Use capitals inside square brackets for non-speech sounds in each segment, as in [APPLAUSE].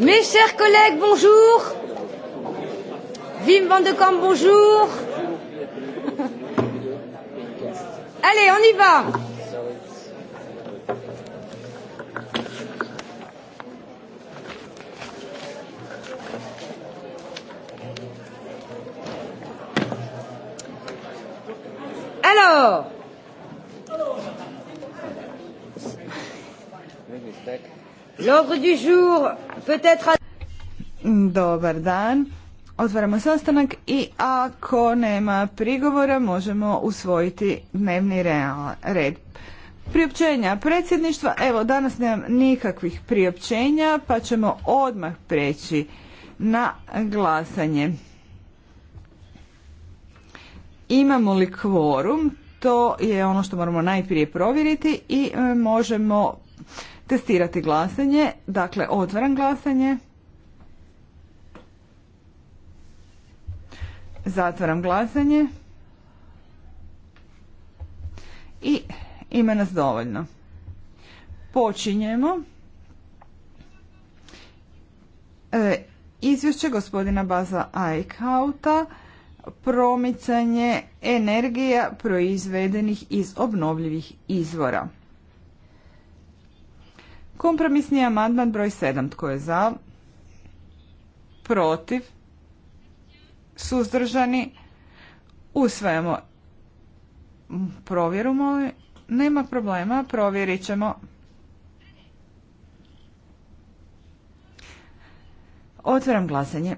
Mes chers collègues, bonjour. Wim van de Kamp, bonjour. [LAUGHS] Allez, on y va. Dobar dan. Otvaramo sastanak i ako nema prigovora možemo usvojiti dnevni red. Priopćenja predsjedništva. Evo, danas nemam nikakvih priopćenja pa ćemo odmah preći na glasanje. Imamo li kvorum? To je ono što moramo najprije provjeriti i e, možemo testirati glasanje. Dakle, otvaram glasanje. Zatvaram glasanje. I ima nas dovoljno. Počinjemo. E, izvješće gospodina Baza Eichhauta promicanje energija proizvedenih iz obnovljivih izvora. Kompromisni amandman broj 7. Tko je za? Protiv? Suzdržani? Usvajamo. Provjeru molim. Nema problema, provjerit ćemo. Otvaram glasanje.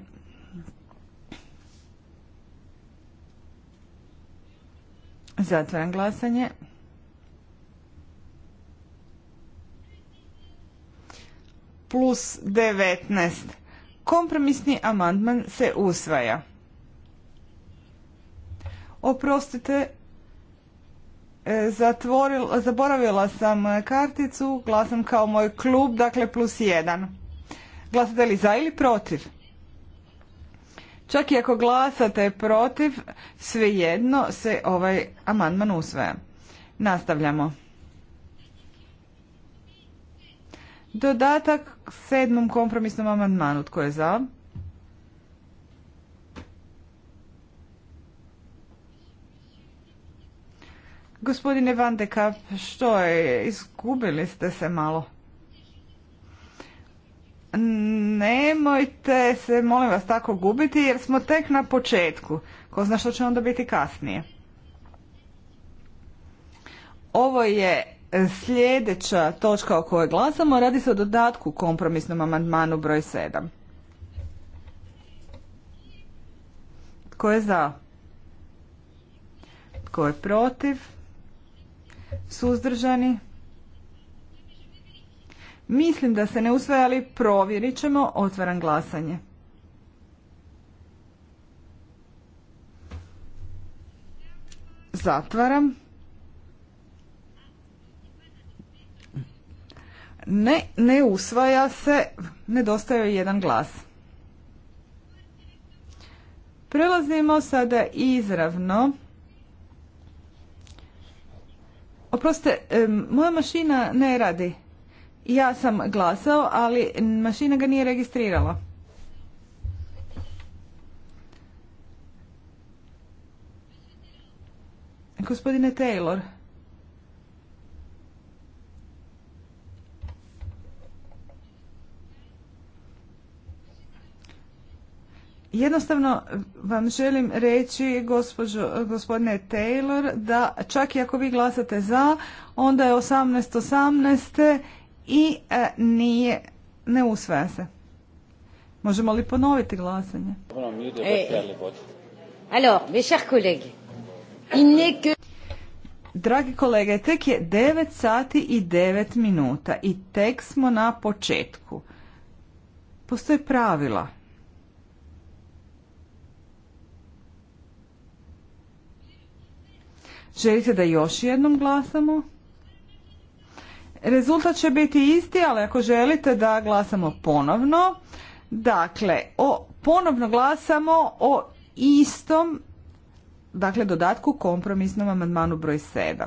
Zatvaram glasanje. plus 19. Kompromisni amandman se usvaja. Oprostite, e, zaboravila sam karticu, glasam kao moj klub, dakle plus 1. Glasate li za ili protiv? Čak i ako glasate protiv, svejedno se ovaj amandman usvaja. Nastavljamo. Dodatak sedmom kompromisnom amandmanu. Tko je za? Gospodine Van de što je? Izgubili ste se malo. Nemojte se, molim vas, tako gubiti jer smo tek na početku. Ko zna što će onda biti kasnije. Ovo je Sljedeća točka o kojoj glasamo radi se o dodatku kompromisnom amandmanu broj 7. Tko je za? Tko je protiv? Suzdržani? Mislim da se ne usvajali provjerit ćemo. Otvaram glasanje. Zatvaram. Ne, ne usvaja se, nedostaje jedan glas. Prelazimo sada izravno. Oprostite, moja mašina ne radi. Ja sam glasao, ali mašina ga nije registrirala. Gospodine Taylor. Jednostavno vam želim reći, gospođo, gospodine Taylor, da čak i ako vi glasate za, onda je 18.18. .18. i e, nije, ne usvaja se. Možemo li ponoviti glasanje? E, Dragi kolege, tek je 9 sati i 9 minuta i tek smo na početku. Postoje pravila. Želite da još jednom glasamo? Rezultat će biti isti, ali ako želite da glasamo ponovno, dakle, o, ponovno glasamo o istom, dakle, dodatku kompromisnom amandmanu broj 7.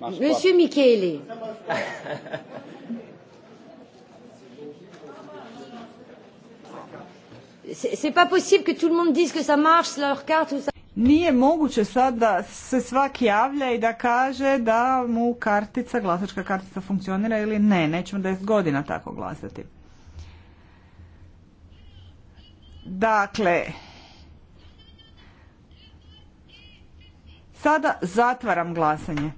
Monsieur Michele. [LAUGHS] C'est pas possible que tout le monde dise que ça marche, leur carte ou ça... Nije moguće sad da se svak javlja i da kaže da mu kartica, glasačka kartica funkcionira ili ne. Nećemo 10 godina tako glasati. Dakle, sada zatvaram glasanje.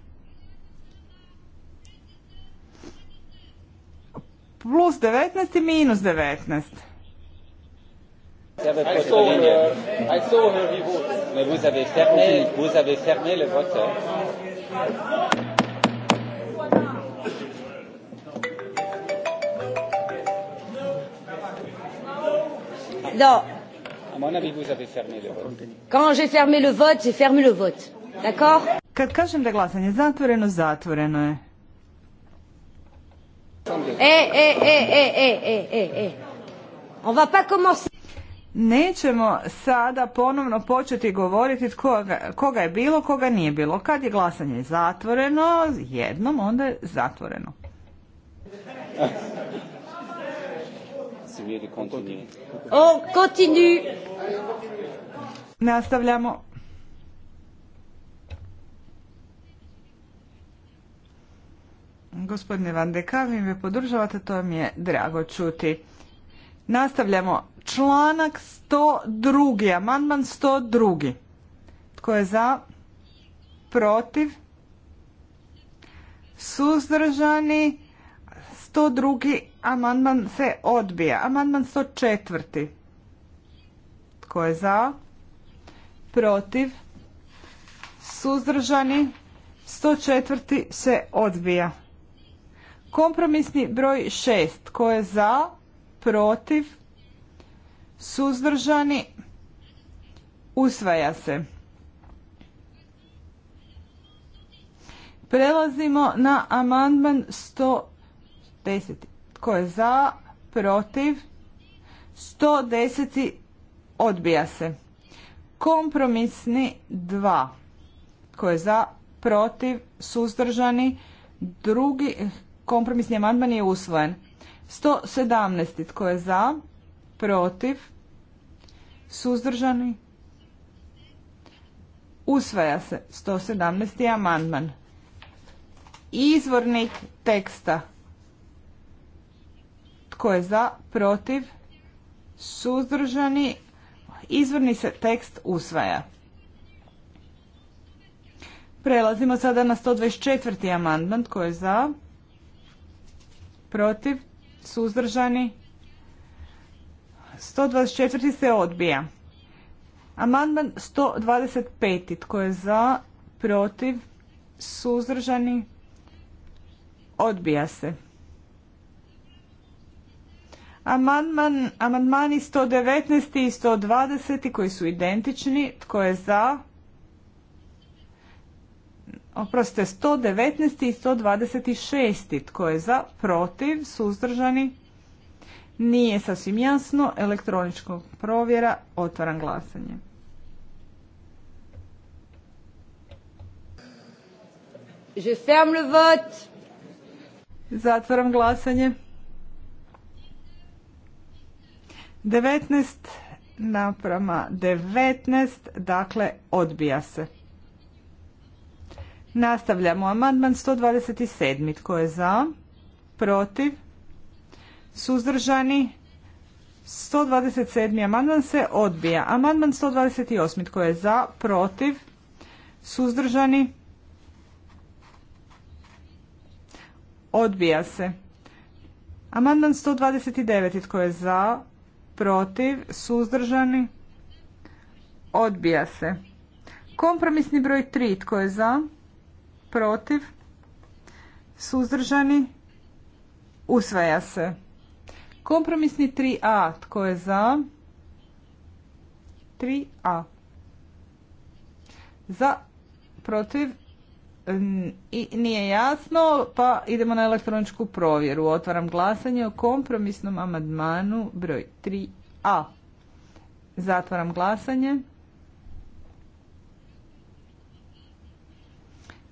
plus 19 i minus 19. I saw her vous avez fermé le vote. Non. À mon avis, vous avez fermé le vote. Quand j'ai fermé le vote, j'ai fermé le vote. D'accord? Kad kažem da glasanje zatvoreno, zatvoreno je. Eh, eh, eh, eh, On va Nećemo sada ponovno početi govoriti koga, koga je bilo, koga nije bilo. Kad je glasanje zatvoreno, jednom onda je zatvoreno. [LAUGHS] On continue. Nastavljamo. Gospodine Van de vi me podržavate, to mi je drago čuti. Nastavljamo. Članak 102. Amandman 102. Tko je za? Protiv? Suzdržani? 102. Amandman se odbija. Amandman 104. Tko je za? Protiv? Suzdržani? 104. se odbija. Kompromisni broj 6. Tko je za? Protiv? Suzdržani? Usvaja se. Prelazimo na amandman 110. Tko je za? Protiv? 110. Odbija se. Kompromisni dva, Tko je za? Protiv? Suzdržani? Drugi Kompromisni amandman je usvojen. 117. Tko je za? Protiv? Suzdržani? Usvaja se 117. amandman. Izvornik teksta. Tko je za? Protiv? Suzdržani? Izvorni se tekst usvaja. Prelazimo sada na 124. amandman. Tko je za? protiv, suzdržani. 124. se odbija. Amandman 125. Tko je za, protiv, suzdržani, odbija se. Amandman, amandmani 119. i 120. koji su identični. Tko je za, oprostite, 119. i 126. Tko je za, protiv, suzdržani? Nije sasvim jasno. Elektroničkog provjera. Otvaram glasanje. Je ferme le vote. Zatvaram glasanje. 19 naprama 19, dakle odbija se. Nastavljamo. Amandman 127. Tko je za? Protiv? Suzdržani? 127. Amandman se odbija. Amandman 128. Tko je za? Protiv? Suzdržani? Odbija se. Amandman 129. Tko je za? Protiv? Suzdržani? Odbija se. Kompromisni broj 3. Tko je za? protiv, suzdržani, usvaja se. Kompromisni 3a, tko je za? 3a. Za, protiv, i nije jasno, pa idemo na elektroničku provjeru. Otvaram glasanje o kompromisnom amandmanu broj 3a. Zatvaram glasanje.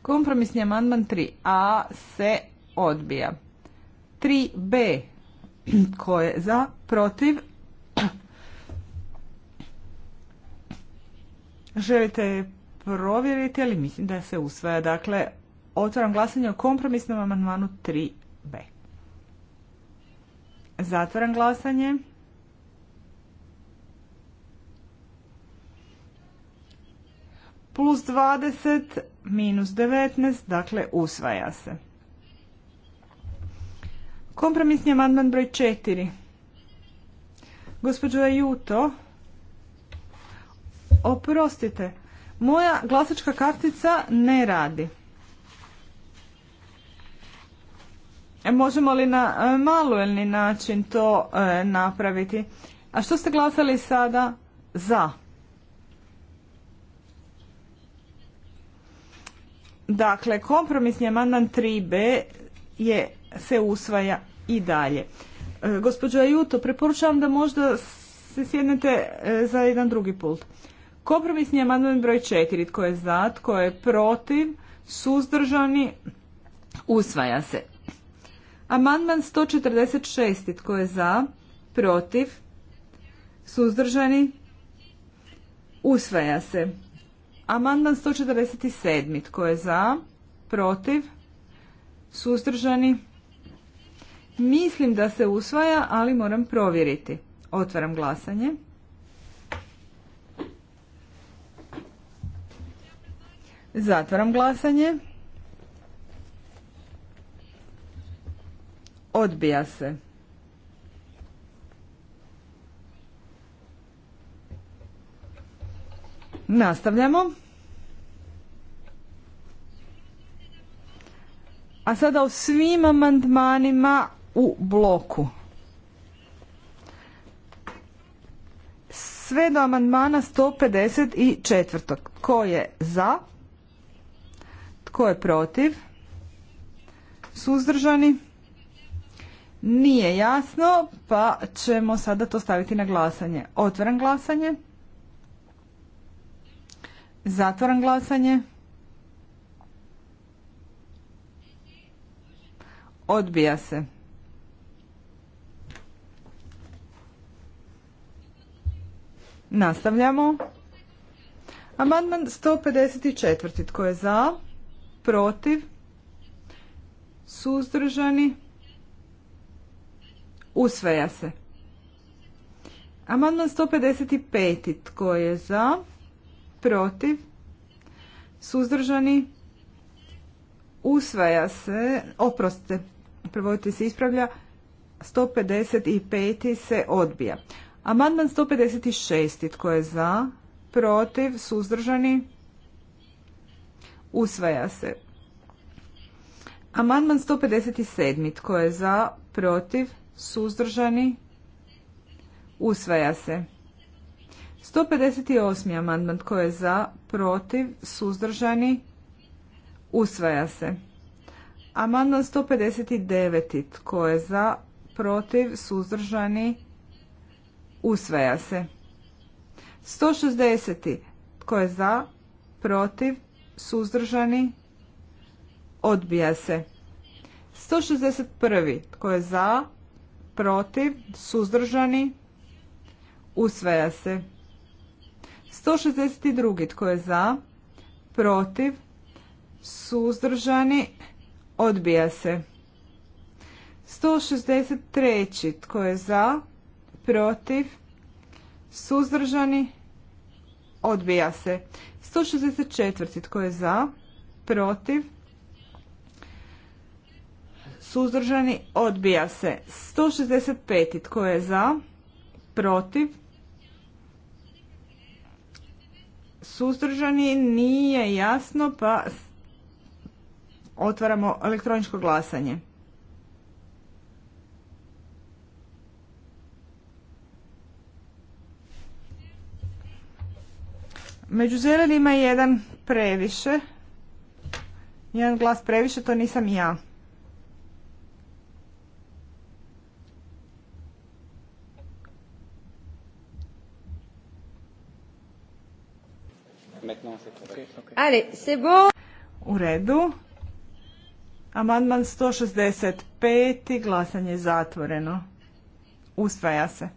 Kompromisni amandman 3a se odbija. 3b ko je za, protiv. Želite provjeriti, ali mislim da se usvaja. Dakle, otvaram glasanje o kompromisnom amandmanu 3b. Zatvaram glasanje. plus 20 minus 19, dakle usvaja se. Kompromisni amandman broj 4. Gospođo Ajuto, oprostite, moja glasačka kartica ne radi. E, možemo li na e, maluelni način to e, napraviti? A što ste glasali sada za? Dakle, kompromisni amandman 3b je, se usvaja i dalje. E, gospođo Juto, preporučam da možda se sjednete e, za jedan drugi pult. Kompromisni amandman broj 4. Tko je za, tko je protiv, suzdržani, usvaja se. Amandman 146. Tko je za, protiv, suzdržani, usvaja se. Amandman 147. Tko je za? Protiv? Suzdržani? Mislim da se usvaja, ali moram provjeriti. Otvaram glasanje. Zatvaram glasanje. Odbija se. Nastavljamo. A sada o svim amandmanima u bloku. Sve do amandmana 154. Tko je za? Tko je protiv? Suzdržani? Nije jasno, pa ćemo sada to staviti na glasanje. Otvaram glasanje. Zatvaram glasanje. Odbija se. Nastavljamo. Amandman 154. Tko je za? Protiv? Suzdržani? Usveja se. Amandman 155. Tko je za? protiv, suzdržani, usvaja se, oprostite, prvojte se ispravlja, 155. se odbija. Amandman 156. tko je za, protiv, suzdržani, usvaja se. Amandman 157. tko je za, protiv, suzdržani, usvaja se. 158. amandman tko je za, protiv, suzdržani, usvaja se. Amandman 159. tko je za, protiv, suzdržani, usvaja se. 160. tko je za, protiv, suzdržani, odbija se. 161. tko je za, protiv, suzdržani, usvaja se. 162. Tko je za? Protiv? Suzdržani? Odbija se. 163. Tko je za? Protiv? Suzdržani? Odbija se. 164. Tko je za? Protiv? Suzdržani? Odbija se. 165. Tko je za? Protiv? suzdržani nije jasno pa otvaramo elektroničko glasanje. Među zelenima je jedan previše. Jedan glas previše, to nisam ja. Ale, se bo... U redu. Amandman 165. Glasanje je zatvoreno. Usvaja se.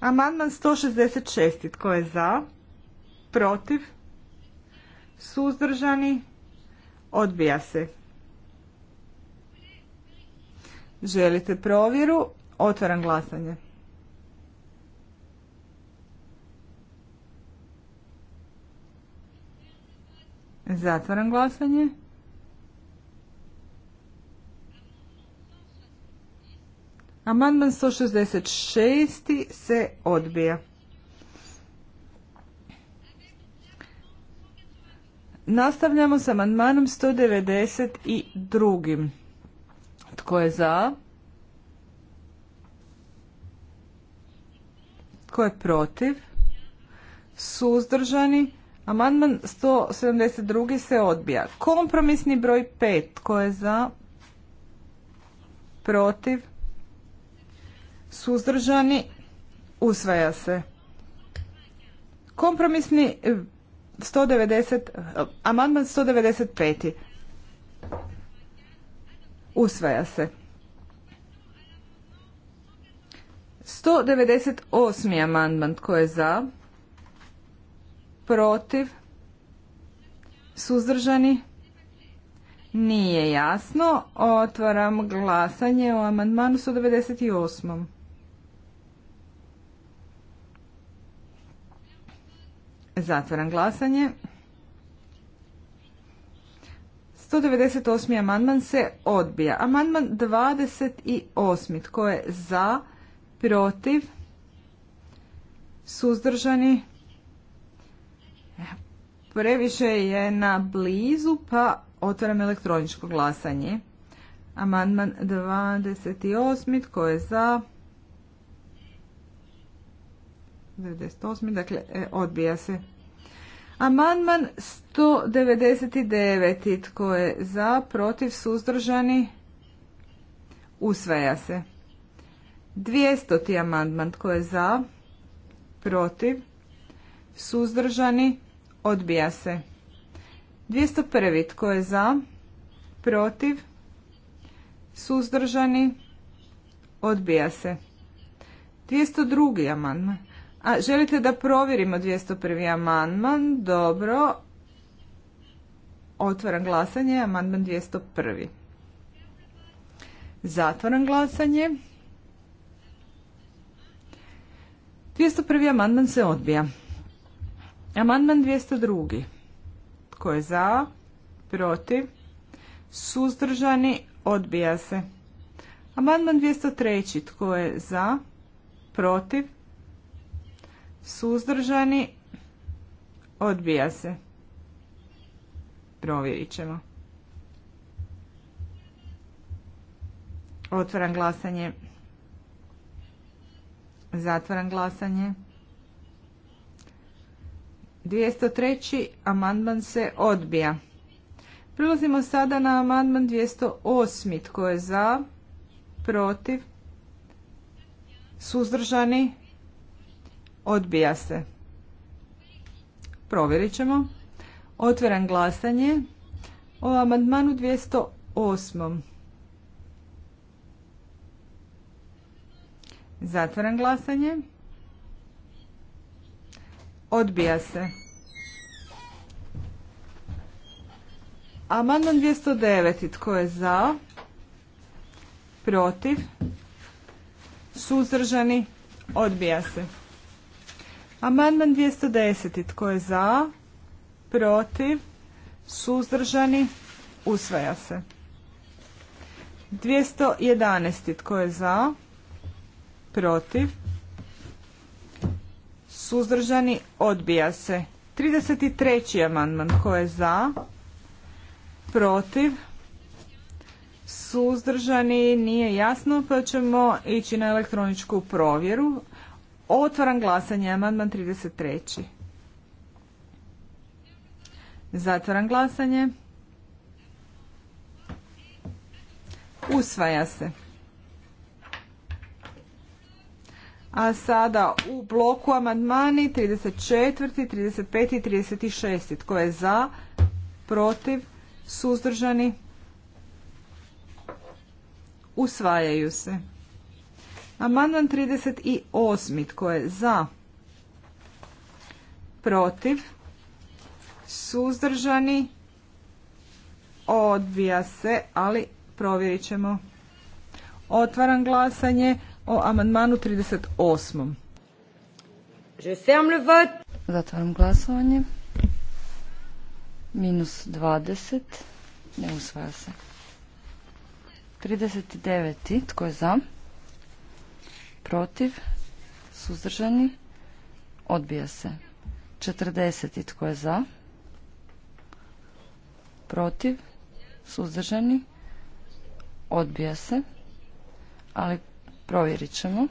Amandman 166. Tko je za? Protiv? Suzdržani? Odbija se. Želite provjeru? Otvaram glasanje. Zatvaram glasanje. Amandman 166. se odbija. Nastavljamo s amandmanom 192. Tko je za? Tko je protiv? Suzdržani? Amandman 172. se odbija. Kompromisni broj 5. Tko je za? Protiv? Suzdržani? Usvaja se. Kompromisni 190, eh, eh, amandman 195. Usvaja se. 198. amandman tko je za? protiv, suzdržani, nije jasno. Otvaram glasanje o amandmanu 198. Zatvaram glasanje. 198. amandman se odbija. Amandman 28. Tko je za, protiv, suzdržani, Previše je na blizu, pa otvaram elektroničko glasanje. Amandman 28. Tko je za? 98. Dakle, e, odbija se. Amandman 199. Tko je za? Protiv? Suzdržani? Usvaja se. 200. amandman. Tko je za? Protiv? Suzdržani? Odbija se. 201. Tko je za? Protiv? Suzdržani? Odbija se. 202. amandman. A želite da provjerimo 201. amandman? Dobro. Otvaram glasanje. Amandman 201. Zatvaram glasanje. 201. amandman se odbija. Amandman 202. Tko je za? Protiv? Suzdržani? Odbija se. Amandman 203. Tko je za? Protiv? Suzdržani? Odbija se. Provjerit ćemo. Otvaram glasanje. Zatvaram glasanje. 203. amandman se odbija. Prelazimo sada na amandman 208. Tko je za? Protiv? Suzdržani? Odbija se. Provjerit ćemo. Otvaram glasanje o amandmanu 208. Zatvaram glasanje. Odbija se. Amandman 209. Tko je za? Protiv? Suzdržani? Odbija se. Amandman 210. Tko je za? Protiv? Suzdržani? Usvaja se. 211. Tko je za? Protiv? Suzdržani? Odbija se. 33. amandman. Tko je za? protiv, suzdržani, nije jasno, pa ćemo ići na elektroničku provjeru. Otvaram glasanje, amandman 33. Zatvaram glasanje. Usvaja se. A sada u bloku amandmani 34, 35 i 36. Tko je za, protiv, suzdržani, usvajaju se. Amandman 38. Tko je za? Protiv? Suzdržani? Odbija se, ali provjerit ćemo. Otvaram glasanje o amandmanu 38. Je Zatvaram glasovanje minus 20, ne usvaja se. 39. Tko je za? Protiv? Suzdržani? Odbija se. 40. Tko je za? Protiv? Suzdržani? Odbija se. Ali provjerit ćemo.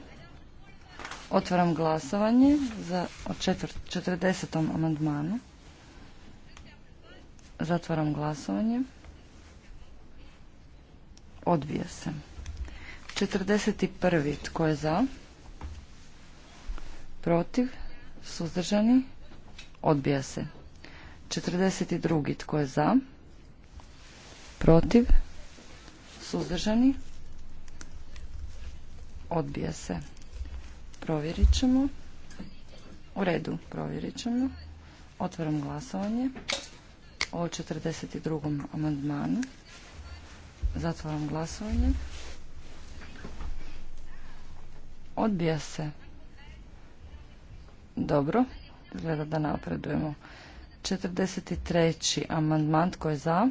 Otvaram glasovanje za, o četrdeset amandmanu. Zatvaram glasovanje. Odbija se. 41. Tko je za? Protiv? Suzdržani? Odbija se. 42. Tko je za? Protiv? Suzdržani? Odbija se. Provjerit ćemo. U redu, provjerit ćemo. Otvaram glasovanje o 42. amandmanu. Zatvaram glasovanje. Odbija se. Dobro. Gleda da napredujemo. 43. amandman. Tko je za?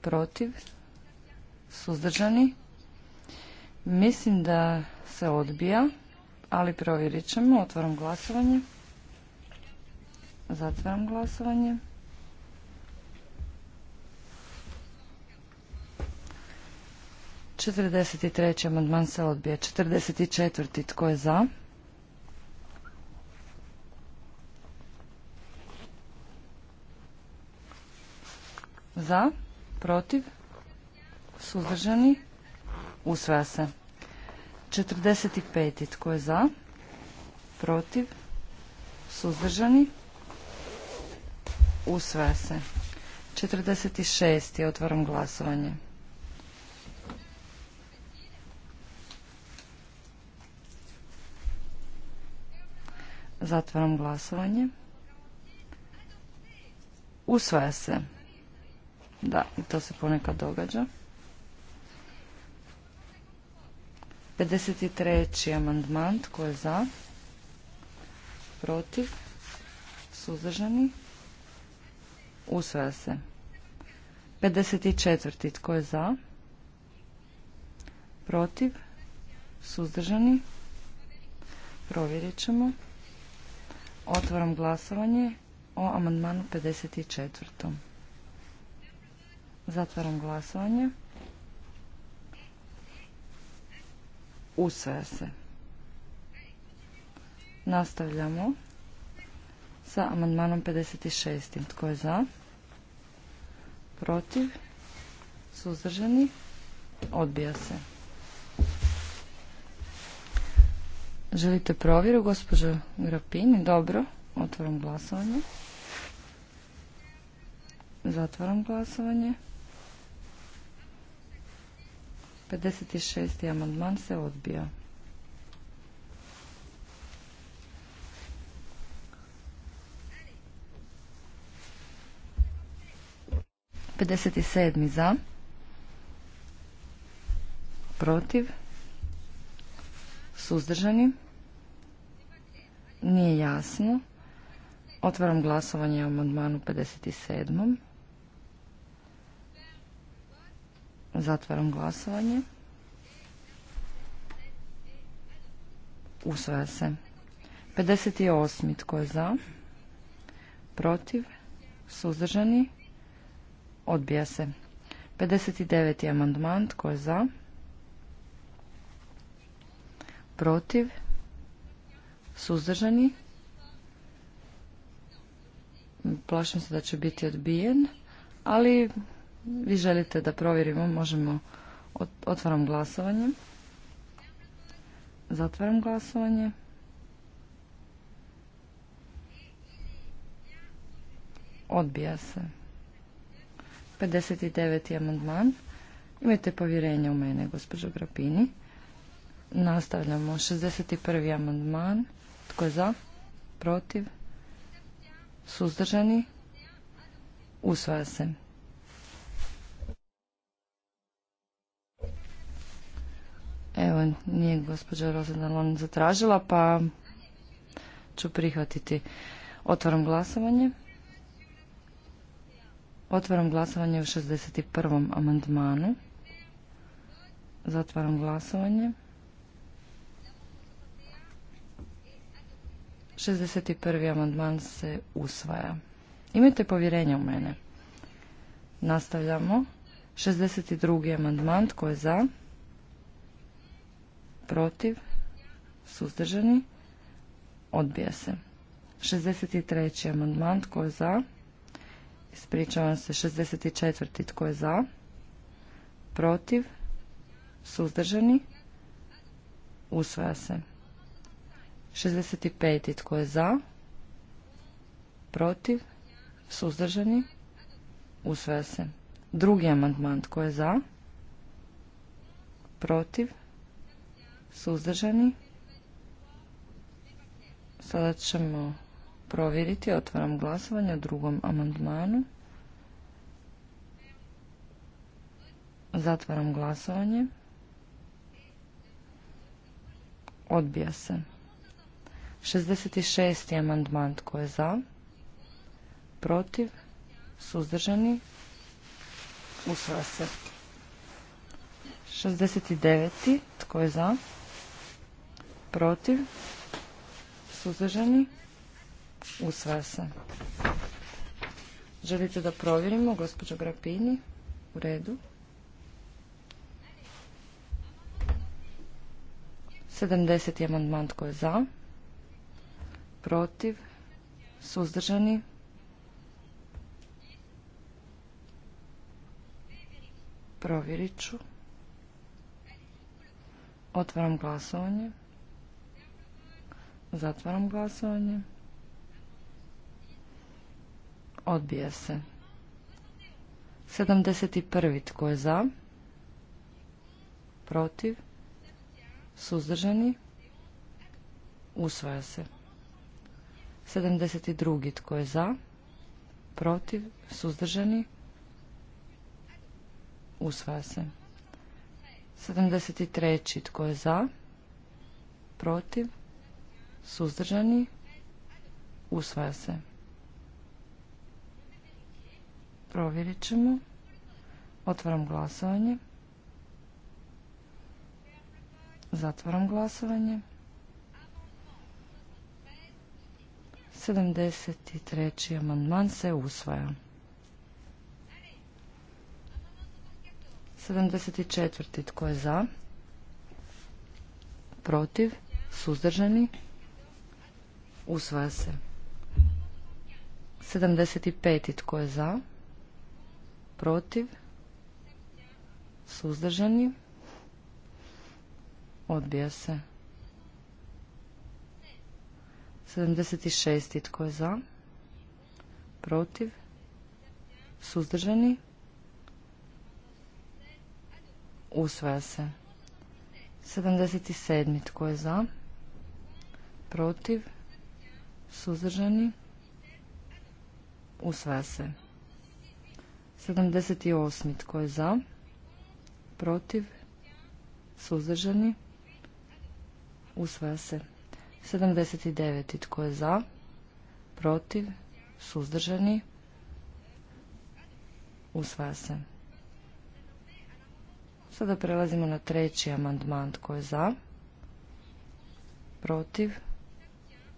Protiv? Suzdržani? Mislim da se odbija, ali provjerit ćemo. Otvaram glasovanje. Zatvaram glasovanje. Četrdeset tri amandman se odbije. Četrdeset četiri tko je za? Za? Protiv? Suzdržani? Usvaja se. 45. Tko je za? Protiv? Suzdržani? Usvaja se. 46. Otvaram glasovanje. Zatvaram glasovanje. Usvaja se. Da, i to se ponekad događa. 53. amandman, tko je za? Protiv? Suzdržani? Usvaja se. 54. Tko je za? Protiv? Suzdržani? Provjerit ćemo. Otvaram glasovanje o amandmanu 54. Zatvaram glasovanje. Usvaja se. Nastavljamo sa amandmanom 56. Tko je za? Protiv? Suzdržani? Odbija se. Želite provjeru, gospođo Grapini? Dobro. Otvaram glasovanje. Zatvaram glasovanje. 56. amandman se odbija. 57. za. Protiv. Suzdržani. Nije jasno. Otvaram glasovanje o amandmanu 57. Zatvaram glasovanje. Usvaja se. 58. Tko je za? Protiv? Suzdržani? Odbija se. 59. amandman. Tko je za? Protiv? Suzdržani? Plašim se da će biti odbijen, ali vi želite da provjerimo, možemo. Otvaram glasovanje. Zatvaram glasovanje. Odbija se. 59. amandman. Imajte povjerenje u mene, gospođo Grapini. Nastavljamo. 61. amandman. Tko je za? Protiv? Suzdržani? Usvaja se. Evo, nije gospođa Rosana Lon zatražila, pa ću prihvatiti. Otvaram glasovanje. Otvaram glasovanje u 61. amandmanu. Zatvaram glasovanje. 61. amandman se usvaja. Imajte povjerenje u mene. Nastavljamo. 62. amandman. Tko je za? Protiv? Suzdržani? Odbija se. 63. amandman. Tko je za? Ispričavam se. 64. Tko je za? Protiv? Suzdržani? Usvaja se. 65. Tko je za? Protiv? Suzdržani? Usvaja se. Drugi amandman. Tko je za? Protiv? Suzdržani? Sada ćemo provjeriti. Otvaram glasovanje o drugom amandmanu. Zatvaram glasovanje. Odbija se. 66. amandman tko je za? Protiv? Suzdržani? Usvaja se. 69. tko je za? Protiv? Suzdržani? Usvaja se. Želite da provjerimo, gospođo Grapini? U redu. 70. amandman tko je za? Protiv? Suzdržani? Provjerit ću. Otvaram glasovanje. Zatvaram glasovanje. Odbija se. 71. Tko je za? Protiv? Suzdržani? Usvaja se. 72. Tko je za? Protiv? Suzdržani? Usvaja se. 73. Tko je za? Protiv? Suzdržani? Usvaja se. Provjerit ćemo. Otvaram glasovanje. Zatvaram glasovanje. 73. amandman se usvaja. 74. tko je za? Protiv? Suzdržani? Usvaja se. 75. tko je za? protiv, suzdržani, odbija se. 76. Tko je za? Protiv? Suzdržani? Usvaja se. 77. Tko je za? Protiv? Suzdržani? Usvaja se. 78. Tko je za? Protiv? Suzdržani? Usvaja se. 79. Tko je za? Protiv? Suzdržani? Usvaja se. Sada prelazimo na treći amandman. Tko je za? Protiv?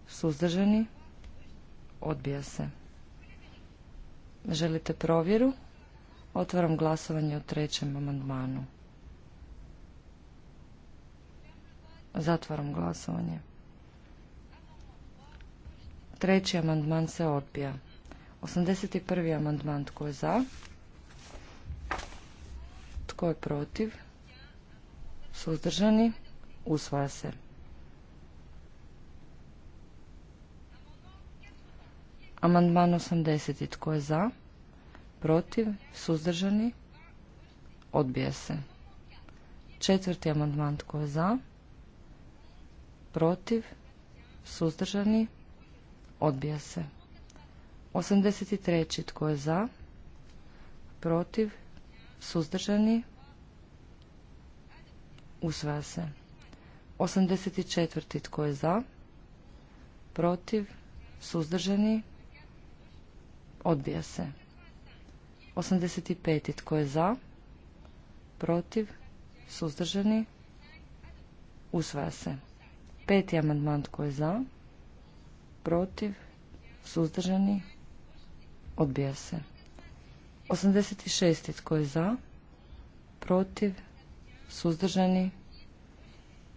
Suzdržani? Odbija se. Želite provjeru? Otvaram glasovanje o trećem amandmanu. Zatvaram glasovanje. Treći amandman se odbija. 81. amandman tko je za? Tko je protiv? Suzdržani? Usvaja se. Amandman 80. Tko je za? protiv, suzdržani, odbija se. Četvrti amandman tko je za, protiv, suzdržani, odbija se. 83. tko je za, protiv, suzdržani, usvaja se. 84. tko je za, protiv, suzdržani, odbija se. 85. Tko je za? Protiv? Suzdržani? Usvaja se. Peti amandman. Tko je za? Protiv? Suzdržani? Odbija se. 86. Tko je za? Protiv? Suzdržani?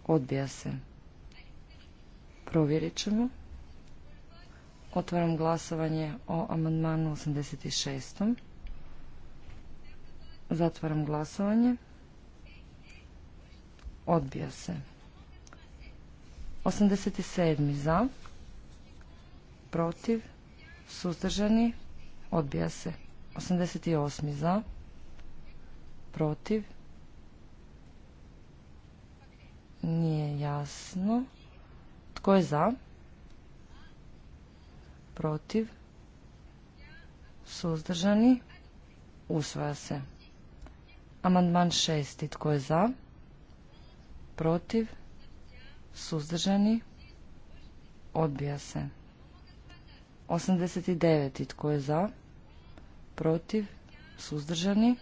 Odbija se. Provjerit ćemo. Otvaram glasovanje o amandmanu 86. Zatvaram glasovanje. Odbija se. 87. za. Protiv. Suzdržani. Odbija se. 88. za. Protiv. Nije jasno. Tko je za? Protiv. Suzdržani. Usvaja se. Amandman šesti. Tko je za? Protiv? Suzdržani? Odbija se. 89. Tko je za? Protiv? Suzdržani?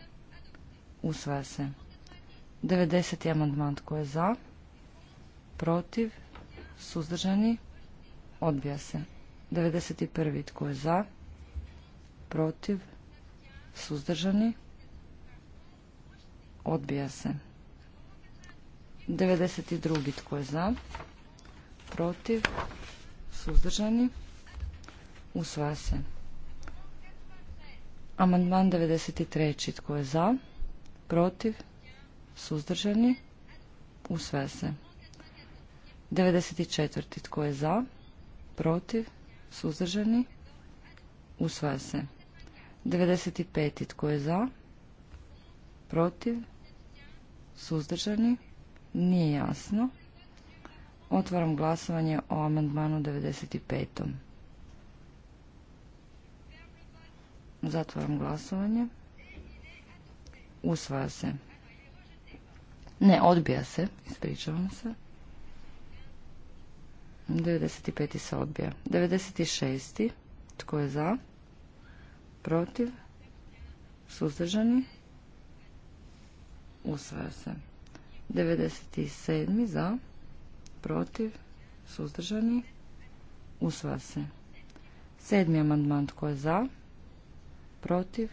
Usvaja se. 90. amandman. Tko je za? Protiv? Suzdržani? Odbija se. 91. Tko je za? Protiv? Suzdržani? Odbija se. 92. Tko je za? Protiv? Suzdržani? Usvaja se. Amandman 93. Tko je za? Protiv? Suzdržani? Usvaja se. 94. Tko je za? Protiv? Suzdržani? Usvaja se. 95. Tko je za? Protiv? Suzdržani? Nije jasno. Otvaram glasovanje o amandmanu 95. Zatvaram glasovanje. Usvaja se. Ne, odbija se. Ispričavam se. 95. se odbija. 96. Tko je za? Protiv? Suzdržani? Usvaja se. 97. za. Protiv. Suzdržani. Usvaja se. Sedmi amandman tko je za? Protiv?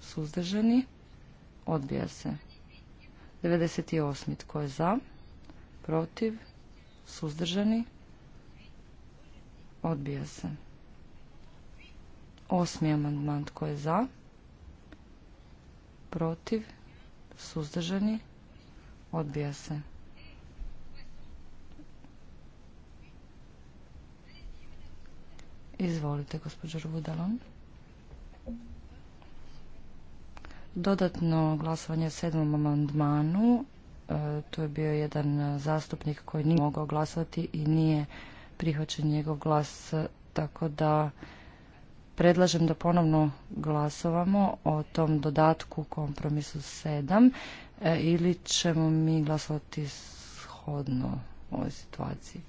Suzdržani? Odbija se. 98. tko je za? Protiv? Suzdržani? Odbija se. Osmi amandman tko je za? Protiv? suzdržani, odbija se. Izvolite, gospođo Rudalon. Dodatno glasovanje o sedmom amandmanu. to e, tu je bio jedan zastupnik koji nije mogao glasovati i nije prihvaćen njegov glas, tako da predlažem da ponovno glasovamo o tom dodatku kompromisu 7 e, ili ćemo mi glasovati shodno ovoj situaciji.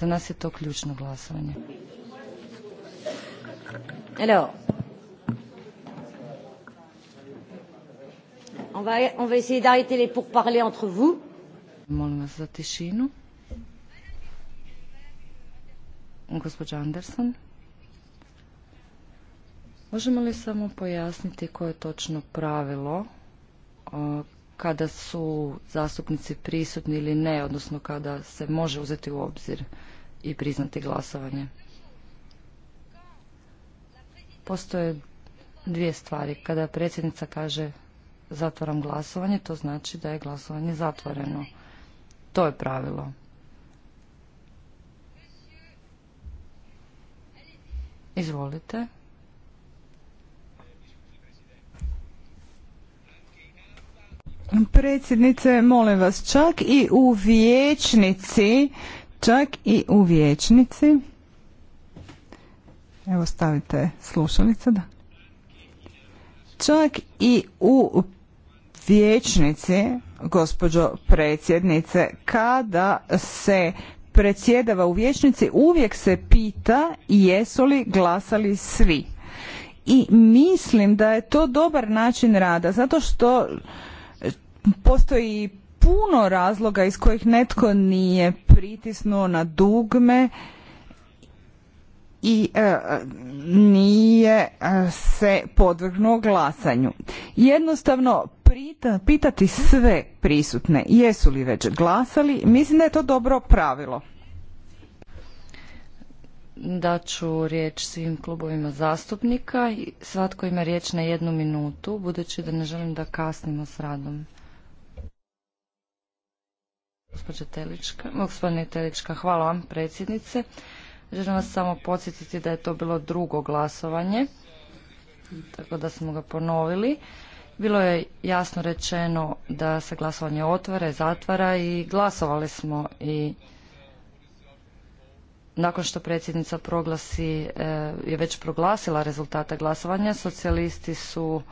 Za nas je to ključno glasovanje. Hello. on va, on va essayer d'arrêter les entre vous. Molim vas za tišinu gospođa Anderson. Možemo li samo pojasniti koje je točno pravilo kada su zastupnici prisutni ili ne, odnosno kada se može uzeti u obzir i priznati glasovanje? Postoje dvije stvari. Kada predsjednica kaže zatvaram glasovanje, to znači da je glasovanje zatvoreno. To je pravilo. Izvolite. Predsjednice, molim vas, čak i u vječnici, čak i u vječnici, evo stavite slušalice, da. Čak i u vječnici, gospođo predsjednice, kada se predsjedava u vijećnici, uvijek se pita jesu li glasali svi. I mislim da je to dobar način rada zato što e, postoji puno razloga iz kojih netko nije pritisnuo na dugme i e, nije e, se podvrgnuo glasanju. Jednostavno pitati sve prisutne jesu li već glasali, mislim da je to dobro pravilo. ću riječ svim klubovima zastupnika i svatko ima riječ na jednu minutu, budući da ne želim da kasnimo s radom. gospodine Telička, hvala vam predsjednice. Želim vas samo podsjetiti da je to bilo drugo glasovanje, tako da smo ga ponovili. Bilo je jasno rečeno da se glasovanje otvara i zatvara i glasovali smo i nakon što predsjednica proglasi, eh, je već proglasila rezultate glasovanja, socijalisti su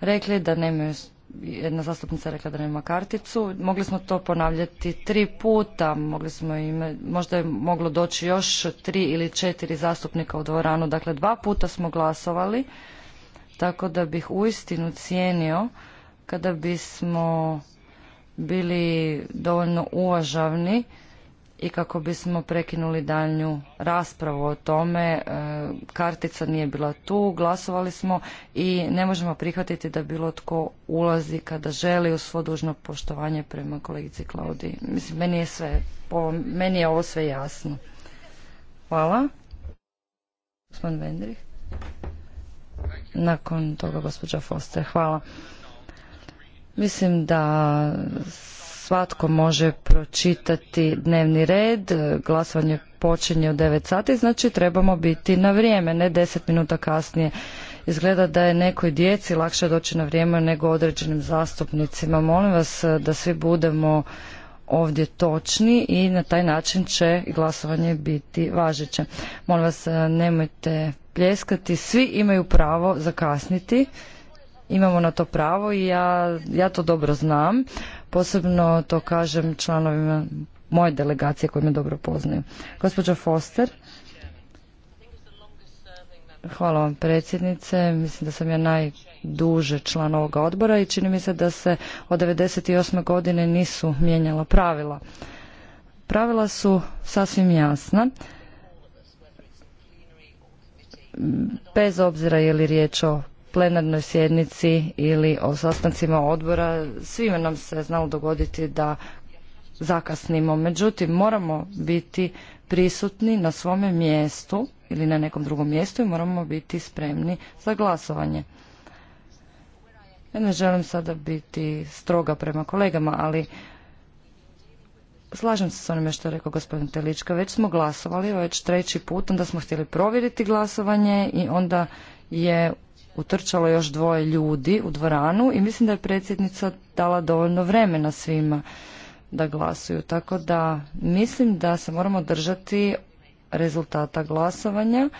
rekli da nemaju jedna zastupnica rekla da nema karticu. Mogli smo to ponavljati tri puta, mogli smo ime, možda je moglo doći još tri ili četiri zastupnika u dvoranu, dakle dva puta smo glasovali, tako da bih uistinu cijenio kada bismo bili dovoljno uvažavni i kako bismo prekinuli daljnju raspravu o tome. E, kartica nije bila tu, glasovali smo i ne možemo prihvatiti da bilo tko ulazi kada želi u svo dužno poštovanje prema kolegici Klaudi. Mislim, meni je, sve, ovo, meni je ovo sve jasno. Hvala. Gospodin Vendrih. Nakon toga gospođa Foster. Hvala. Mislim da svatko može pročitati dnevni red, e, glasovanje počinje u 9 sati, znači trebamo biti na vrijeme, ne 10 minuta kasnije. Izgleda da je nekoj djeci lakše doći na vrijeme nego određenim zastupnicima. Molim vas e, da svi budemo ovdje točni i na taj način će glasovanje biti važeće. Molim vas e, nemojte pljeskati, svi imaju pravo zakasniti imamo na to pravo i ja, ja to dobro znam Posebno to kažem članovima moje delegacije koji me dobro poznaju. Gospođa Foster. Hvala vam predsjednice. Mislim da sam ja najduže član ovoga odbora i čini mi se da se od 1998. godine nisu mijenjala pravila. Pravila su sasvim jasna. Bez obzira je li riječ o plenarnoj sjednici ili o sastancima odbora, svima nam se znalo dogoditi da zakasnimo. Međutim, moramo biti prisutni na svome mjestu ili na nekom drugom mjestu i moramo biti spremni za glasovanje. Ja ne želim sada biti stroga prema kolegama, ali slažem se s onime što je rekao gospodin Telička. Već smo glasovali, već treći put, onda smo htjeli provjeriti glasovanje i onda je utrčalo još dvoje ljudi u dvoranu i mislim da je predsjednica dala dovoljno vremena svima da glasuju. Tako da mislim da se moramo držati rezultata glasovanja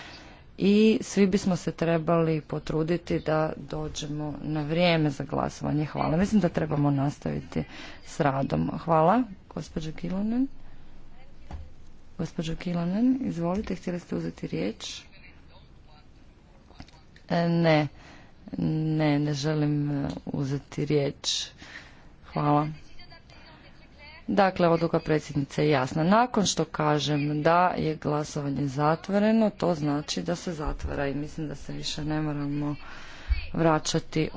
i svi bismo se trebali potruditi da dođemo na vrijeme za glasovanje. Hvala. Mislim da trebamo nastaviti s radom. Hvala, gospođo Kilonen. Gospođo Kilonen, izvolite, htjeli ste uzeti riječ. E, ne, ne, ne želim e, uzeti riječ. Hvala. Dakle, odluka predsjednice je jasna. Nakon što kažem da je glasovanje zatvoreno, to znači da se zatvara i mislim da se više ne moramo vraćati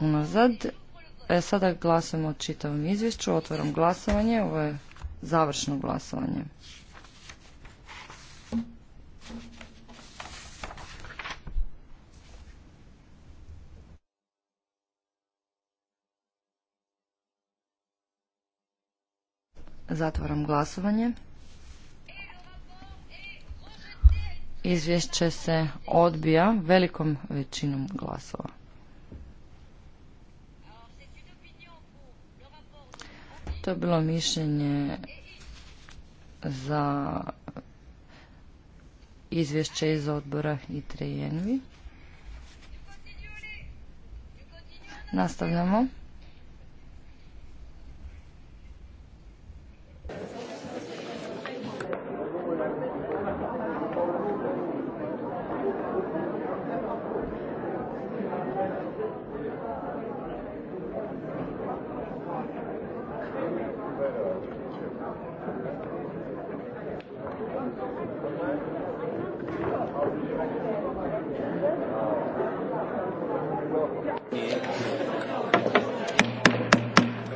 unazad. E, sada glasujemo o čitavom izvješću, otvaram glasovanje, ovo je završno glasovanje. Zatvaram glasovanje. Izvješće se odbija velikom većinom glasova. To je bilo mišljenje za izvješće iz odbora i trejenvi. Nastavljamo.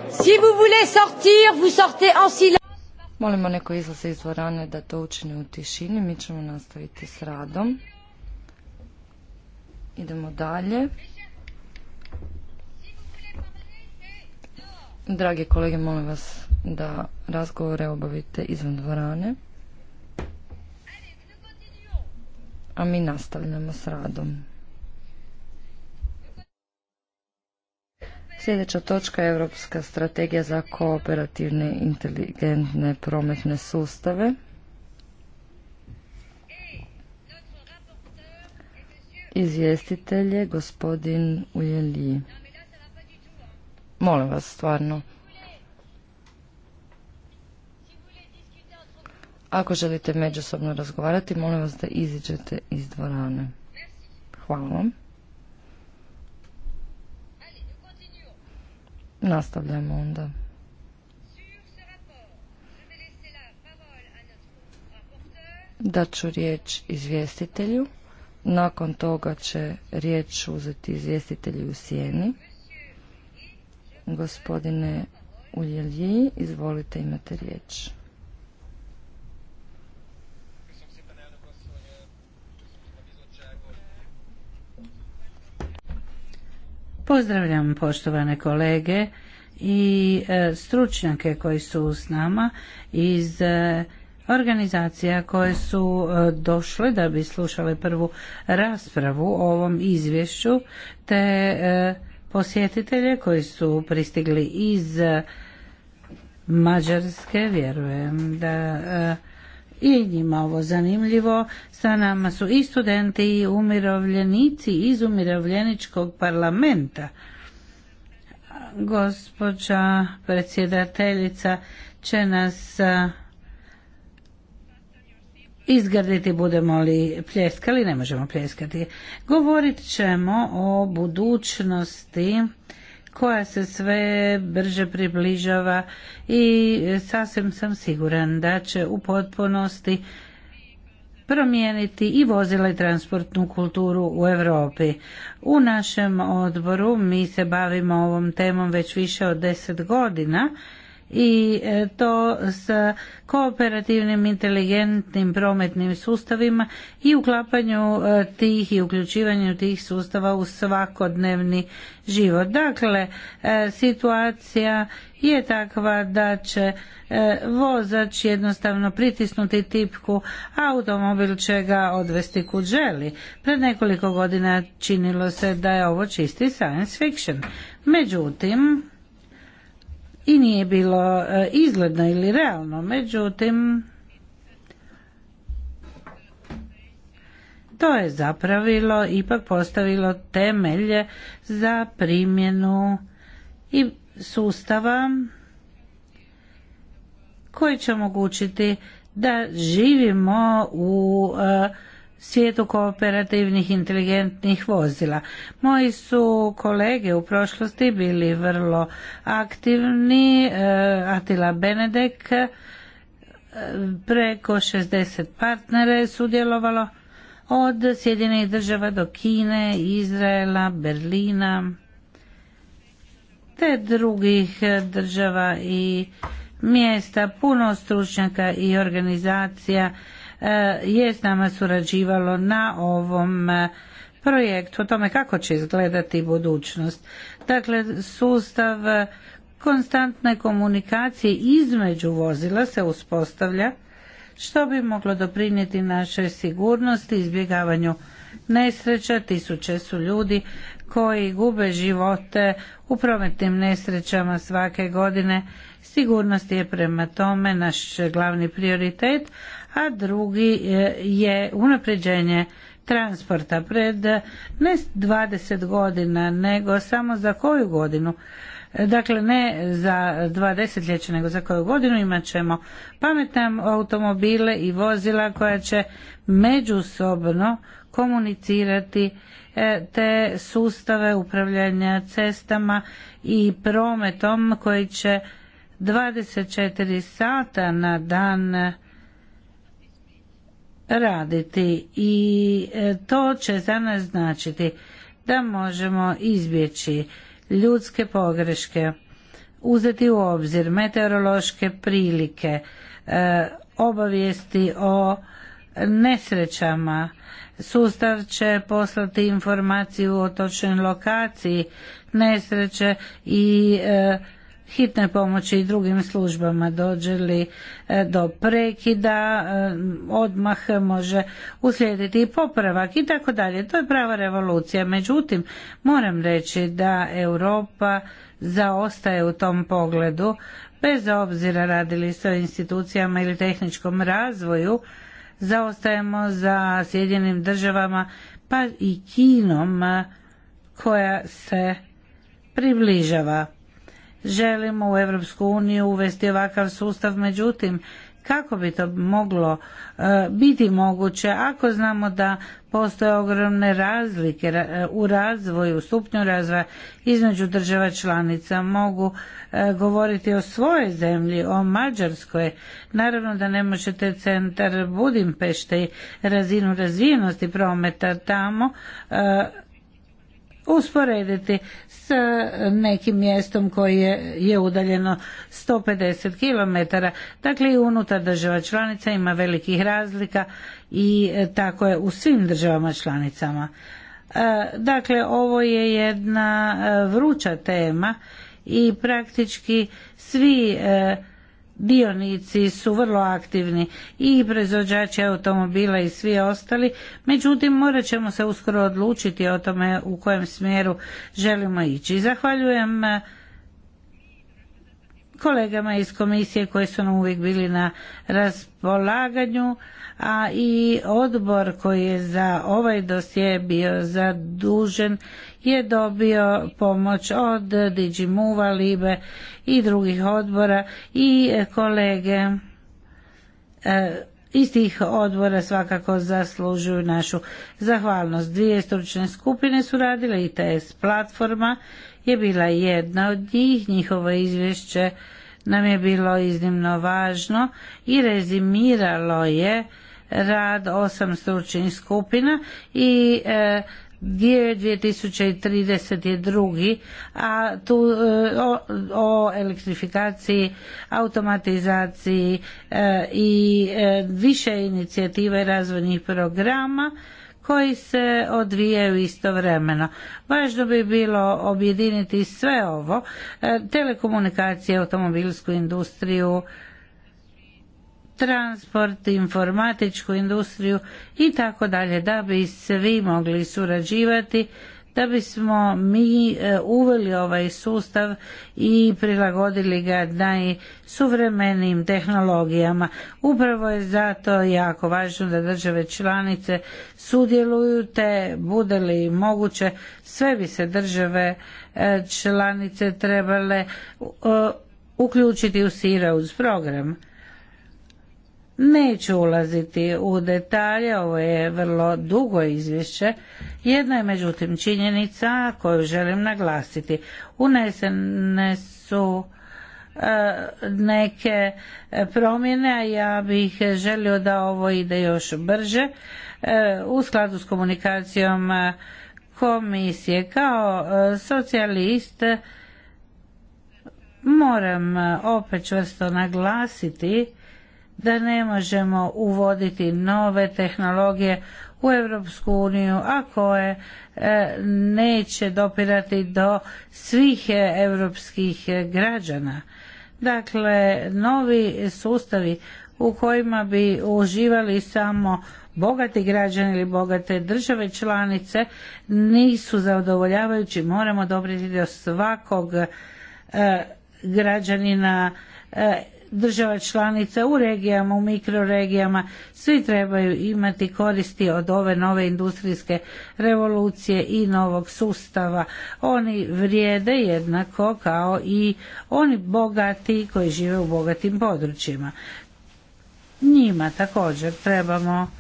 Si vous voulez sortir, vous sortez en silence. Molimo neko izlaze iz dvorane da to učine u tišini. Mi ćemo nastaviti s radom. Idemo dalje. Drage kolege, molim vas da razgovore obavite izvan dvorane. A mi nastavljamo s radom. Sljedeća točka je Europska strategija za kooperativne inteligentne prometne sustave. Izvjestitelj je gospodin Ujeli. Molim vas, stvarno. Ako želite međusobno razgovarati, molim vas da iziđete iz dvorane. Hvala vam. Nastavljamo onda. Daću riječ izvjestitelju. Nakon toga će riječ uzeti izvjestitelji u sjeni. Gospodine Uljelji, izvolite imate riječ. Pozdravljam poštovane kolege i e, stručnjake koji su s nama iz e, organizacija koje su e, došle da bi slušale prvu raspravu o ovom izvješću te posjetitelje koji su pristigli iz Mađarske. Vjerujem da i njima ovo zanimljivo. Sa nama su i studenti i umirovljenici iz umirovljeničkog parlamenta. Gospođa predsjedateljica će nas izgrditi budemo li pljeskali, ne možemo pljeskati. Govorit ćemo o budućnosti koja se sve brže približava i sasvim sam siguran da će u potpunosti promijeniti i vozila i transportnu kulturu u Europi. U našem odboru mi se bavimo ovom temom već više od deset godina i e, to sa kooperativnim inteligentnim prometnim sustavima i uklapanju e, tih i uključivanju tih sustava u svakodnevni život. Dakle, e, situacija je takva da će vozač jednostavno pritisnuti tipku, automobil će ga odvesti kud želi. Pred nekoliko godina činilo se da je ovo čisti science fiction. Međutim, i nije bilo e, izgledno ili realno. Međutim, to je zapravilo, ipak postavilo temelje za primjenu i sustava koji će omogućiti da živimo u e, svijetu kooperativnih inteligentnih vozila. Moji su kolege u prošlosti bili vrlo aktivni, e, Atila Benedek, e, preko 60 partnera je sudjelovalo od Sjedinjenih država do Kine, Izraela, Berlina te drugih država i mjesta, puno stručnjaka i organizacija E, je s nama surađivalo na ovom e, projektu, o tome kako će izgledati budućnost. Dakle, sustav e, konstantne komunikacije između vozila se uspostavlja što bi moglo doprinijeti našoj sigurnosti, izbjegavanju nesreća. Tisuće su ljudi koji gube živote u prometnim nesrećama svake godine. Sigurnost je prema tome naš glavni prioritet, a drugi e, je unapređenje transporta pred e, ne 20 godina nego samo za koju godinu e, dakle ne za dva desetljeća nego za koju godinu imat ćemo pametne automobile i vozila koja će međusobno komunicirati te sustave upravljanja cestama i prometom koji će 24 sata na dan raditi i e, to će za nas značiti da možemo izbjeći ljudske pogreške, uzeti u obzir meteorološke prilike, e, obavijesti o nesrećama. Sustav će poslati informaciju o točnoj lokaciji nesreće i e, hitne pomoći i drugim službama dođe li e, do prekida e, odmah može uslijediti i popravak i tako dalje to je prava revolucija međutim moram reći da Europa zaostaje u tom pogledu bez obzira radili se o institucijama ili tehničkom razvoju zaostajemo za sjedinim državama pa i Kinom e, koja se približava želimo u Europsku uniju uvesti ovakav sustav, međutim kako bi to moglo e, biti moguće ako znamo da postoje ogromne razlike e, u razvoju, stupnju razvoja između država članica. Mogu e, govoriti o svojoj zemlji, o Mađarskoj. Naravno da ne možete centar Budimpešte i razinu razvijenosti prometa tamo usporediti s nekim mjestom koje je udaljeno 150 km. Dakle i unutar država članica ima velikih razlika i e, tako je u svim državama članicama. E, dakle, ovo je jedna e, vruća tema i praktički svi dionici su vrlo aktivni i proizvođači automobila i svi ostali, međutim morat ćemo se uskoro odlučiti o tome u kojem smjeru želimo ići. Zahvaljujem kolegama iz komisije koji su nam uvijek bili na raspolaganju, a i odbor koji je za ovaj dosje bio zadužen je dobio pomoć od Digimuva, Libe i drugih odbora i kolege e, iz tih odbora svakako zaslužuju našu zahvalnost. Dvije stručne skupine su radile, ITS platforma je bila jedna od njih. Njihovo izvješće nam je bilo iznimno važno i rezimiralo je rad osam stručnih skupina i e, gdje je 2032. a tu e, o, o elektrifikaciji, automatizaciji e, i e, više inicijative razvojnih programa koji se odvijaju istovremeno. Važno bi bilo objediniti sve ovo, e, telekomunikacije, automobilsku industriju, transport, informatičku industriju i tako dalje, da bi svi mogli surađivati da bismo mi e, uveli ovaj sustav i prilagodili ga najsuvremenijim tehnologijama. Upravo je zato jako važno da države članice sudjeluju te bude li moguće sve bi se države e, članice trebale e, uključiti u SIRA uz program. Neću ulaziti u detalje, ovo je vrlo dugo izvješće. Jedna je međutim činjenica koju želim naglasiti. Unesene su e, neke promjene, a ja bih želio da ovo ide još brže e, u skladu s komunikacijom komisije. Kao e, socijalist moram opet čvrsto naglasiti da ne možemo uvoditi nove tehnologije u Europsku uniju, a koje e, neće dopirati do svih europskih građana. Dakle, novi sustavi u kojima bi uživali samo bogati građani ili bogate države članice nisu zadovoljavajući. Moramo dobiti do svakog e, građanina e, država članica u regijama, u mikroregijama, svi trebaju imati koristi od ove nove industrijske revolucije i novog sustava. Oni vrijede jednako kao i oni bogati koji žive u bogatim područjima. Njima također trebamo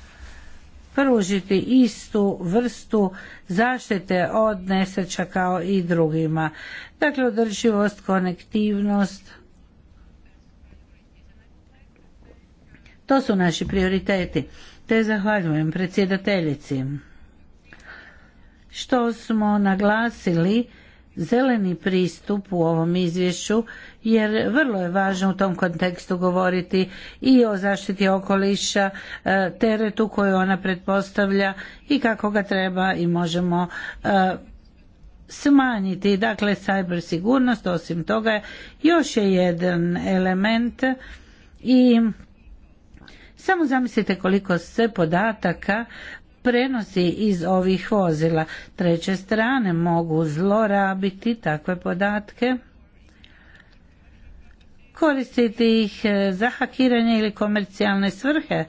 pružiti istu vrstu zaštite od nesreća kao i drugima. Dakle, održivost, konektivnost, To su naši prioriteti. Te zahvaljujem predsjedateljici. Što smo naglasili, zeleni pristup u ovom izvješću jer vrlo je važno u tom kontekstu govoriti i o zaštiti okoliša, e, teretu koju ona pretpostavlja i kako ga treba i možemo e, smanjiti. Dakle, cyber sigurnost, osim toga, još je jedan element i samo zamislite koliko se podataka prenosi iz ovih vozila. Treće strane mogu zlorabiti takve podatke, koristiti ih e, za hakiranje ili komercijalne svrhe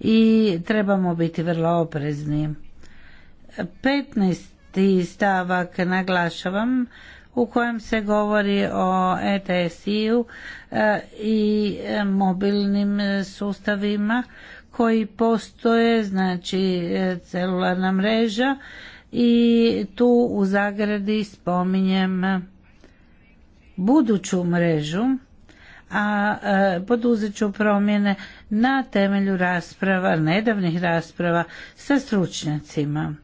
i trebamo biti vrlo oprezni. 15. stavak naglašavam u kojem se govori o ETSI-u e, i e, mobilnim e, sustavima koji postoje, znači celularna mreža i tu u zagradi spominjem buduću mrežu a poduzet ću promjene na temelju rasprava, nedavnih rasprava sa stručnjacima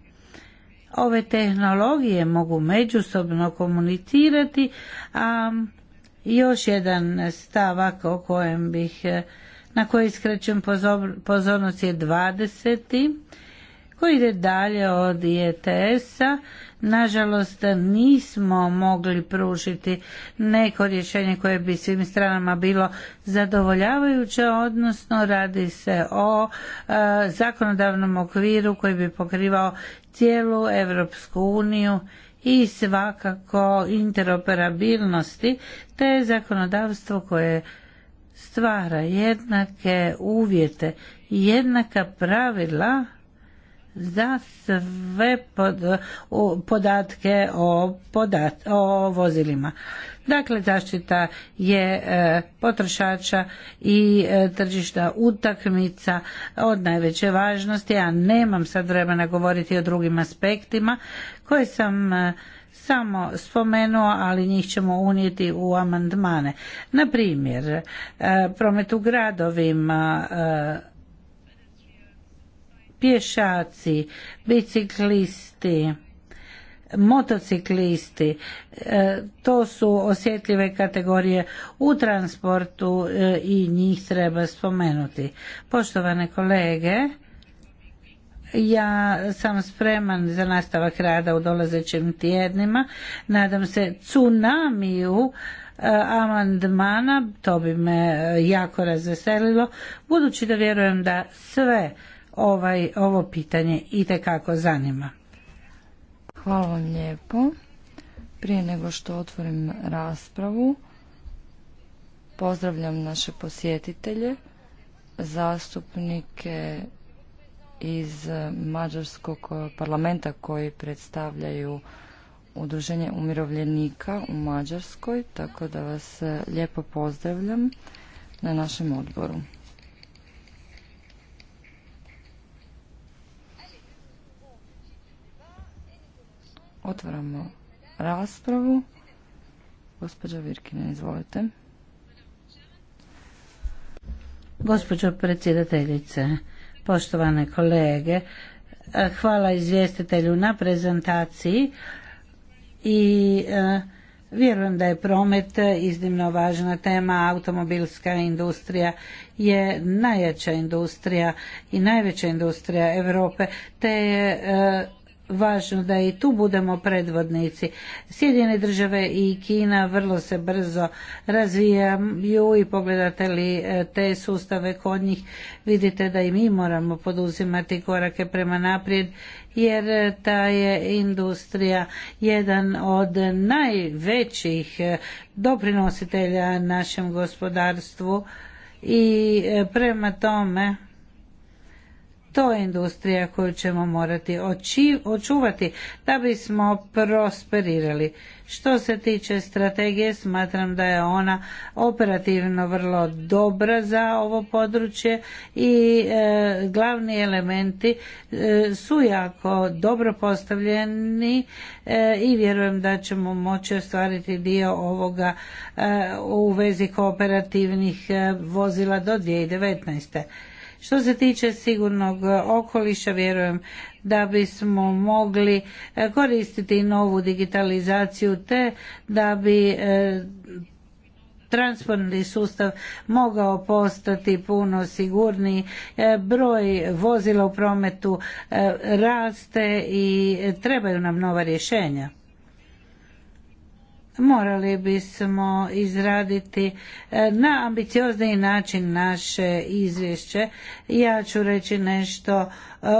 ove tehnologije mogu međusobno komunicirati, a još jedan stavak o kojem bih e, na koji skrećem pozornost je 20. koji ide dalje od IETS-a Nažalost, nismo mogli pružiti neko rješenje koje bi svim stranama bilo zadovoljavajuće, odnosno radi se o e, zakonodavnom okviru koji bi pokrivao cijelu Europsku uniju i svakako interoperabilnosti te zakonodavstvo koje stvara jednake uvjete jednaka pravila za sve podatke o, o vozilima. Dakle, zaštita je e, potrošača i e, tržišta utakmica od najveće važnosti, a ja nemam sad vremena govoriti o drugim aspektima koje sam e, samo spomenuo, ali njih ćemo unijeti u amandmane. Na primjer, promet u gradovima pješaci, biciklisti, motociklisti, e, to su osjetljive kategorije u transportu e, i njih treba spomenuti. Poštovane kolege, ja sam spreman za nastavak rada u dolazećim tjednima. Nadam se tsunamiju e, amandmana, to bi me jako razveselilo, budući da vjerujem da sve ovaj, ovo pitanje itekako zanima. Hvala vam lijepo. Prije nego što otvorim raspravu, pozdravljam naše posjetitelje, zastupnike iz Mađarskog parlamenta koji predstavljaju Udruženje umirovljenika u Mađarskoj, tako da vas lijepo pozdravljam na našem odboru. Otvaramo raspravu. Gospođa Virkina, izvolite. Gospođo predsjedateljice, poštovane kolege, e, hvala izvjestitelju na prezentaciji i e, Vjerujem da je promet iznimno važna tema, automobilska industrija je najjača industrija i najveća industrija Europe, te je e, važno da i tu budemo predvodnici. Sjedine države i Kina vrlo se brzo razvijaju i pogledate li e, te sustave kod njih vidite da i mi moramo poduzimati korake prema naprijed jer e, ta je industrija jedan od najvećih e, doprinositelja našem gospodarstvu i prema tome to je industrija koju ćemo morati očuvati da bismo prosperirali. Što se tiče strategije, smatram da je ona operativno vrlo dobra za ovo područje i e, glavni elementi e, su jako dobro postavljeni e, i vjerujem da ćemo moći ostvariti dio ovoga u vezi kooperativnih vozila do 2019. Što se tiče sigurnog e, okoliša, vjerujem da bismo mogli e, koristiti novu digitalizaciju te da bi e, transportni sustav mogao postati puno sigurniji. Broj vozila u prometu raste i trebaju nam nova rješenja morali bismo izraditi e, na ambiciozniji način naše izvješće. Ja ću reći nešto e,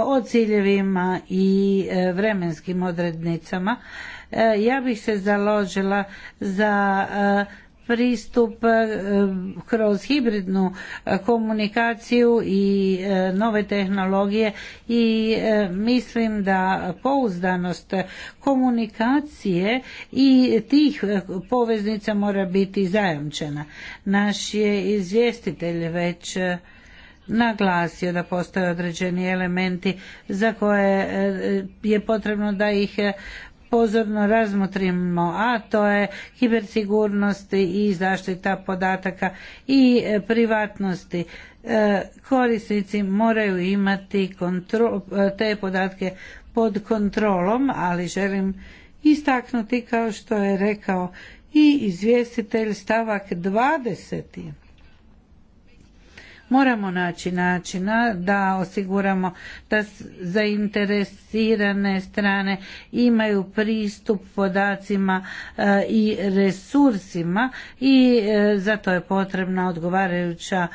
o ciljevima i e, vremenskim odrednicama. Ja bih se založila za pristup e, kroz hibridnu e, komunikaciju i e, nove tehnologije i mislim da pouzdanost komunikacije i tih poveznica mora biti zajamčena. Naš je izvjestitelj već naglasio da postoje određeni elementi za koje je potrebno da ih pozorno razmotrimo, a to je kibersigurnost i zaštita podataka i e, privatnosti. E, korisnici moraju imati e, te podatke pod kontrolom, ali želim istaknuti kao što je rekao i izvjestitelj stavak 20 Moramo naći načina da osiguramo da zainteresirane strane imaju pristup podacima e, i resursima i e, zato je potrebna odgovarajuća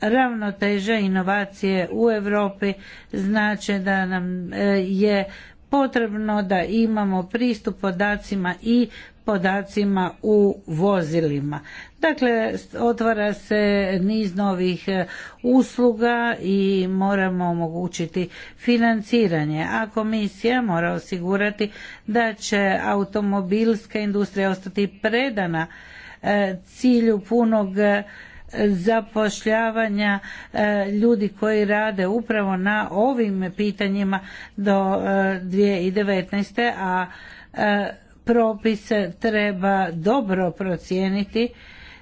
ravnoteža inovacije u Europi Znači da nam e, je potrebno da imamo pristup podacima i podacima u vozilima. Dakle, otvara se niz novih e, usluga i moramo omogućiti financiranje, a komisija mora osigurati da će automobilska industrija ostati predana e, cilju punog e, zapošljavanja ljudi koji rade upravo na ovim pitanjima do 2019. a propise treba dobro procijeniti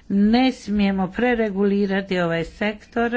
ne smijemo preregulirati ovaj sektor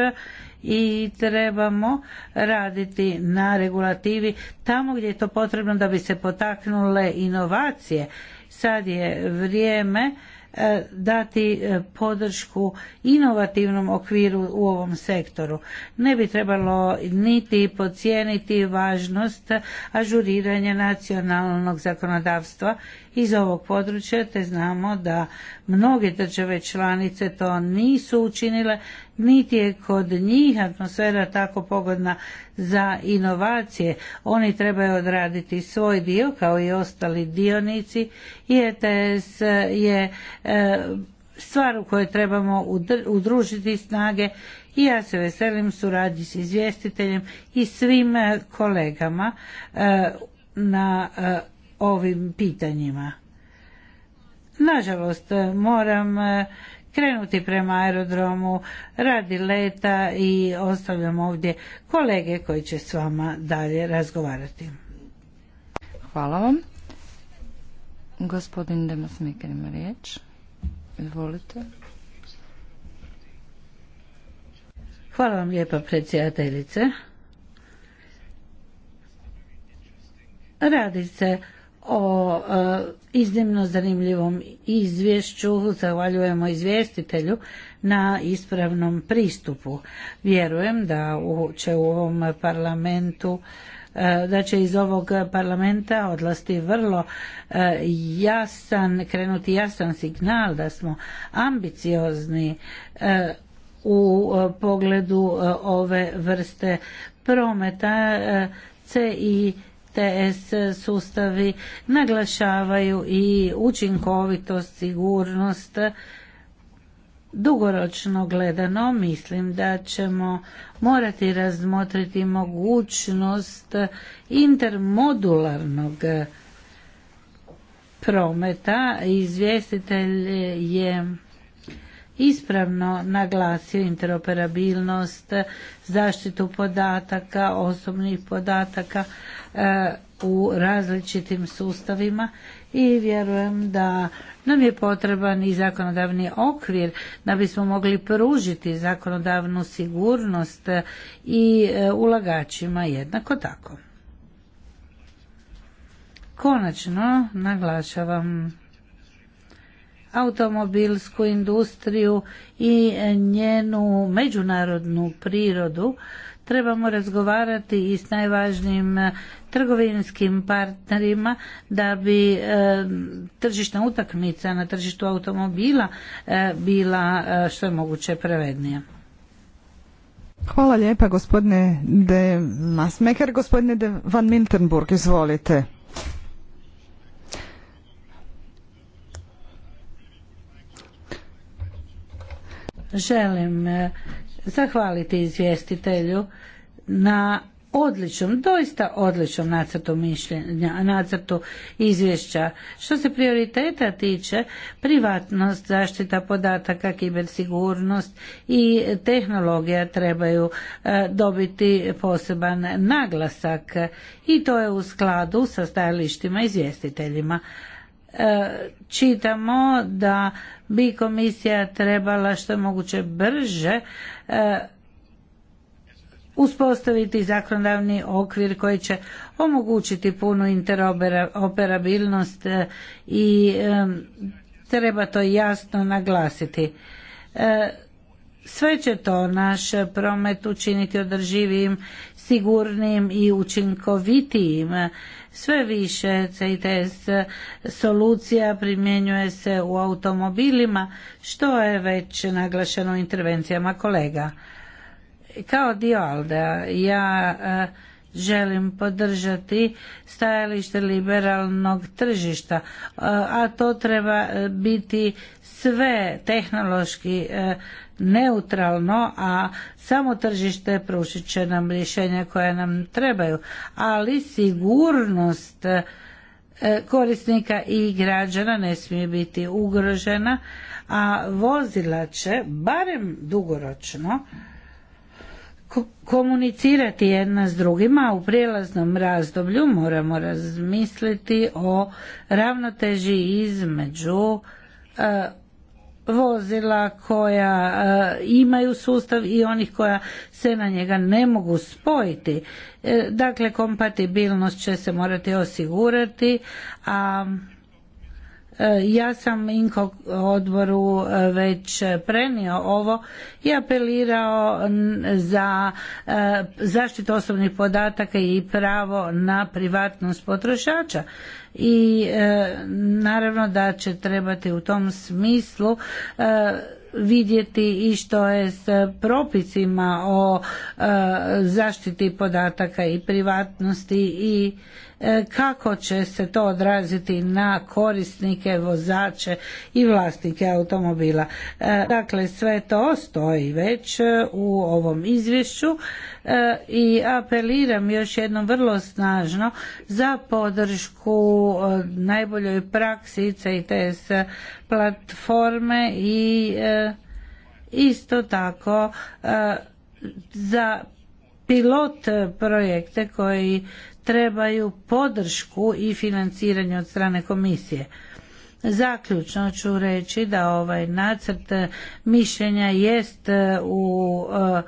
i trebamo raditi na regulativi tamo gdje je to potrebno da bi se potaknule inovacije sad je vrijeme E, dati e, podršku inovativnom okviru u ovom sektoru. Ne bi trebalo niti podcijeniti važnost ažuriranja nacionalnog zakonodavstva iz ovog područja, te znamo da mnoge države članice to nisu učinile, niti je kod njih atmosfera tako pogodna za inovacije. Oni trebaju odraditi svoj dio kao i ostali dionici i ETS je e, stvar u kojoj trebamo udružiti snage i ja se veselim suradnji s izvjestiteljem i svim e, kolegama e, na ovim pitanjima. Nažalost, moram e, krenuti prema aerodromu radi leta i ostavljam ovdje kolege koji će s vama dalje razgovarati. Hvala vam. Gospodin Demas Mikar ima riječ. Izvolite. Hvala vam lijepa predsjedateljice. Radi se o e, iznimno zanimljivom izvješću. Zahvaljujemo izvjestitelju na ispravnom pristupu. Vjerujem da će u ovom parlamentu e, da će iz ovog parlamenta odlasti vrlo e, jasan, krenuti jasan signal da smo ambiciozni u pogledu ove vrste prometa i TS sustavi naglašavaju i učinkovitost, sigurnost, dugoročno gledano mislim da ćemo morati razmotriti mogućnost intermodularnog prometa. Izvjestitelj je ispravno naglasio interoperabilnost, zaštitu podataka, osobnih podataka e, u različitim sustavima i vjerujem da nam je potreban i zakonodavni okvir da bismo mogli pružiti zakonodavnu sigurnost i e, ulagačima jednako tako. Konačno naglašavam automobilsku industriju i njenu međunarodnu prirodu trebamo razgovarati i s najvažnijim e, trgovinskim partnerima da bi e, tržišna utakmica na tržištu automobila e, bila što je moguće pravednija. Hvala lijepa gospodine de Masmeker, gospodine de Van Miltenburg, izvolite. Želim e, zahvaliti izvjestitelju na odličnom, doista odličnom nacrtu mišljenja, nacrtu izvješća. Što se prioriteta tiče, privatnost, zaštita podataka, kibersigurnost i tehnologija trebaju e, dobiti poseban naglasak i to je u skladu sa stajalištima izvjestiteljima. E, čitamo da bi komisija trebala što je moguće brže e, uspostaviti zakonodavni okvir koji će omogućiti punu interoperabilnost e, i treba to jasno naglasiti. Sve će to naš promet učiniti održivijim, sigurnijim i učinkovitijim sve više CITS solucija primjenjuje se u automobilima, što je već naglašeno intervencijama kolega. Kao dio alda. ja e, želim podržati stajalište liberalnog tržišta, e, a to treba e, biti sve tehnološki neutralno, a samo tržište prušit će nam rješenja koja nam trebaju. Ali sigurnost e, korisnika i građana ne smije biti ugrožena, a vozila će, barem dugoročno, komunicirati jedna s drugima u prijelaznom razdoblju moramo razmisliti o ravnoteži između e, vozila koja e, imaju sustav i onih koja se na njega ne mogu spojiti. E, dakle, kompatibilnost će se morati osigurati, a E, ja sam Inko odboru e, već prenio ovo i apelirao za e, zaštitu osobnih podataka i pravo na privatnost potrošača i naravno da će trebati u tom smislu vidjeti i što je s propisima o zaštiti podataka i privatnosti i E, kako će se to odraziti na korisnike, vozače i vlasnike automobila. E, dakle, sve to stoji već e, u ovom izvješću i apeliram još jednom vrlo snažno za podršku najboljoj praksi CITS platforme i isto tako za pilot projekte koji trebaju podršku i financiranje od strane komisije. Zaključno ću reći da ovaj nacrt mišljenja jest e, u e,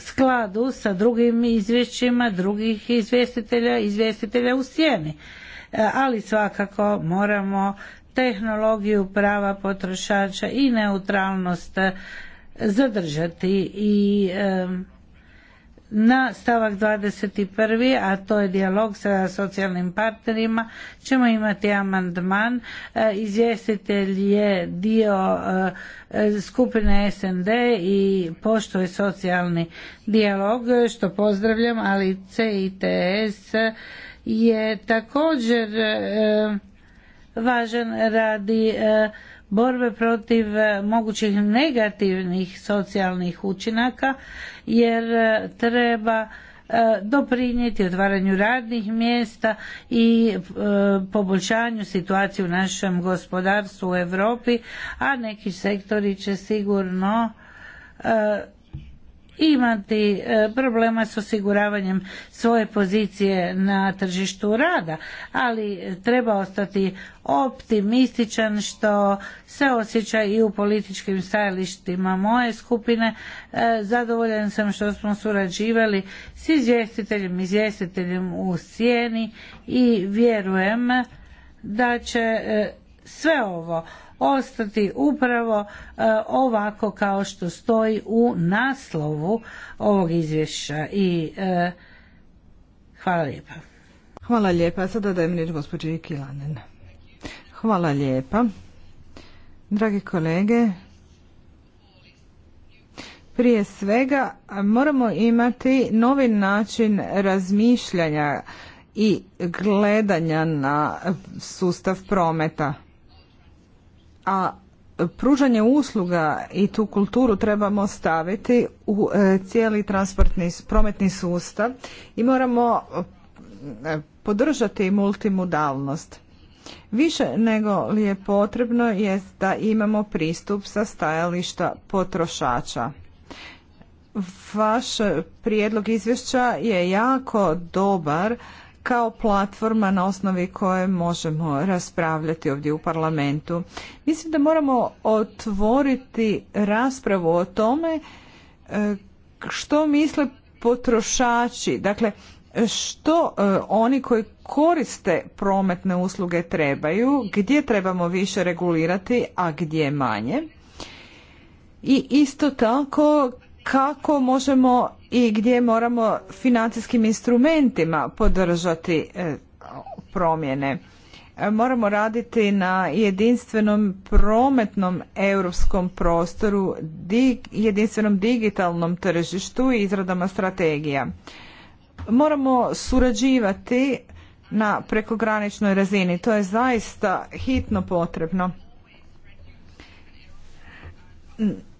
skladu sa drugim izvješćima drugih izvjestitelja, izvjestitelja u sjeni. E, ali svakako moramo tehnologiju prava potrošača i neutralnost zadržati i na stavak 21. a to je dijalog sa socijalnim partnerima ćemo imati amandman. E, izvjestitelj je dio e, skupine SND i poštuje socijalni dijalog što pozdravljam, ali CITS je također e, važan radi borbe protiv e, mogućih negativnih socijalnih učinaka jer e, treba e, doprinijeti otvaranju radnih mjesta i poboljšanju situacije u našem gospodarstvu u Europi, a neki sektori će sigurno imati e, problema s osiguravanjem svoje pozicije na tržištu rada, ali treba ostati optimističan što se osjeća i u političkim stajalištima moje skupine. E, zadovoljan sam što smo surađivali s izvjestiteljem, izvjestiteljem u sjeni i vjerujem da će e, sve ovo ostati upravo e, ovako kao što stoji u naslovu ovog izvješća i e, hvala lijepa. Hvala lijepa. Sada dajem riječ gospođi Kilanen. Hvala lijepa. Dragi kolege, prije svega moramo imati novi način razmišljanja i gledanja na sustav prometa a pružanje usluga i tu kulturu trebamo staviti u e, cijeli transportni prometni sustav i moramo e, podržati multimodalnost. Više nego li je potrebno je da imamo pristup sa stajališta potrošača. Vaš prijedlog izvješća je jako dobar kao platforma na osnovi koje možemo raspravljati ovdje u parlamentu. Mislim da moramo otvoriti raspravu o tome e, što misle potrošači, dakle što e, oni koji koriste prometne usluge trebaju, gdje trebamo više regulirati, a gdje manje. I isto tako kako možemo i gdje moramo financijskim instrumentima podržati e, promjene. E, moramo raditi na jedinstvenom prometnom europskom prostoru, jedinstvenom digitalnom tržištu i izradama strategija. Moramo surađivati na prekograničnoj razini. To je zaista hitno potrebno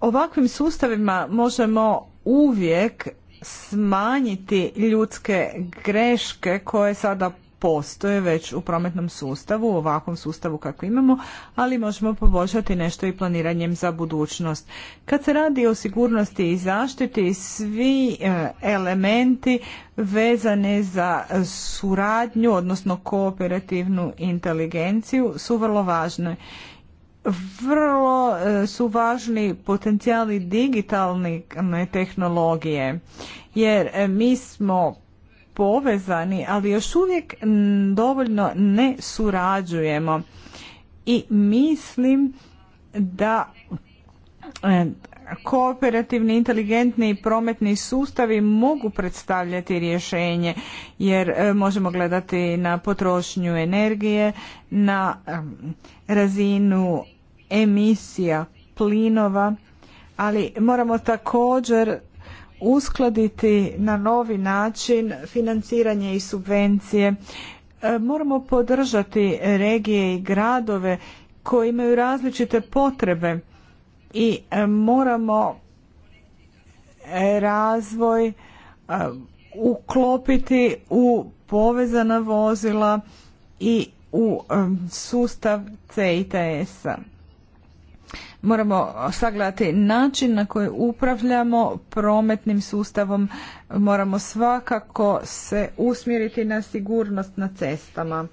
ovakvim sustavima možemo uvijek smanjiti ljudske greške koje sada postoje već u prometnom sustavu, u ovakvom sustavu kako imamo, ali možemo poboljšati nešto i planiranjem za budućnost. Kad se radi o sigurnosti i zaštiti, svi e, elementi vezane za suradnju, odnosno kooperativnu inteligenciju su vrlo važne vrlo e, su važni potencijali digitalne tehnologije jer e, mi smo povezani, ali još uvijek dovoljno ne surađujemo. I mislim da e, kooperativni, inteligentni i prometni sustavi mogu predstavljati rješenje jer možemo gledati na potrošnju energije, na razinu emisija plinova, ali moramo također uskladiti na novi način financiranje i subvencije. E, moramo podržati regije i gradove koji imaju različite potrebe i e, moramo e, razvoj uklopiti u povezana vozila i u sustav CITS-a moramo sagledati način na koji upravljamo prometnim sustavom, moramo svakako se usmjeriti na sigurnost na cestama.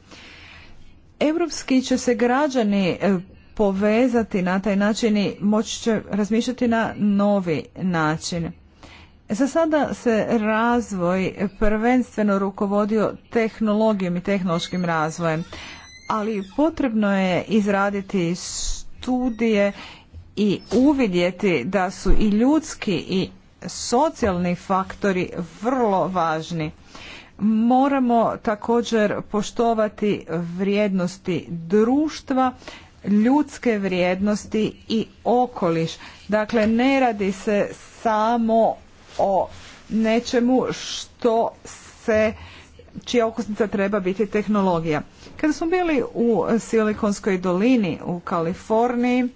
Europski će se građani e, povezati na taj način i moći će razmišljati na novi način. Za sada se razvoj prvenstveno rukovodio tehnologijom i tehnološkim razvojem, ali potrebno je izraditi studije i uvidjeti da su i ljudski i socijalni faktori vrlo važni. Moramo također poštovati vrijednosti društva, ljudske vrijednosti i okoliš. Dakle, ne radi se samo o nečemu što se čija okusnica treba biti tehnologija. Kada smo bili u Silikonskoj dolini u Kaliforniji,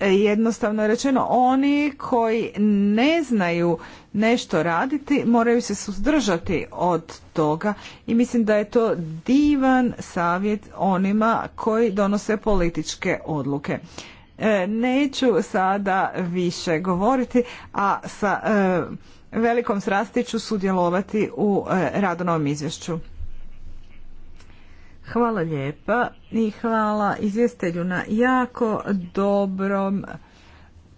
jednostavno je rečeno oni koji ne znaju nešto raditi moraju se suzdržati od toga i mislim da je to divan savjet onima koji donose političke odluke. E, neću sada više govoriti, a sa e, velikom srasti ću sudjelovati u e, radu izvješću. Hvala lijepa i hvala izvjestelju na jako dobrom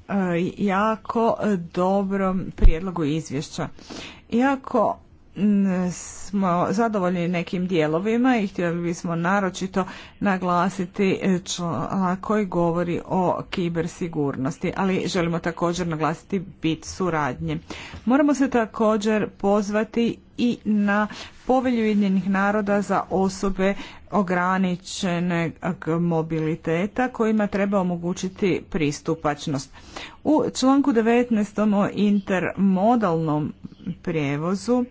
e, jako dobrom prijedlogu izvješća. Iako smo zadovoljni nekim dijelovima i htjeli bismo naročito naglasiti e, članak koji govori o kibersigurnosti, ali želimo također naglasiti bit suradnje. Moramo se također pozvati i na povelju jedinih naroda za osobe ograničenog mobiliteta kojima treba omogućiti pristupačnost. U članku 19. o intermodalnom prijevozu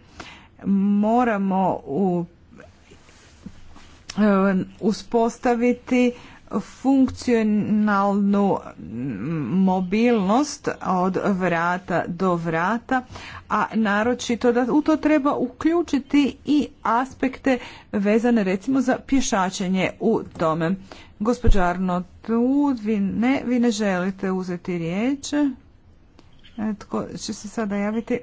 moramo u, e, uspostaviti funkcionalnu mobilnost od vrata do vrata, a naročito da u to treba uključiti i aspekte vezane recimo za pješačenje u tome. Gospođarno, tu vi ne, vi ne želite uzeti riječ. Tko će se sada javiti?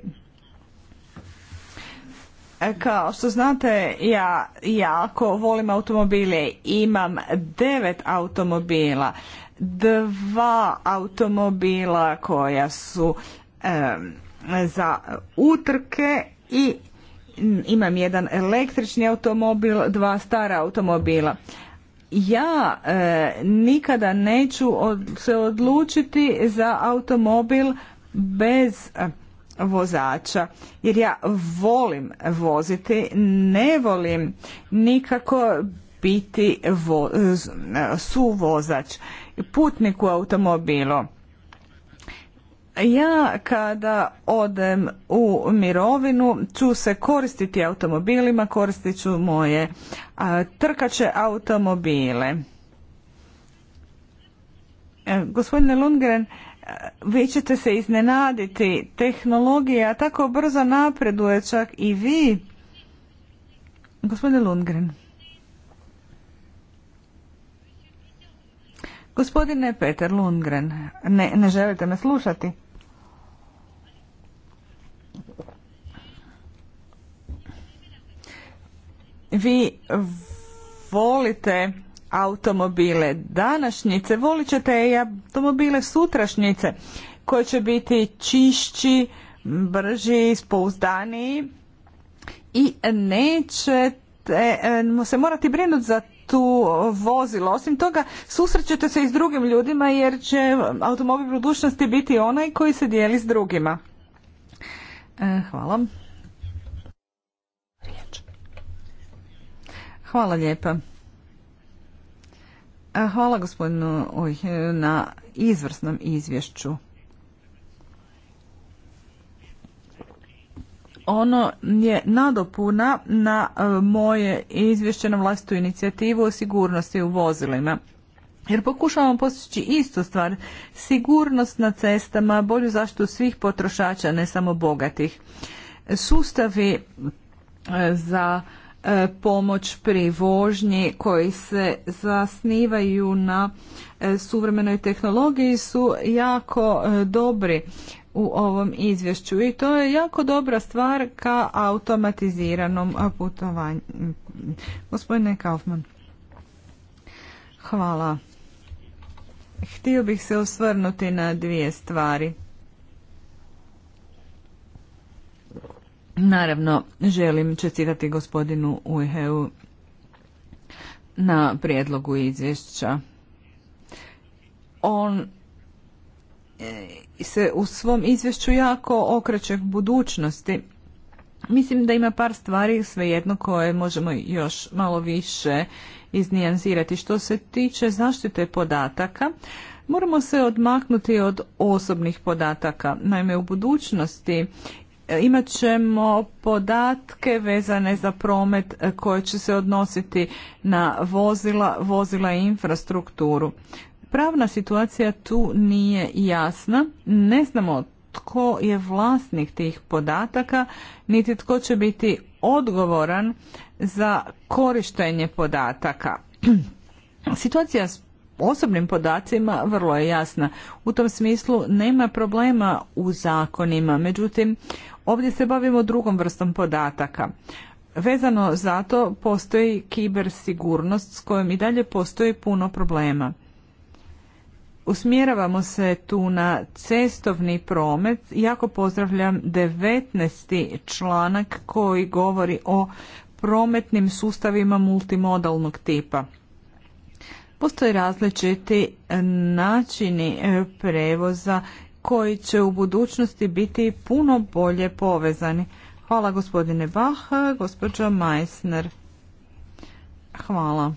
E, kao što znate, ja jako volim automobile. Imam devet automobila. Dva automobila koja su za utrke i imam jedan električni automobil, dva stara automobila. Ja e, nikada neću se odlučiti za automobil bez vozača jer ja volim voziti, ne volim nikako biti vo, suvozač, putnik u automobilu. Ja kada odem u mirovinu ću se koristiti automobilima, koristit ću moje a, trkače automobile. E, gospodine Lundgren, vi ćete se iznenaditi, tehnologija tako brzo napreduje čak i vi. Gospodine Lundgren. Gospodine Peter Lundgren, ne, ne želite me slušati? Vi volite automobile današnjice, volit ćete i automobile sutrašnjice koji će biti čišći, brži, spouzdaniji i nećete e, se morati brinuti za tu vozilo. Osim toga, susrećete se i s drugim ljudima jer će automobil budućnosti biti onaj koji se dijeli s drugima. E, hvala. Hvala lijepa. Hvala gospodinu na izvrsnom izvješću. Ono je nadopuna na e, moje izvješće na vlastitu inicijativu o sigurnosti u vozilima. Jer pokušavamo postići istu stvar, sigurnost na cestama, bolju zaštitu svih potrošača, ne samo bogatih. Sustavi e, za E, pomoć pri vožnji koji se zasnivaju na e, suvremenoj tehnologiji su jako e, dobri u ovom izvješću i to je jako dobra stvar ka automatiziranom putovanju. Gospodine Kaufman, hvala. Htio bih se osvrnuti na dvije stvari. Naravno, želim čestitati gospodinu Ujheu na prijedlogu izvješća. On e, se u svom izvješću jako okreće budućnosti. Mislim da ima par stvari svejedno koje možemo još malo više iznijanzirati. Što se tiče zaštite podataka, moramo se odmaknuti od osobnih podataka. Naime, u budućnosti E, imat ćemo podatke vezane za promet e, koje će se odnositi na vozila, vozila i infrastrukturu. Pravna situacija tu nije jasna. Ne znamo tko je vlasnik tih podataka, niti tko će biti odgovoran za korištenje podataka. [CLEARS THROAT] Situacija s osobnim podacima vrlo je jasna. U tom smislu nema problema u zakonima, međutim ovdje se bavimo drugom vrstom podataka. Vezano za to postoji kibersigurnost s kojom i dalje postoji puno problema. Usmjeravamo se tu na cestovni promet. Jako pozdravljam 19. članak koji govori o prometnim sustavima multimodalnog tipa. Postoje različiti e, načini e, prevoza koji će u budućnosti biti puno bolje povezani. Hvala gospodine Bach, gospođo Meissner. Hvala.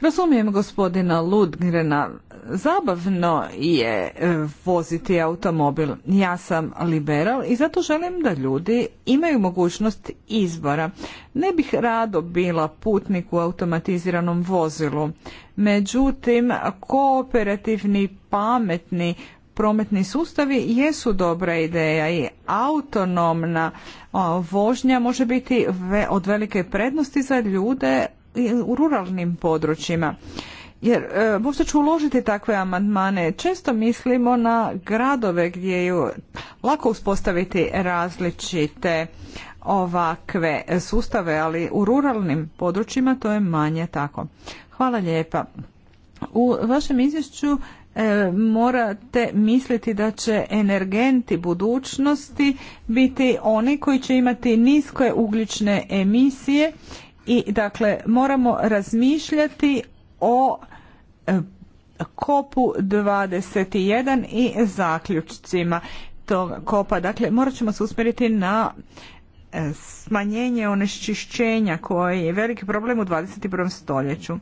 Razumijem gospodina Ludgrena, zabavno je e, voziti automobil. Ja sam liberal i zato želim da ljudi imaju mogućnost izbora. Ne bih rado bila putnik u automatiziranom vozilu. Međutim, kooperativni, pametni prometni sustavi jesu dobra ideja i autonomna vožnja može biti od velike prednosti za ljude u ruralnim područjima. Jer e, možda ću uložiti takve amandmane. Često mislimo na gradove gdje je lako uspostaviti različite ovakve sustave, ali u ruralnim područjima to je manje tako. Hvala lijepa. U vašem izvješću e, morate misliti da će energenti budućnosti biti oni koji će imati niske ugljične emisije i dakle moramo razmišljati o E, kopu 21 i zaključcima tog kopa. Dakle, morat ćemo se usmjeriti na e, smanjenje onečišćenja koji je veliki problem u 21. stoljeću.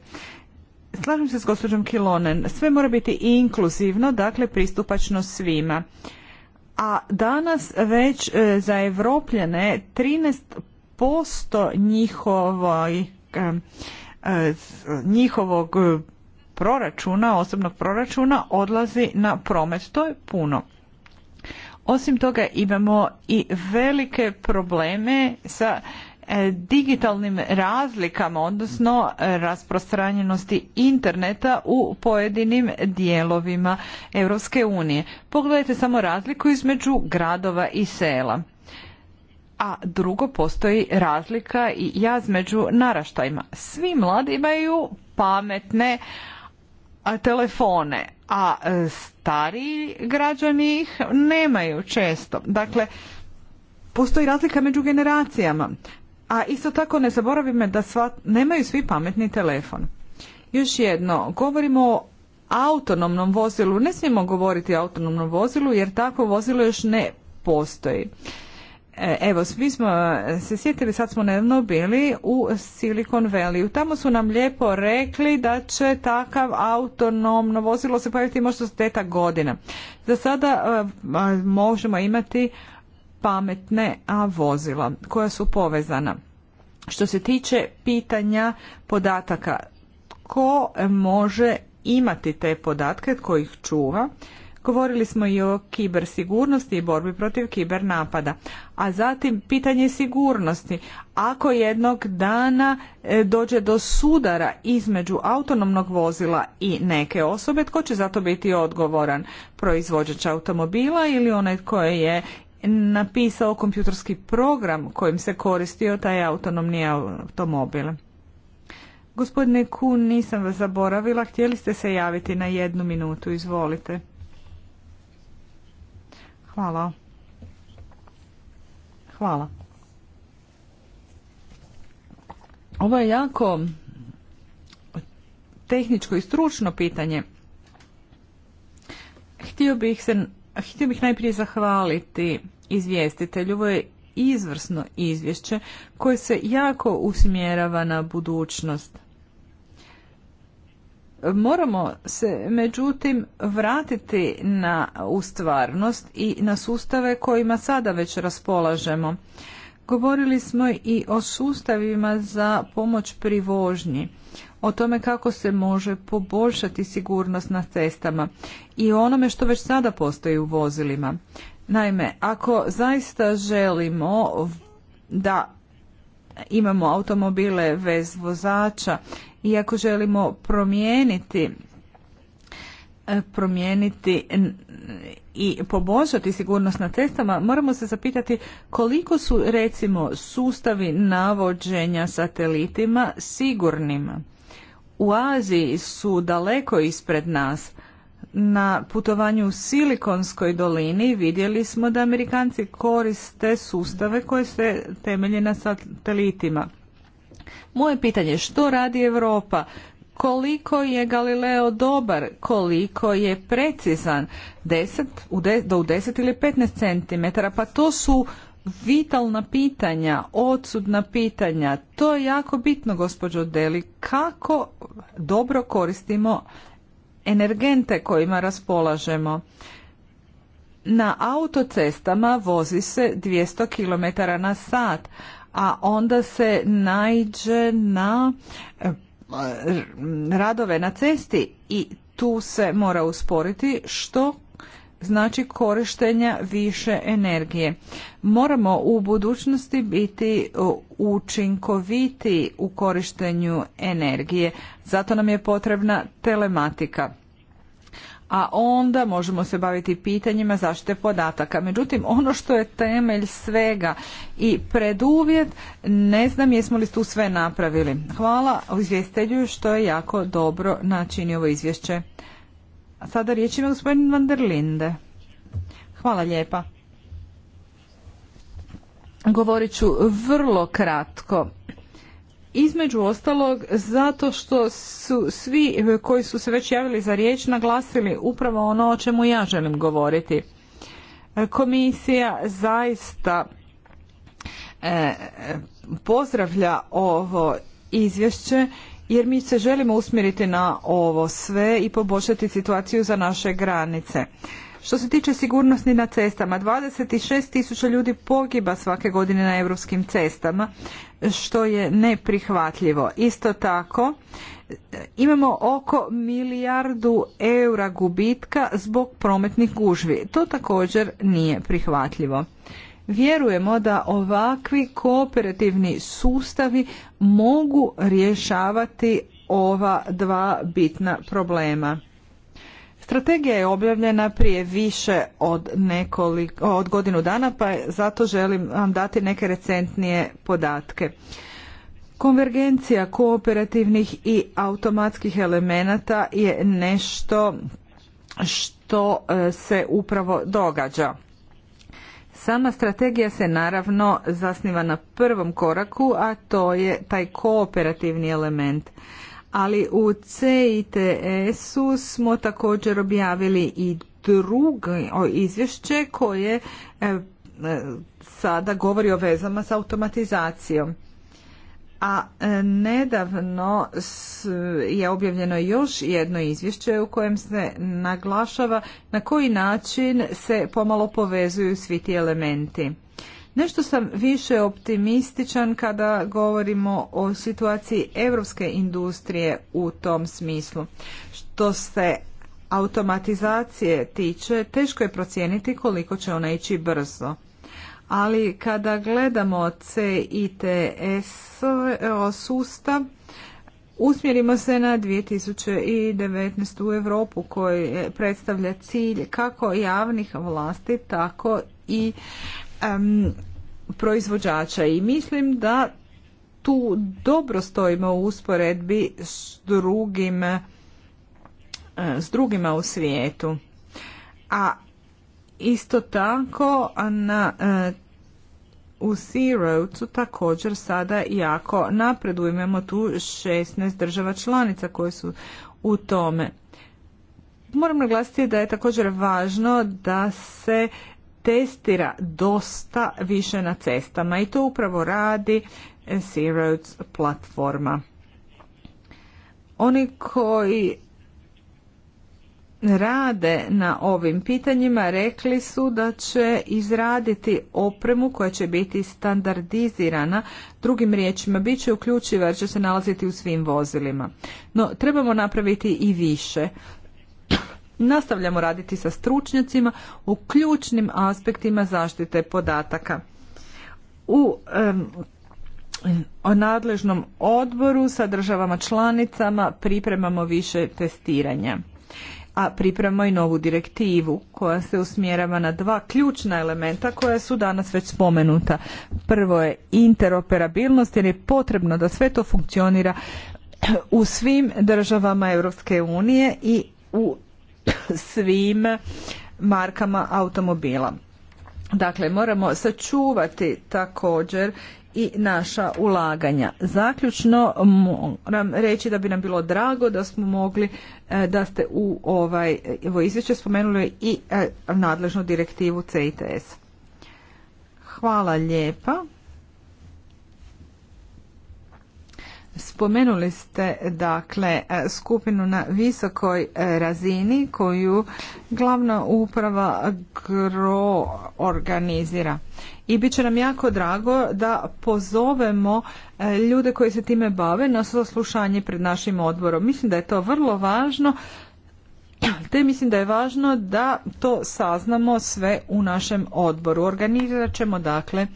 Slažem se s gospođom Kilonen, sve mora biti inkluzivno, dakle pristupačno svima. A danas već e, za Evropljene 13% njihovoj, njihovog proračuna, osobnog proračuna odlazi na promet. To je puno. Osim toga imamo i velike probleme sa e, digitalnim razlikama, odnosno rasprostranjenosti interneta u pojedinim dijelovima Europske unije. Pogledajte samo razliku između gradova i sela. A drugo, postoji razlika i jaz među naraštajima. Svi mladi imaju pametne telefone, a e, stariji građani ih nemaju često. Dakle, postoji razlika među generacijama. A isto tako ne zaboravimo da nemaju svi pametni telefon. Još jedno, govorimo o autonomnom vozilu. Ne smijemo govoriti o autonomnom vozilu jer takvo vozilo još ne postoji. E, evo, svi smo e, se sjetili, sad smo nedavno bili u Silicon Valley. Tamo su nam lijepo rekli da će takav autonomno vozilo se pojaviti možda za teta godina. Za sada e, možemo imati pametne a, vozila koja su povezana. Što se tiče pitanja podataka, tko može imati te podatke, tko ih čuva, Govorili smo i o kibersigurnosti i borbi protiv kibernapada. A zatim pitanje sigurnosti. Ako jednog dana e, dođe do sudara između autonomnog vozila i neke osobe, tko će za to biti odgovoran? Proizvođač automobila ili onaj tko je napisao kompjutorski program kojim se koristio taj autonomni automobil? Gospodine Kun, nisam vas zaboravila, htjeli ste se javiti na jednu minutu, izvolite. Hvala. Hvala. Ovo je jako tehničko i stručno pitanje. Htio bih, se, htio bih najprije zahvaliti izvjestitelju. Ovo je izvrsno izvješće koje se jako usmjerava na budućnost. Moramo se međutim vratiti na u stvarnost i na sustave kojima sada već raspolažemo. Govorili smo i o sustavima za pomoć pri vožnji, o tome kako se može poboljšati sigurnost na cestama i o onome što već sada postoji u vozilima. Naime, ako zaista želimo da imamo automobile bez vozača i ako želimo promijeniti e, promijeniti i poboljšati sigurnost na cestama, moramo se zapitati koliko su recimo sustavi navođenja satelitima sigurnima. U Aziji su daleko ispred nas. Na putovanju u Silikonskoj dolini vidjeli smo da Amerikanci koriste sustave koje se temelje na satelitima. Moje pitanje je što radi Europa? Koliko je Galileo dobar? Koliko je precizan? 10, u de, do u 10 ili 15 cm. Pa to su vitalna pitanja, odsudna pitanja. To je jako bitno, gospođo Deli, kako dobro koristimo energente kojima raspolažemo. Na autocestama vozi se 200 km na sat, a onda se naiđe na e, radove na cesti i tu se mora usporiti što znači korištenja više energije. Moramo u budućnosti biti e, učinkoviti u korištenju energije. Zato nam je potrebna telematika a onda možemo se baviti pitanjima zaštite podataka. Međutim, ono što je temelj svega i preduvjet, ne znam jesmo li tu sve napravili. Hvala izvjestelju što je jako dobro načinio ovo izvješće. A sada riječ ima gospodin Van der Linde. Hvala lijepa. Govorit ću vrlo kratko. Između ostalog, zato što su svi koji su se već javili za riječ naglasili upravo ono o čemu ja želim govoriti. Komisija zaista e, pozdravlja ovo izvješće jer mi se želimo usmjeriti na ovo sve i poboljšati situaciju za naše granice. Što se tiče sigurnosti na cestama, 26 tisuća ljudi pogiba svake godine na europskim cestama, što je neprihvatljivo. Isto tako, imamo oko milijardu eura gubitka zbog prometnih gužvi. To također nije prihvatljivo. Vjerujemo da ovakvi kooperativni sustavi mogu rješavati ova dva bitna problema. Strategija je objavljena prije više od, od godinu dana, pa zato želim vam dati neke recentnije podatke. Konvergencija kooperativnih i automatskih elemenata je nešto što e, se upravo događa. Sama strategija se naravno zasniva na prvom koraku, a to je taj kooperativni element ali u CITS-u e smo također objavili i drugo izvješće koje e, e, sada govori o vezama s automatizacijom. A nedavno je objavljeno još jedno izvješće u kojem se naglašava na koji način se pomalo povezuju svi ti elementi. Nešto sam više optimističan kada govorimo o situaciji europske industrije u tom smislu. Što se automatizacije tiče, teško je procijeniti koliko će ona ići brzo. Ali kada gledamo CITS sustav, Usmjerimo se na 2019. u Europu koji predstavlja cilj kako javnih vlasti, tako i um, proizvođača i mislim da tu dobro stojimo u usporedbi s drugim eh, s drugima u svijetu. A isto tako na eh, u Sea Roadsu također sada jako napredujemo tu 16 država članica koje su u tome. Moram naglasiti da je također važno da se testira dosta više na cestama i to upravo radi Sea Roads platforma. Oni koji rade na ovim pitanjima rekli su da će izraditi opremu koja će biti standardizirana, drugim riječima bit će uključiva jer će se nalaziti u svim vozilima. No, trebamo napraviti i više. Nastavljamo raditi sa stručnjacima u ključnim aspektima zaštite podataka. U o nadležnom odboru sa državama članicama pripremamo više testiranja a pripremamo i novu direktivu koja se usmjerava na dva ključna elementa koja su danas već spomenuta. Prvo je interoperabilnost jer je potrebno da sve to funkcionira u svim državama Europske unije i u svim markama automobila. Dakle, moramo sačuvati također i naša ulaganja. Zaključno moram reći da bi nam bilo drago da smo mogli, e, da ste u ovaj, ovo izvješće spomenuli i e, nadležnu direktivu CITS. Hvala lijepa. Spomenuli ste dakle skupinu na visokoj e, razini koju glavna uprava GRO organizira. I bit će nam jako drago da pozovemo e, ljude koji se time bave na saslušanje pred našim odborom. Mislim da je to vrlo važno te mislim da je važno da to saznamo sve u našem odboru. Organizirat ćemo dakle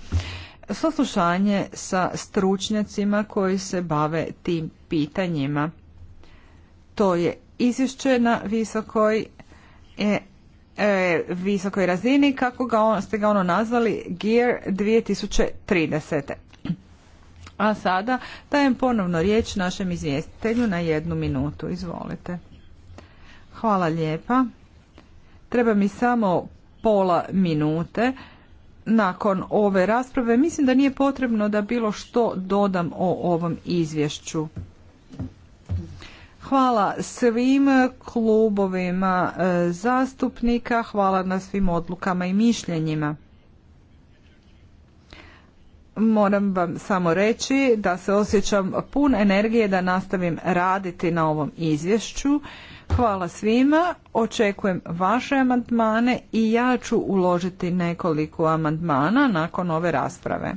saslušanje sa stručnjacima koji se bave tim pitanjima. To je izvješće na visokoj e, e, visokoj razini, kako ga on, ste ga ono nazvali, Gear 2030. A sada dajem ponovno riječ našem izvjestitelju na jednu minutu. Izvolite. Hvala lijepa. Treba mi samo pola minute nakon ove rasprave mislim da nije potrebno da bilo što dodam o ovom izvješću. Hvala svim klubovima e, zastupnika, hvala na svim odlukama i mišljenjima. Moram vam samo reći da se osjećam pun energije da nastavim raditi na ovom izvješću Hvala svima, očekujem vaše amandmane i ja ću uložiti nekoliko amandmana nakon ove rasprave.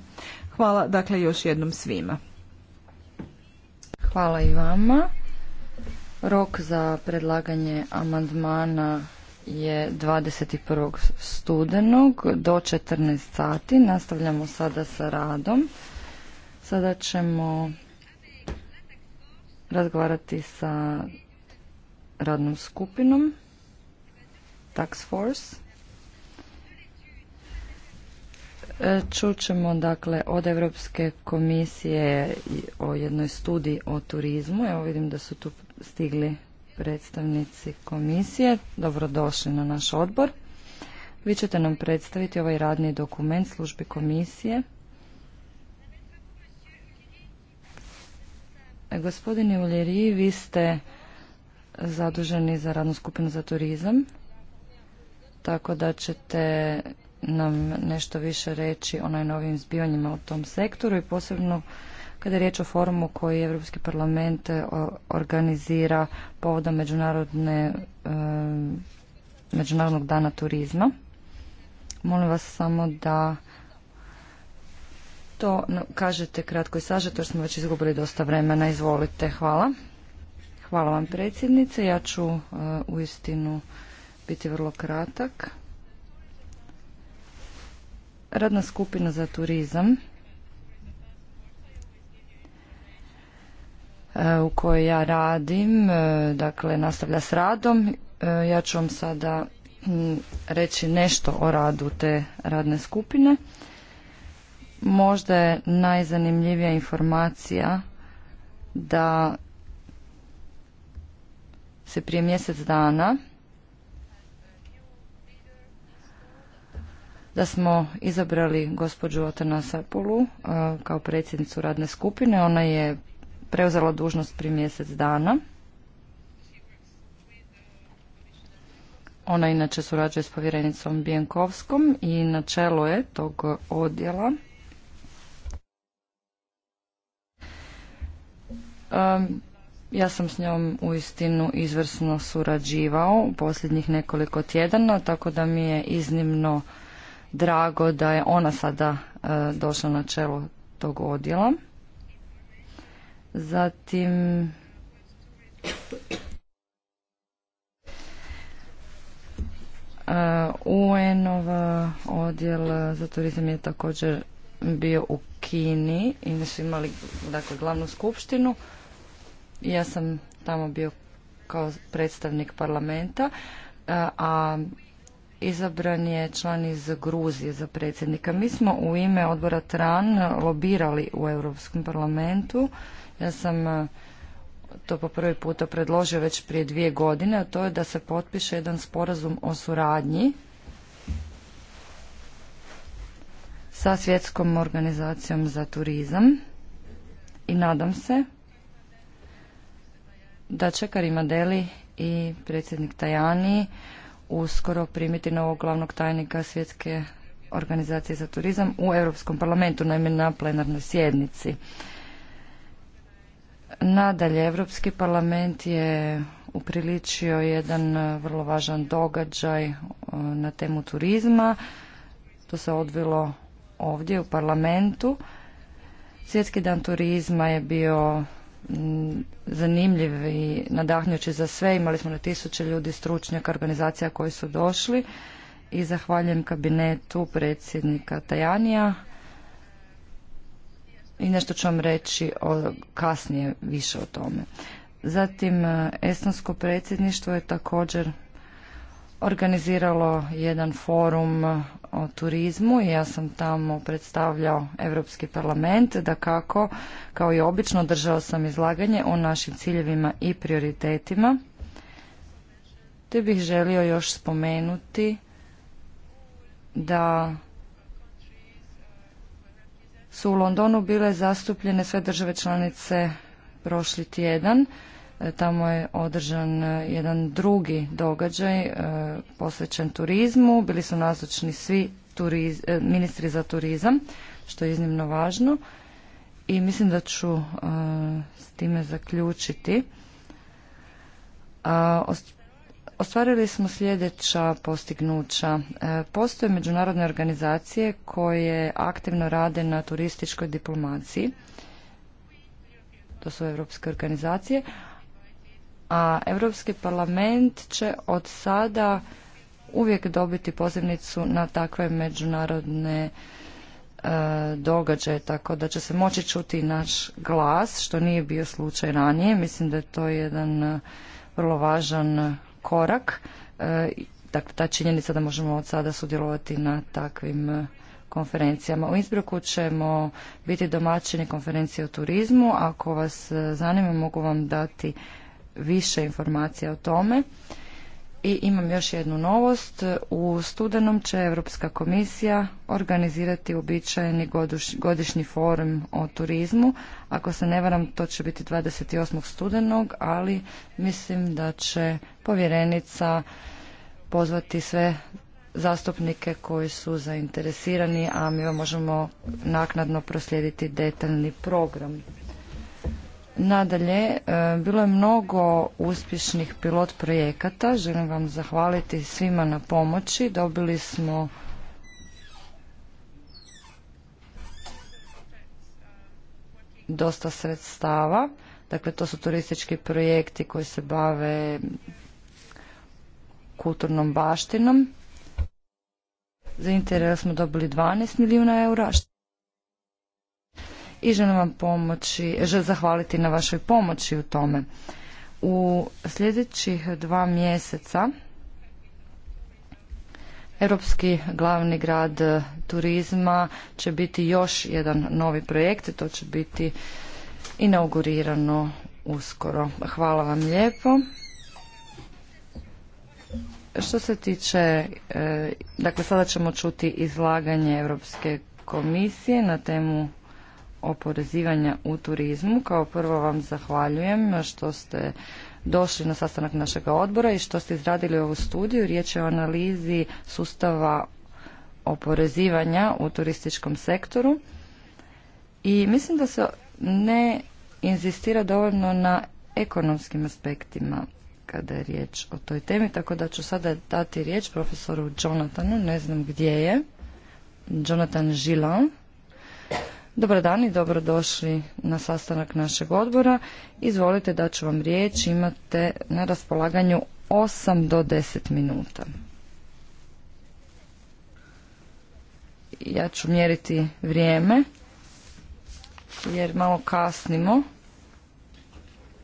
Hvala dakle još jednom svima. Hvala i vama. Rok za predlaganje amandmana je 21. studenog do 14 sati. Nastavljamo sada sa radom. Sada ćemo razgovarati sa radnom skupinom Tax Force. E, Čućemo dakle od Europske komisije o jednoj studiji o turizmu. Evo vidim da su tu stigli predstavnici komisije. Dobrodošli na naš odbor. Vi ćete nam predstaviti ovaj radni dokument službi komisije. E, gospodine Uljeri, vi ste zaduženi za radnu skupinu za turizam, tako da ćete nam nešto više reći o najnovijim zbivanjima u tom sektoru i posebno kada je riječ o forumu koji Europski parlament e, organizira povodom međunarodne, e, Međunarodnog dana turizma. Molim vas samo da to kažete kratko i sažeto jer smo već izgubili dosta vremena. Izvolite, hvala. Hvala vam predsjednice. Ja ću u e, uistinu biti vrlo kratak. Radna skupina za turizam e, u kojoj ja radim, e, dakle nastavlja s radom. Ja ću vam sada reći nešto o radu te radne skupine. Možda je najzanimljivija informacija da se prije mjesec dana da smo izabrali gospođu Otana Sapulu e, kao predsjednicu radne skupine. Ona je preuzela dužnost prije mjesec dana. Ona inače surađuje s povjerenicom Bijenkovskom i na čelu je tog odjela. E, ja sam s njom uistinu izvrsno surađivao u posljednjih nekoliko tjedana, tako da mi je iznimno drago da je ona sada e, došla na čelo tog odjela. Zatim e, un ova odjel za turizam je također bio u Kini i mi su imali dakle, glavnu skupštinu ja sam tamo bio kao predstavnik parlamenta, e, a izabran je član iz Gruzije za predsjednika. Mi smo u ime odbora TRAN lobirali u Europskom parlamentu. Ja sam e, to po prvi puta predložio već prije dvije godine, a to je da se potpiše jedan sporazum o suradnji sa Svjetskom organizacijom za turizam i nadam se da će Deli i predsjednik Tajani uskoro primiti novog glavnog tajnika svjetske organizacije za turizam u Europskom parlamentu, naime na plenarnoj sjednici. Nadalje, Europski parlament je upriličio jedan e, vrlo važan događaj e, na temu turizma. To se odvilo ovdje u parlamentu. Svjetski dan turizma je bio Mm, zanimljiv i nadahnjući za sve. Imali smo na tisuće ljudi stručnjaka organizacija koji su došli i zahvaljujem kabinetu predsjednika Tajanija i nešto ću vam reći o, kasnije više o tome. Zatim e, Estonsko predsjedništvo je također organiziralo jedan forum o turizmu i ja sam tamo predstavljao Europski parlament, da kako, kao i obično, držao sam izlaganje o našim ciljevima i prioritetima, te bih želio još spomenuti da su u Londonu bile zastupljene sve države članice prošli tjedan, E, tamo je održan e, jedan drugi događaj e, posvećen turizmu. Bili su nazočni svi ministri za turizam, što je iznimno važno. I mislim da ću s time zaključiti. Ostvarili smo sljedeća postignuća. Postoje međunarodne organizacije koje aktivno rade na turističkoj diplomaciji. To su evropske organizacije, a Europski parlament će od sada uvijek dobiti pozivnicu na takve međunarodne e, događaje, tako da će se moći čuti naš glas, što nije bio slučaj ranije. Mislim da je to jedan e, vrlo važan korak. E, dakle, ta činjenica da možemo od sada sudjelovati na takvim e, konferencijama. U Izbruku ćemo biti domaćini konferencije o turizmu. Ako vas zanima, mogu vam dati više informacija o tome. I imam još jednu novost. U studenom će Europska komisija organizirati uobičajeni godišnji forum o turizmu. Ako se ne varam, to će biti 28. studenog, ali mislim da će povjerenica pozvati sve zastupnike koji su zainteresirani, a mi vam možemo naknadno proslijediti detaljni program Nadalje, e, bilo je mnogo uspješnih pilot projekata. Želim vam zahvaliti svima na pomoći. Dobili smo dosta sredstava. Dakle, to su turistički projekti koji se bave kulturnom baštinom. Za interes smo dobili 12 milijuna eura i želim vam pomoći, želim zahvaliti na vašoj pomoći u tome. U sljedećih dva mjeseca Europski glavni grad turizma će biti još jedan novi projekt, to će biti inaugurirano uskoro. Hvala vam lijepo. Što se tiče, e, dakle sada ćemo čuti izlaganje Europske komisije na temu oporezivanja u turizmu. Kao prvo vam zahvaljujem što ste došli na sastanak našega odbora i što ste izradili ovu studiju. Riječ je o analizi sustava oporezivanja u turističkom sektoru. I mislim da se ne inzistira dovoljno na ekonomskim aspektima kada je riječ o toj temi, tako da ću sada dati riječ profesoru Jonathanu, ne znam gdje je, Jonathan Gillan, Dobar dan i dobrodošli na sastanak našeg odbora. Izvolite da ću vam riječ, imate na raspolaganju 8 do 10 minuta. Ja ću mjeriti vrijeme jer malo kasnimo,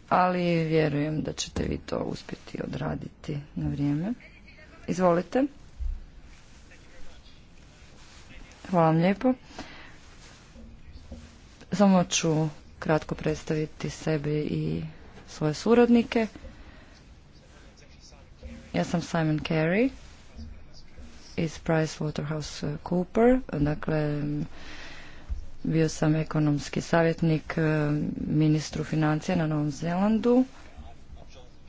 ali vjerujem da ćete vi to uspjeti odraditi na vrijeme. Izvolite. Hvala vam lijepo. Samo ću kratko predstaviti sebe i svoje suradnike. Ja sam Simon Carey iz Cooper. dakle bio sam ekonomski savjetnik eh, ministru financija na Novom Zelandu.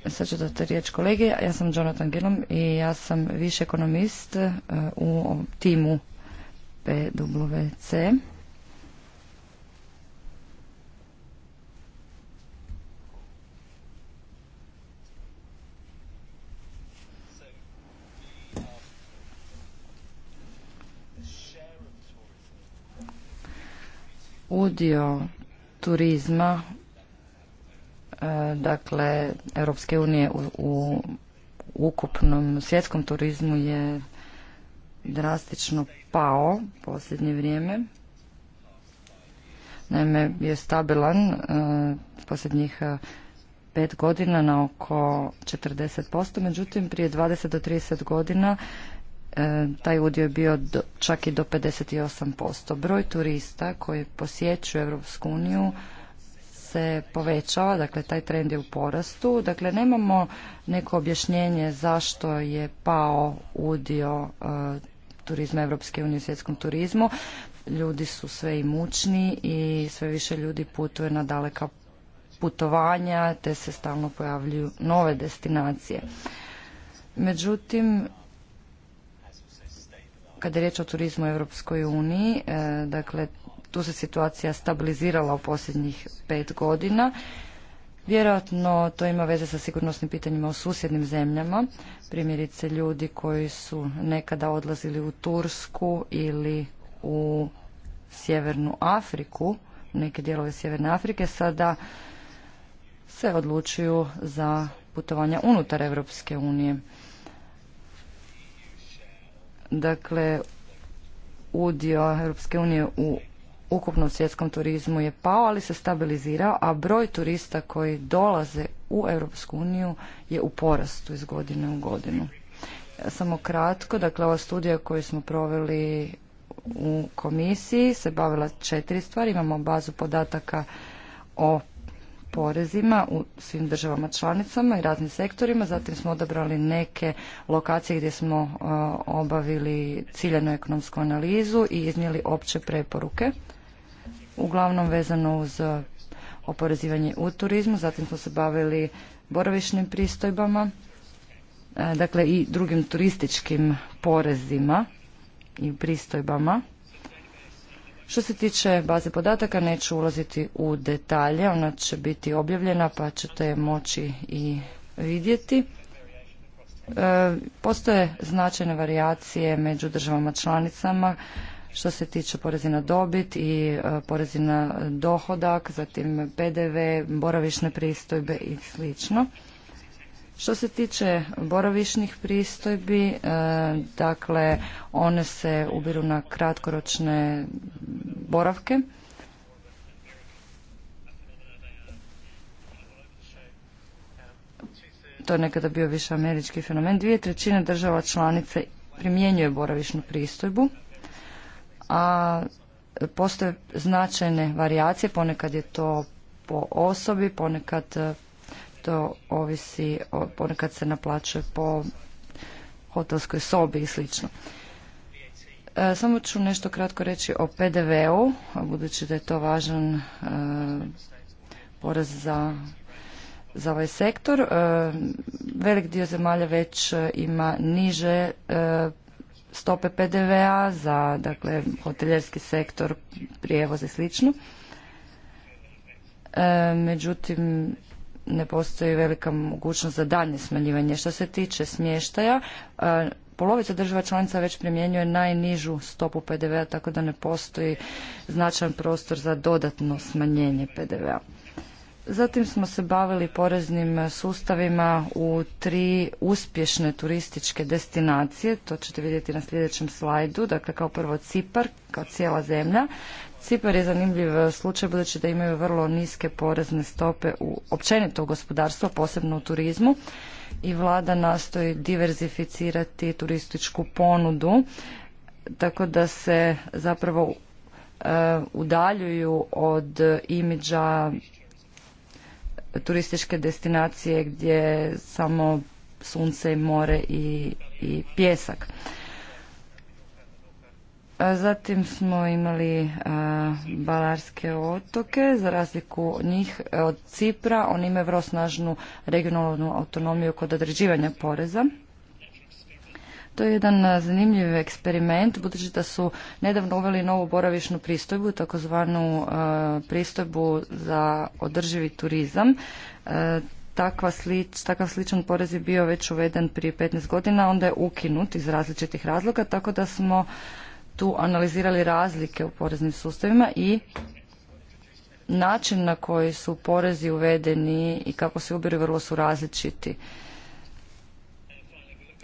Sad ću dati riječ kolege, ja sam Jonathan Gillum i ja sam više ekonomist eh, u timu PWC. udio turizma e, dakle Europske unije u, ukupnom svjetskom turizmu je drastično pao posljednje vrijeme. Naime, je stabilan e, posljednjih e, pet godina na oko 40%, međutim prije 20 do 30 godina E, taj udio je bio do, čak i do 58%. Broj turista koji posjećuju Europsku uniju se povećava, dakle taj trend je u porastu. Dakle, nemamo neko objašnjenje zašto je pao udio e, turizma Europske unije u svjetskom turizmu. Ljudi su sve mučni i sve više ljudi putuje na daleka putovanja, te se stalno pojavljuju nove destinacije. Međutim, kada je riječ o turizmu u Europskoj uniji, e, dakle tu se situacija stabilizirala u posljednjih pet godina. Vjerojatno to ima veze sa sigurnosnim pitanjima u susjednim zemljama, primjerice ljudi koji su nekada odlazili u Tursku ili u Sjevernu Afriku, neke dijelove Sjeverne Afrike, sada se odlučuju za putovanja unutar Europske unije. Dakle, udio Europske unije u ukupnom svjetskom turizmu je pao, ali se stabilizirao, a broj turista koji dolaze u Europsku uniju je u porastu iz godine u godinu. Samo kratko, dakle ova studija koju smo proveli u komisiji se bavila četiri stvari. Imamo bazu podataka o porezima u svim državama članicama i raznim sektorima. Zatim smo odabrali neke lokacije gdje smo e, obavili ciljenu ekonomsku analizu i iznijeli opće preporuke, uglavnom vezano uz oporezivanje u turizmu. Zatim smo se bavili boravišnim pristojbama, e, dakle i drugim turističkim porezima i pristojbama što se tiče baze podataka, neću ulaziti u detalje, ona će biti objavljena pa ćete je moći i vidjeti. E, postoje značajne varijacije među državama članicama što se tiče porezi na dobit i e, porezi na dohodak, zatim PDV, boravišne pristojbe i slično. Što se tiče boravišnih pristojbi, e, dakle one se ubiru na kratkoročne boravke. To je nekada bio više američki fenomen. Dvije trećine država članice primjenjuje boravišnu pristojbu, a postoje značajne varijacije, ponekad je to po osobi, ponekad to ovisi, ponekad se naplaćuje po hotelskoj sobi i slično. E, samo ću nešto kratko reći o PDV-u, budući da je to važan e, porez za za ovaj sektor. E, velik dio zemalja već ima niže stope PDV-a za dakle, hoteljerski sektor, prijevoz i slično. Međutim, ne postoji velika mogućnost za daljnje smanjivanje. Što se tiče smještaja, e, polovica država članica već primjenjuje najnižu stopu PDV-a, tako da ne postoji značajan prostor za dodatno smanjenje PDV-a. Zatim smo se bavili poreznim sustavima u tri uspješne turističke destinacije, to ćete vidjeti na sljedećem slajdu, dakle kao prvo Cipar, kao cijela zemlja, Cipar je zanimljiv e, slučaj budući da imaju vrlo niske porezne stope u općenito u gospodarstvu, posebno u turizmu i vlada nastoji diverzificirati turističku ponudu tako da se zapravo e, udaljuju od imidža turističke destinacije gdje samo sunce i more i, i pjesak. Zatim smo imali Balarske otoke, za razliku od njih, e, od Cipra, oni imaju vrlo snažnu regionalnu autonomiju kod određivanja poreza. To je jedan zanimljiv eksperiment, budući da su nedavno uveli novu boravišnu pristojbu, takozvanu pristojbu za održivi turizam. E, takva takav sličan porez je bio već uveden prije 15 godina, onda je ukinut iz različitih razloga, tako da smo tu analizirali razlike u poreznim sustavima i način na koji su porezi uvedeni i kako se ubiru vrlo su različiti.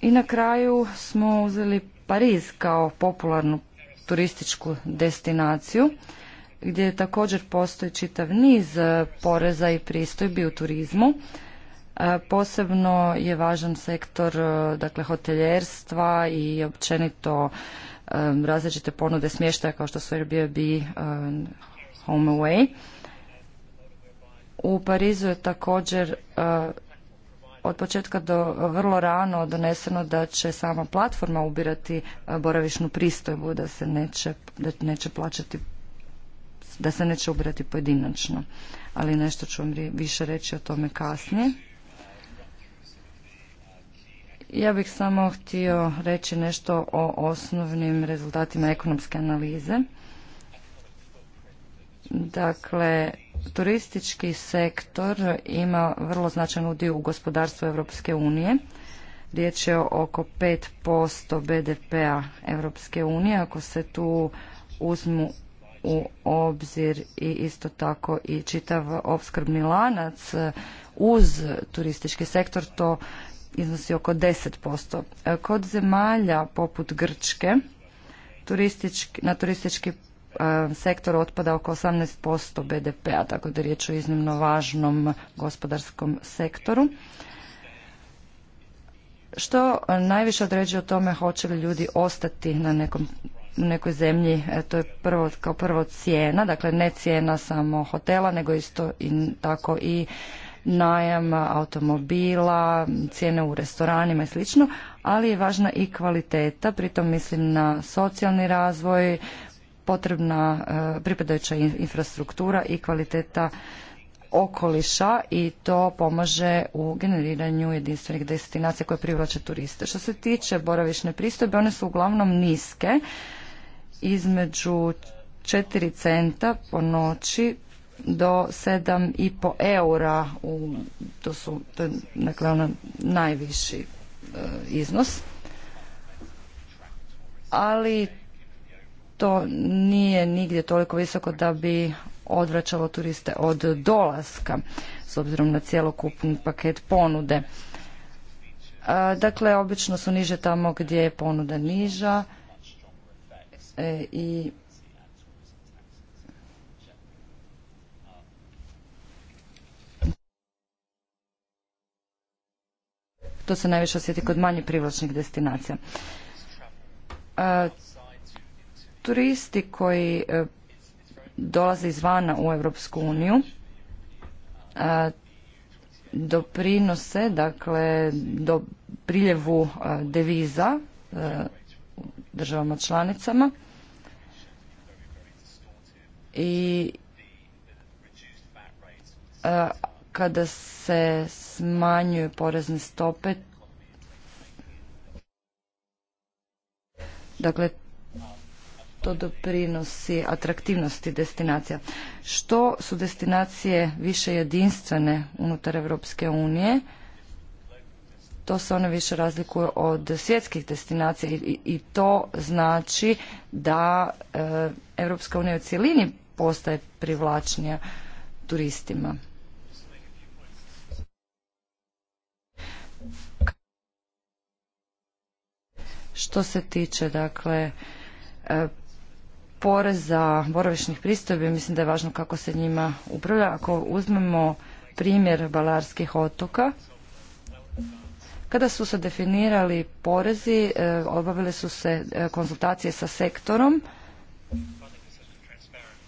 I na kraju smo uzeli Pariz kao popularnu turističku destinaciju gdje također postoji čitav niz poreza i pristojbi u turizmu. E, posebno je važan sektor e, dakle, hoteljerstva i općenito Um, različite ponude smještaja kao što su Airbnb, um, HomeAway. U Parizu je također uh, od početka do vrlo rano doneseno da će sama platforma ubirati uh, boravišnu pristojbu, da se neće, da neće plaćati da se neće ubirati pojedinačno, ali nešto ću vam više reći o tome kasnije. Ja bih samo htio reći nešto o osnovnim rezultatima ekonomske analize. Dakle, turistički sektor ima vrlo značajan udio u gospodarstvu Europske unije. Riječ je o oko 5% BDP-a Europske unije. Ako se tu uzmu u obzir i isto tako i čitav opskrbni lanac e, uz turistički sektor, to iznosi oko 10%. E, kod zemalja poput Grčke na turistički e, sektor otpada oko 18% BDP-a, tako da je riječ o iznimno važnom gospodarskom sektoru. Što najviše određuje o tome hoće li ljudi ostati na nekom nekoj zemlji, e, to je prvo, kao prvo cijena, dakle ne cijena samo hotela, nego isto i, tako i najam automobila, cijene u restoranima i sl. Ali je važna i kvaliteta, pritom mislim na socijalni razvoj, potrebna eh, pripadajuća infrastruktura i kvaliteta okoliša i to pomaže u generiranju jedinstvenih destinacija koje privlače turiste. Što se tiče boravišne pristojbe, one su uglavnom niske, između 4 centa po noći do 7,5 eura, u, to, su, to je dakle, ono, najviši e, iznos, ali to nije nigdje toliko visoko da bi odvraćalo turiste od dolaska s obzirom na cjelokupni paket ponude. E, dakle, obično su niže tamo gdje je ponuda niža e, i To se najviše osjeti kod manje privlačnih destinacija. E, turisti koji e, dolaze izvana u Europsku uniju e, doprinose, dakle, do priljevu deviza državama članicama i kada se smanjuju porezne stope, dakle to doprinosi atraktivnosti destinacija. Što su destinacije više jedinstvene unutar Europske unije, to se one više razlikuju od svjetskih destinacija i, to znači da Europska unija u cjelini postaje privlačnija turistima. Što se tiče dakle e, poreza boravišnih pristojbi, mislim da je važno kako se njima upravlja. Ako uzmemo primjer balarskih otoka, kada su se definirali porezi, e, obavile su se e, konzultacije sa sektorom,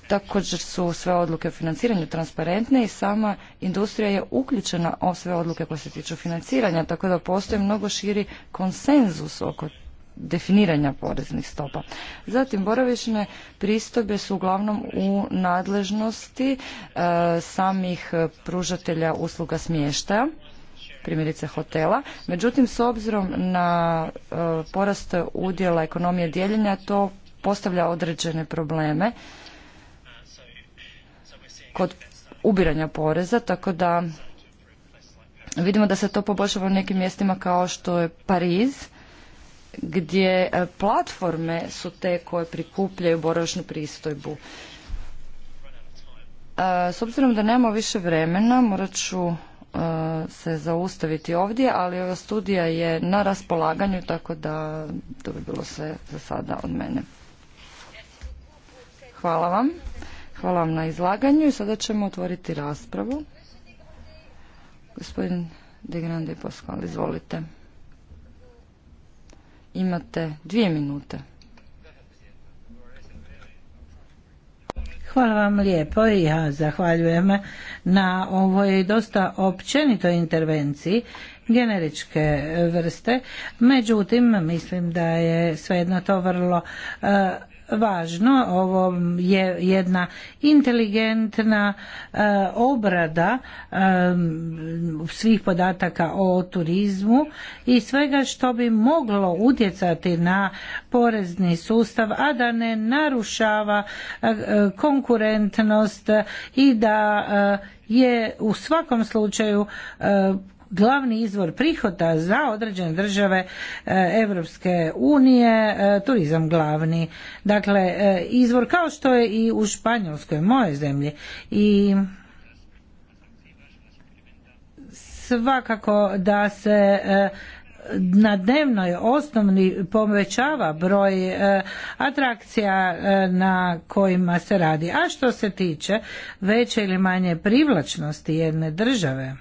također su sve odluke o financiranju transparentne i sama industrija je uključena o sve odluke koje se tiču financiranja, tako da postoji mnogo širi konsenzus oko definiranja poreznih stopa. Zatim, boravišne pristojbe su uglavnom u nadležnosti e, samih pružatelja usluga smještaja primjerice hotela. Međutim, s obzirom na e, porast udjela ekonomije dijeljenja, to postavlja određene probleme kod ubiranja poreza, tako da vidimo da se to poboljšava u nekim mjestima kao što je Pariz, gdje e, platforme su te koje prikupljaju boravišnu pristojbu. E, s obzirom da nemamo više vremena, morat ću e, se zaustaviti ovdje, ali ova studija je na raspolaganju, tako da to bi bilo sve za sada od mene. Hvala vam. Hvala vam na izlaganju i sada ćemo otvoriti raspravu. Gospodin De Grande izvolite. Imate dvije minute. Hvala vam lijepo i ja zahvaljujem na ovoj dosta općenitoj intervenciji generičke vrste. Međutim, mislim da je svejedno to vrlo e, važno. Ovo je jedna inteligentna e, obrada e, svih podataka o turizmu i svega što bi moglo utjecati na porezni sustav, a da ne narušava e, konkurentnost i da je u svakom slučaju glavni izvor prihoda za određene države Europske unije, e, turizam glavni. Dakle, e, izvor kao što je i u Španjolskoj, moje zemlji. I svakako da se e, na dnevnoj osnovni povećava broj atrakcija na kojima se radi. A što se tiče veće ili manje privlačnosti jedne države,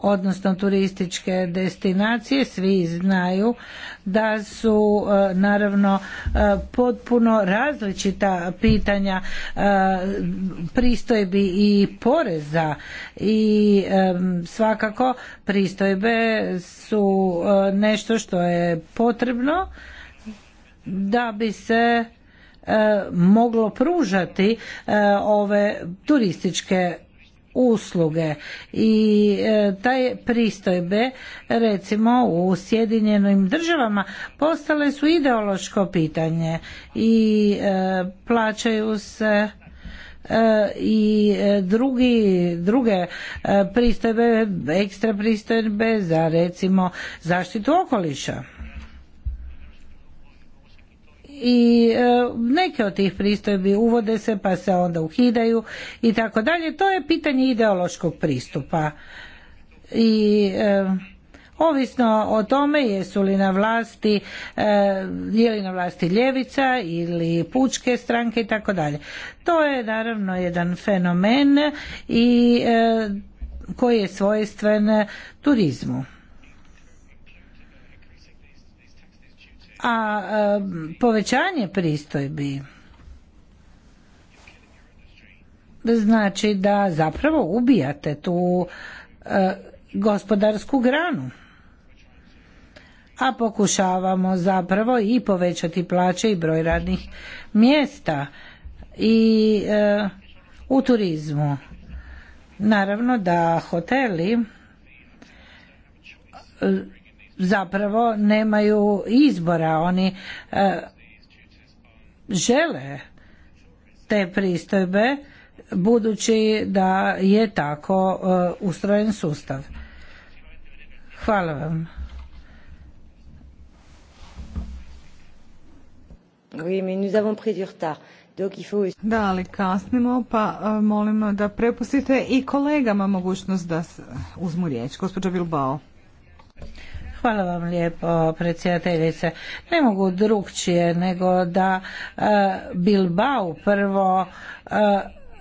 odnosno turističke destinacije svi znaju da su e, naravno e, potpuno različita pitanja e, pristojbi i poreza i svakako pristojbe su nešto što je potrebno da bi se moglo pružati ove turističke usluge i e, taj pristojbe recimo u Sjedinjenim državama postale su ideološko pitanje i e, plaćaju se e, i drugi, druge pristojbe, ekstra pristojbe za recimo zaštitu okoliša i e, neke od tih pristojbi uvode se pa se onda uhidaju i tako dalje. To je pitanje ideološkog pristupa. I e, ovisno o tome jesu li na vlasti e, je li na vlasti ljevica ili pučke stranke i tako dalje. To je naravno jedan fenomen i koji je svojstven turizmu. a e, povećanje pristojbi znači da zapravo ubijate tu e, gospodarsku granu a pokušavamo zapravo i povećati plaće i broj radnih mjesta i e, u turizmu naravno da hoteli zapravo nemaju izbora oni e, žele te pristojbe budući da je tako e, ustrojen sustav hvala vam Da, ali kasnimo, pa e, molimo da prepustite i kolegama mogućnost da uzmu riječ. Gospođa Bilbao. Hvala vam lijepo predsjedateljice. Ne mogu drugčije nego da e, Bilbao prvo e,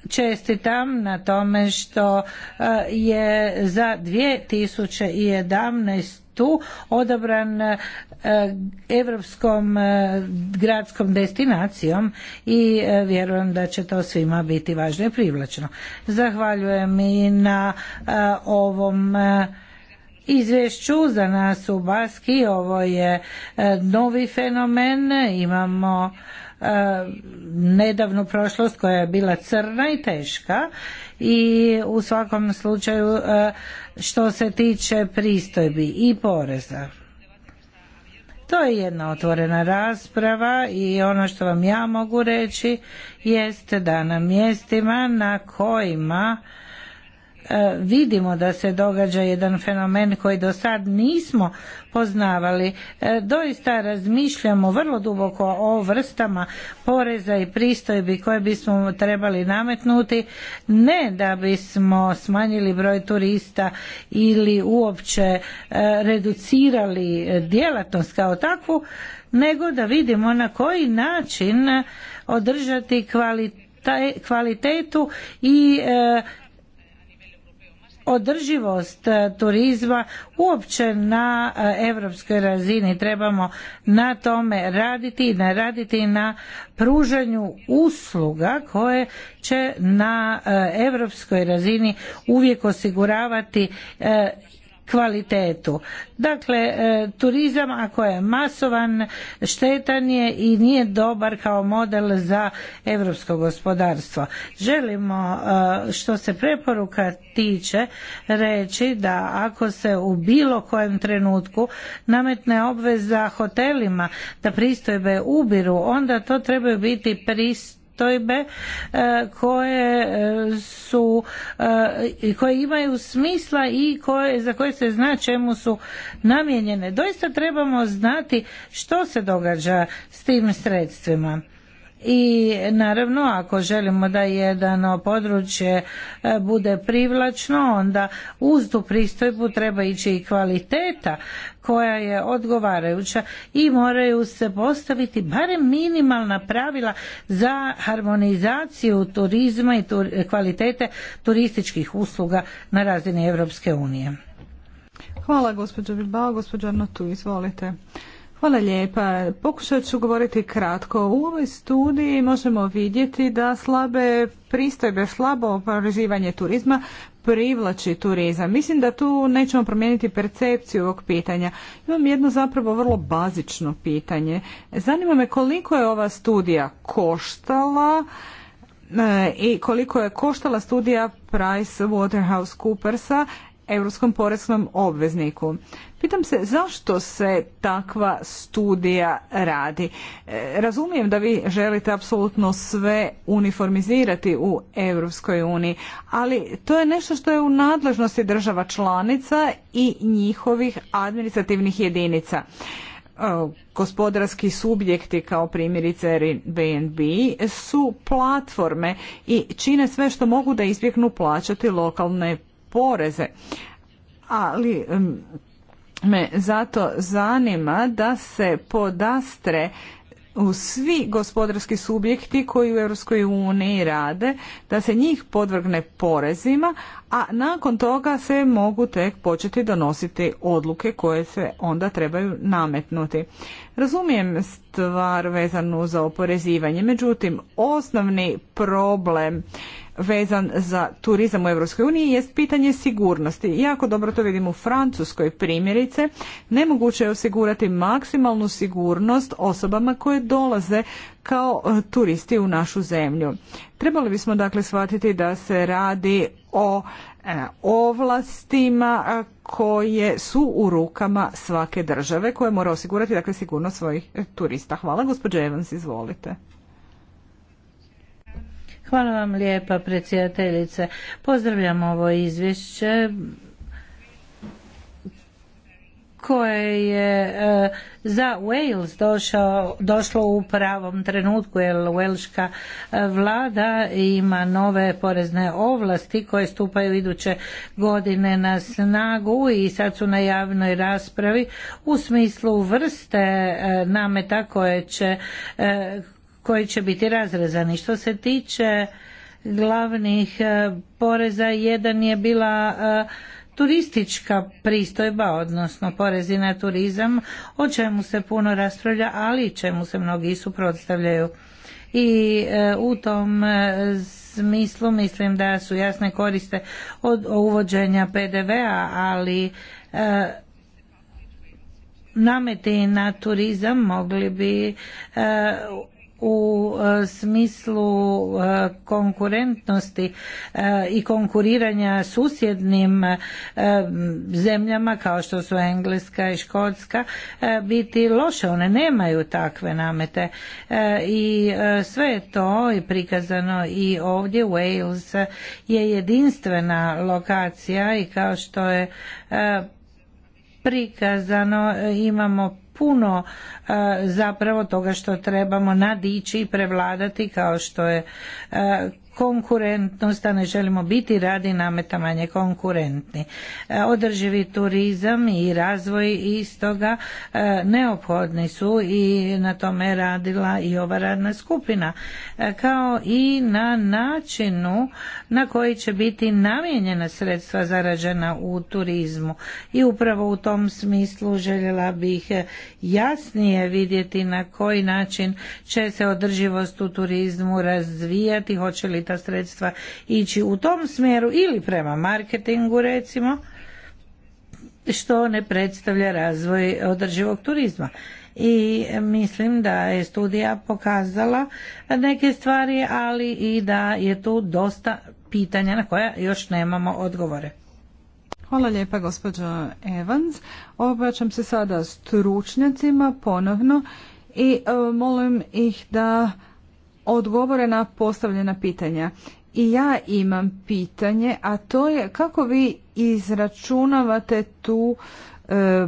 čestitam na tome što e, je za 2011 odabran europskom gradskom destinacijom i vjerujem da će to svima biti važno i privlačno. Zahvaljujem i na ovom izvješću. Za nas u Baski ovo je e, novi fenomen. Imamo e, nedavnu prošlost koja je bila crna i teška i u svakom slučaju e, što se tiče pristojbi i poreza. To je jedna otvorena rasprava i ono što vam ja mogu reći jest da na mjestima na kojima E, vidimo da se događa jedan fenomen koji do sad nismo poznavali. E, doista razmišljamo vrlo duboko o vrstama poreza i pristojbi koje bismo trebali nametnuti, ne da bismo smanjili broj turista ili uopće e, reducirali djelatnost kao takvu, nego da vidimo na koji način održati kvalitetu kvalitetu i održivost e, turizma uopće na europskoj razini trebamo na tome raditi i naraditi raditi na pružanju usluga koje će na europskoj razini uvijek osiguravati e, kvalitetu. Dakle, e, turizam ako je masovan, štetan je i nije dobar kao model za europsko gospodarstvo. Želimo, e, što se preporuka tiče, reći da ako se u bilo kojem trenutku nametne obveza hotelima da pristojbe ubiru, onda to trebaju biti pristojbe tojbe e, koje e, su e, koje imaju smisla i koje, za koje se zna čemu su namijenjene. Doista trebamo znati što se događa s tim sredstvima i naravno ako želimo da jedno područje e, bude privlačno onda uz tu pristojbu treba ići i kvaliteta koja je odgovarajuća i moraju se postaviti barem minimalna pravila za harmonizaciju turizma i kvalitete turističkih usluga na razini Europske unije. Hvala gospođo Bilbao, gospođo Arnotu, izvolite. Hvala lijepa. Pokušat ću govoriti kratko. U ovoj studiji možemo vidjeti da slabe pristojbe, slabo oporezivanje turizma privlači turizam. Mislim da tu nećemo promijeniti percepciju ovog pitanja. Imam jedno zapravo vrlo bazično pitanje. Zanima me koliko je ova studija koštala e, i koliko je koštala studija Price Waterhouse europskom poreznom obvezniku. Pitam se zašto se takva studija radi. E, razumijem da vi želite apsolutno sve uniformizirati u Europskoj uniji, ali to je nešto što je u nadležnosti država članica i njihovih administrativnih jedinica e, gospodarski subjekti kao primjerice Airbnb su platforme i čine sve što mogu da izbjegnu plaćati lokalne poreze. Ali me zato zanima da se podastre u svi gospodarski subjekti koji u Europskoj uniji rade, da se njih podvrgne porezima, a nakon toga se mogu tek početi donositi odluke koje se onda trebaju nametnuti. Razumijem stvar vezanu za oporezivanje, međutim osnovni problem vezan za turizam u EU jest pitanje sigurnosti. Jako dobro to vidim u Francuskoj primjerice. Nemoguće je osigurati maksimalnu sigurnost osobama koje dolaze kao turisti u našu zemlju. Trebali bismo dakle shvatiti da se radi o e, ovlastima e, koje su u rukama svake države koje mora osigurati dakle sigurnost svojih e, turista. Hvala gospođo Evans, izvolite. Hvala vam lijepa predsjedateljice. Pozdravljam ovo izvješće koje je e, za Wales došao, došlo u pravom trenutku jer velška e, vlada ima nove porezne ovlasti koje stupaju iduće godine na snagu i sad su na javnoj raspravi u smislu vrste e, nameta koje će, koji će biti razrezani. Što se tiče glavnih poreza, jedan je bila turistička pristojba, odnosno porezi na turizam, o čemu se puno raspravlja, ali čemu se mnogi suprotstavljaju. I e, u tom e, smislu mislim da su jasne koriste od uvođenja PDV-a, ali e, nameti na turizam mogli bi u e, smislu e, konkurentnosti e, i konkuriranja susjednim zemljama kao što su Engleska i Škotska biti loše. One nemaju takve namete i sve je to i prikazano i ovdje Wales je jedinstvena lokacija i kao što je prikazano imamo puno e, zapravo toga što trebamo nadići i prevladati kao što je e, konkurentnost, a ne želimo biti radi nameta manje konkurentni. E, održivi turizam i razvoj istoga e, neophodni su i na tome radila i ova radna skupina, e, kao i na načinu na koji će biti namijenjena sredstva zarađena u turizmu. I upravo u tom smislu željela bih jasnije vidjeti na koji način će se održivost u turizmu razvijati, hoće li ta sredstva ići u tom smjeru ili prema marketingu recimo što ne predstavlja razvoj održivog turizma i mislim da je studija pokazala neke stvari ali i da je tu dosta pitanja na koja još nemamo odgovore Hvala lijepa gospođo Evans. Obraćam se sada stručnjacima ponovno i e, molim ih da odgovore na postavljena pitanja. I ja imam pitanje, a to je kako vi izračunavate tu poravišnu e,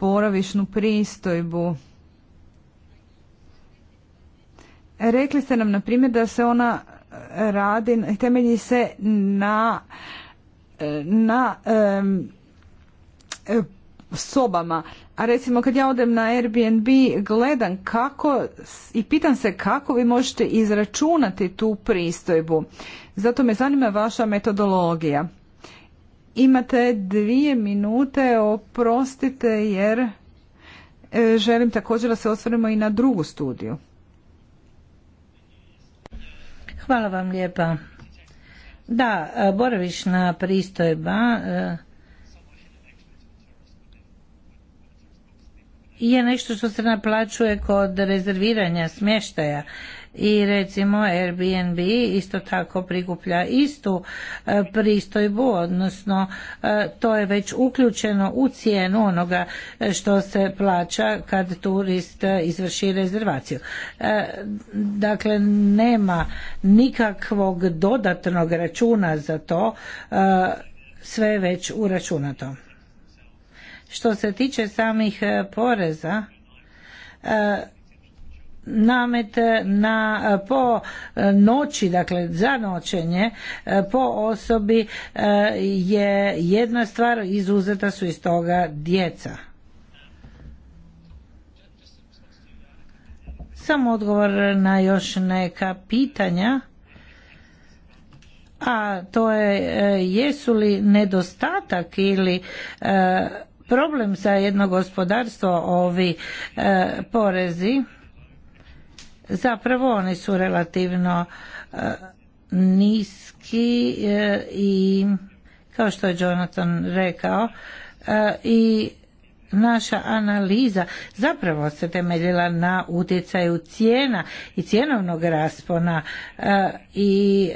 boravišnu pristojbu? Rekli ste nam, na primjer, da se ona radi, temelji se na e, na sobama. A recimo kad ja odem na Airbnb gledam kako i pitam se kako vi možete izračunati tu pristojbu. Zato me zanima vaša metodologija. Imate dvije minute, oprostite jer e, želim također da se osvrnemo i na drugu studiju. Hvala vam lijepa. Da, e, boravišna pristojba e, je nešto što se naplaćuje kod rezerviranja smještaja i recimo Airbnb isto tako prikuplja istu e, pristojbu odnosno e, to je već uključeno u cijenu onoga e, što se plaća kad turist izvrši rezervaciju. Dakle nema nikakvog dodatnog računa za to sve je već uračunato. Što se tiče samih e, poreza, e, namet na e, po noći, dakle za noćenje po osobi je jedna stvar, izuzeta su iz toga djeca. Samo odgovor na još neka pitanja. A to je jesu li nedostatak ili problem za jedno gospodarstvo ovi e, porezi zapravo oni su relativno e, niski e, i kao što je Jonathan rekao i naša analiza zapravo se temeljila na utjecaju cijena i cjenovnog raspona i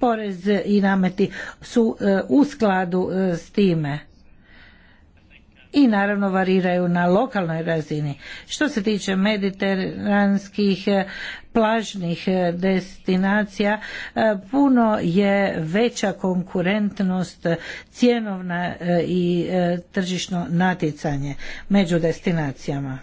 porez i nameti su e, u skladu e, s time i naravno variraju na lokalnoj razini. Što se tiče mediteranskih e, plažnih destinacija, puno je veća konkurentnost cjenovna i tržišno natjecanje među destinacijama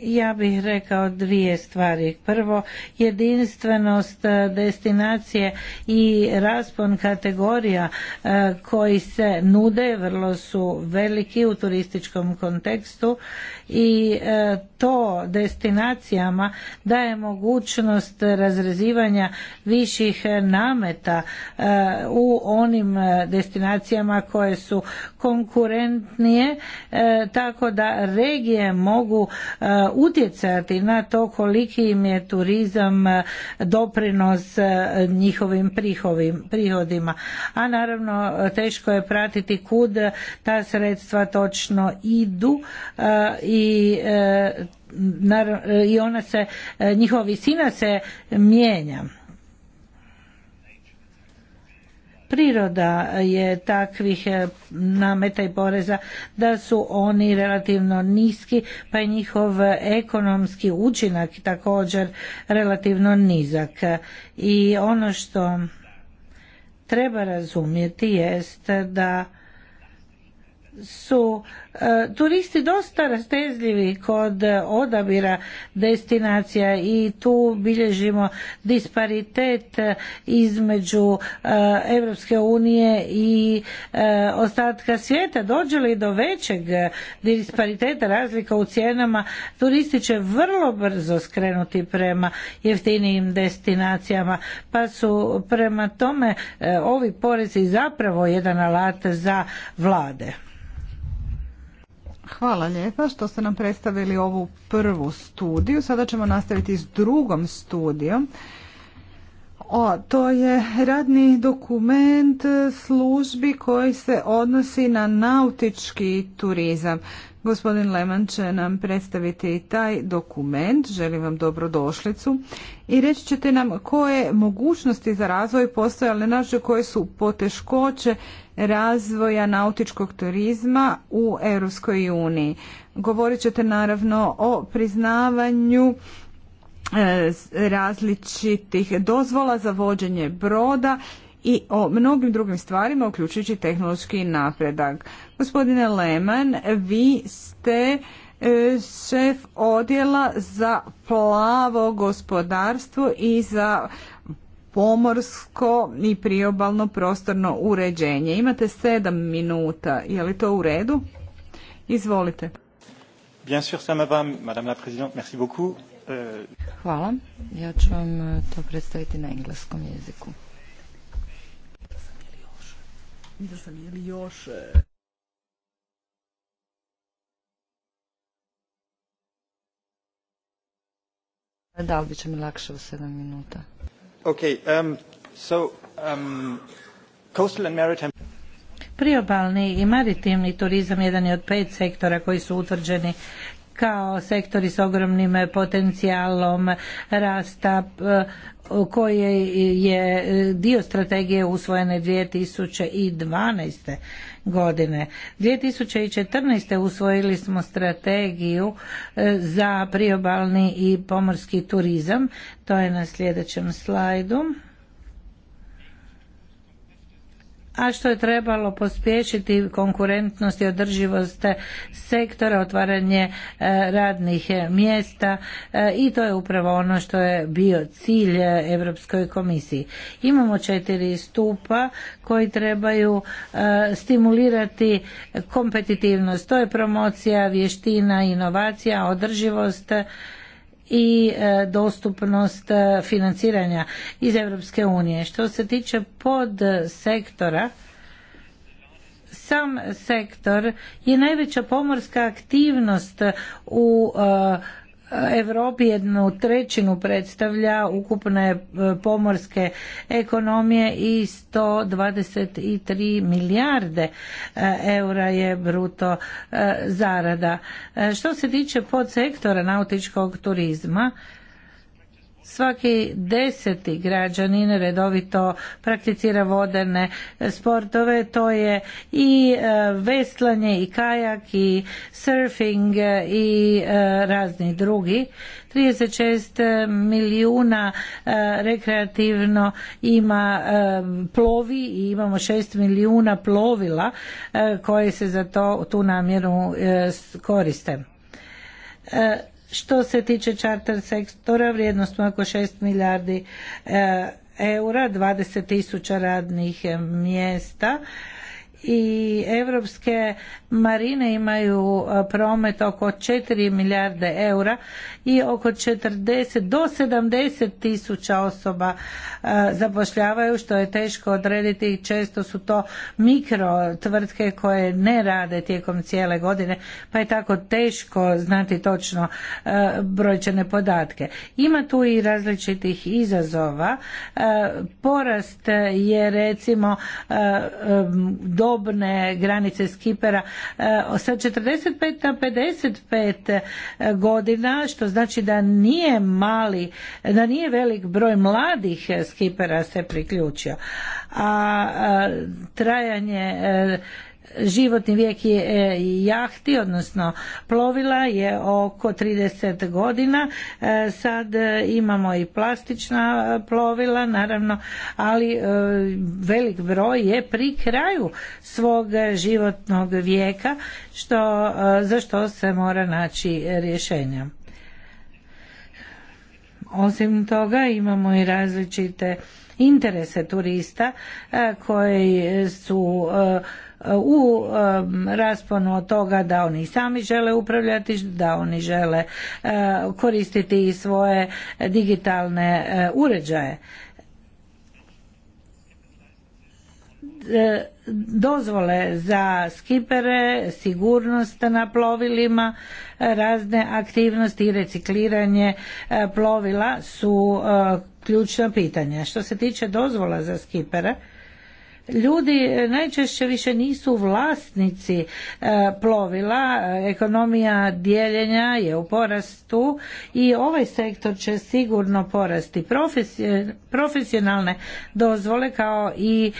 ja bih rekao dvije stvari. Prvo, jedinstvenost e, destinacije i raspon kategorija e, koji se nude vrlo su veliki u turističkom kontekstu i e, to destinacijama daje mogućnost razrezivanja viših nameta u onim destinacijama koje su konkurentnije tako da regije mogu utjecati na to koliki im je turizam eh, doprinos eh, njihovim prihodima. A naravno eh, teško je pratiti kud ta sredstva točno idu i i ona se njihova visina se mijenja priroda je takvih eh, nameta i poreza da su oni relativno niski pa je njihov eh, ekonomski učinak također relativno nizak i ono što treba razumjeti jest da su e, turisti dosta rastezljivi kod e, odabira destinacija i tu bilježimo disparitet e, između e, Europske unije i ostatka svijeta. Dođe li do većeg dispariteta razlika u cijenama, turisti će vrlo brzo skrenuti prema jeftinijim destinacijama, pa su prema tome ovi porezi zapravo jedan alat za vlade. Hvala lijepa što ste nam predstavili ovu prvu studiju. Sada ćemo nastaviti s drugom studijom. O, to je radni dokument službi koji se odnosi na nautički turizam. Gospodin Leman će nam predstaviti taj dokument, želim vam dobrodošlicu i reći ćete nam koje mogućnosti za razvoj postoje, ali naše koje su poteškoće razvoja nautičkog turizma u Europskoj uniji. Govorit ćete naravno o priznavanju e, različitih dozvola za vođenje broda i o mnogim drugim stvarima, uključujući tehnološki napredak. Gospodine Leman, vi ste e, šef odjela za plavo gospodarstvo i za pomorsko i priobalno prostorno uređenje. Imate sedam minuta, je li to u redu? Izvolite. Bien sûr, ça madame euh, Hvala, ja ću vam e, to predstaviti na engleskom jeziku. Da sam li e, li će mi lakše u sedam minuta? Um, um, Priobalni i maritimni turizam jedan je od pet sektora koji su utvrđeni kao sektori s ogromnim potencijalom rasta e, koji je dio strategije usvojene 2012 godine. 2014. usvojili smo strategiju e, za priobalni i pomorski turizam. To je na sljedećem slajdu a što je trebalo pospješiti konkurentnost i održivost sektora, otvaranje e, radnih e, mjesta e, i to je upravo ono što je bio cilj Europskoj komisiji. Imamo četiri stupa koji trebaju stimulirati kompetitivnost. To je promocija vještina, inovacija, održivost i e, dostupnost e, financiranja iz Europske unije. Što se tiče sektora, sam sektor je najveća pomorska aktivnost u e, Europi jednu trećinu predstavlja ukupne e, pomorske ekonomije i 123 milijarde e, eura je bruto e, zarada. Što se tiče podsektora nautičkog turizma, Svaki deseti građanin redovito prakticira vodene sportove, to je i e, veslanje i kajak i surfing e, i e, razni drugi. 36 milijuna rekreativno ima plovi i imamo 6 milijuna plovila koje se za to, tu namjeru koriste što se tiče čarter sektora, vrijednost oko 6 milijardi eh, eura, 20 tisuća radnih eh, mjesta i europske marine imaju promet oko 4 milijarde eura i oko 40 do 70 tisuća osoba zapošljavaju što je teško odrediti i često su to mikro tvrtke koje ne rade tijekom cijele godine pa je tako teško znati točno brojčane podatke. Ima tu i različitih izazova. Porast je recimo do dobne granice skipera Kipera sa 45 na 55 e, godina, što znači da nije mali, da nije velik broj mladih skipera se priključio. A e, trajanje e, životni vijek je e, jahti, odnosno plovila je oko 30 godina. E, sad e, imamo i plastična plovila, naravno, ali velik broj je pri kraju svog životnog vijeka, što, za što se mora naći rješenja. Osim toga imamo i različite interese turista koji su u rasponu od toga da oni sami žele upravljati, da oni žele eh, koristiti i svoje digitalne eh, uređaje. dozvole za skipere, sigurnost na plovilima, eh, razne aktivnosti i recikliranje plovila su ključna pitanja Što se tiče dozvola za skipere, ljudi e, najčešće više nisu vlasnici e, plovila, e, ekonomija dijeljenja je u porastu i ovaj sektor će sigurno porasti. Profesionalne dozvole kao i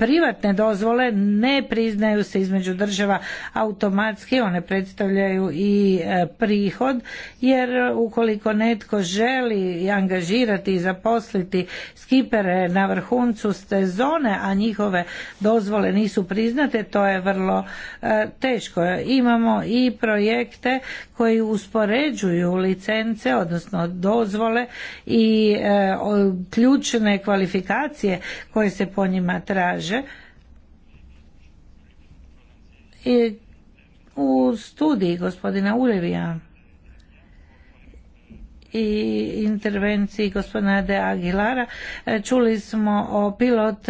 privatne dozvole ne priznaju se između država automatski, one predstavljaju i e, prihod jer ukoliko netko želi angažirati i zaposliti skipere na vrhuncu stezone, a njihove dozvole nisu priznate, to je vrlo e, teško. Imamo i projekte koji uspoređuju licence, odnosno dozvole i e, ključne kvalifikacije koje se po njima traže i u studiji gospodina Urevija i intervenciji gospodina De Aguilara e, čuli smo o pilot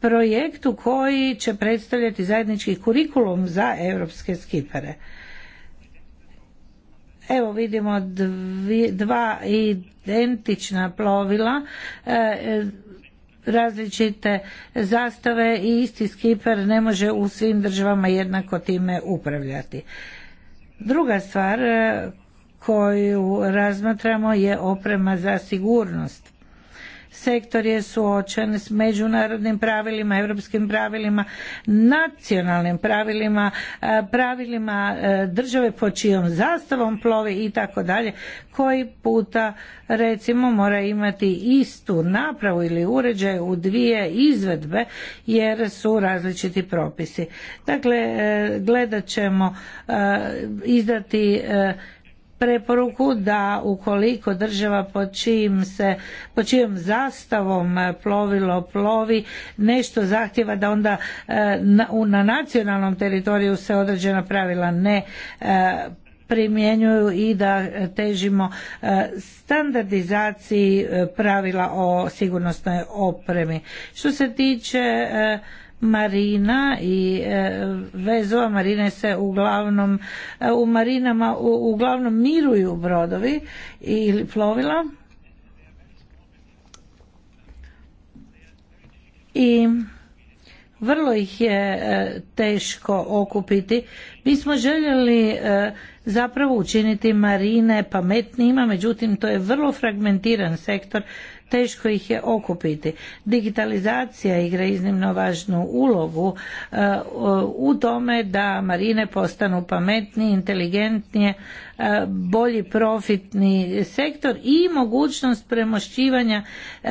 projektu koji će predstavljati zajednički kurikulum za europske skipere. Evo vidimo dva identična plovila e, e, različite zastave i isti skiper ne može u svim državama jednako time upravljati. Druga stvar e, koju razmatramo je oprema za sigurnost sektor je suočen s međunarodnim pravilima, europskim pravilima, nacionalnim pravilima, e, pravilima e, države po čijom zastavom plovi i tako dalje, koji puta recimo mora imati istu napravu ili uređaj u dvije izvedbe jer su različiti propisi. Dakle, e, gledat ćemo izdati preporuku da ukoliko država pod, čijim se, pod čijom zastavom e, plovilo plovi nešto zahtjeva da onda e, na nacionalnom teritoriju se određena pravila ne e, primjenjuju i da težimo standardizaciji pravila o sigurnosnoj opremi. Što se tiče marina i e, vezova marine se uglavnom e, u marinama uglavnom miruju brodovi ili plovila i vrlo ih je e, teško okupiti. Mi smo željeli zapravo učiniti marine pametnijima, međutim to je vrlo fragmentiran sektor teško ih je okupiti. Digitalizacija igra iznimno važnu ulogu e, u tome da marine postanu pametnije, inteligentnije, E, bolji profitni sektor i mogućnost premošćivanja e,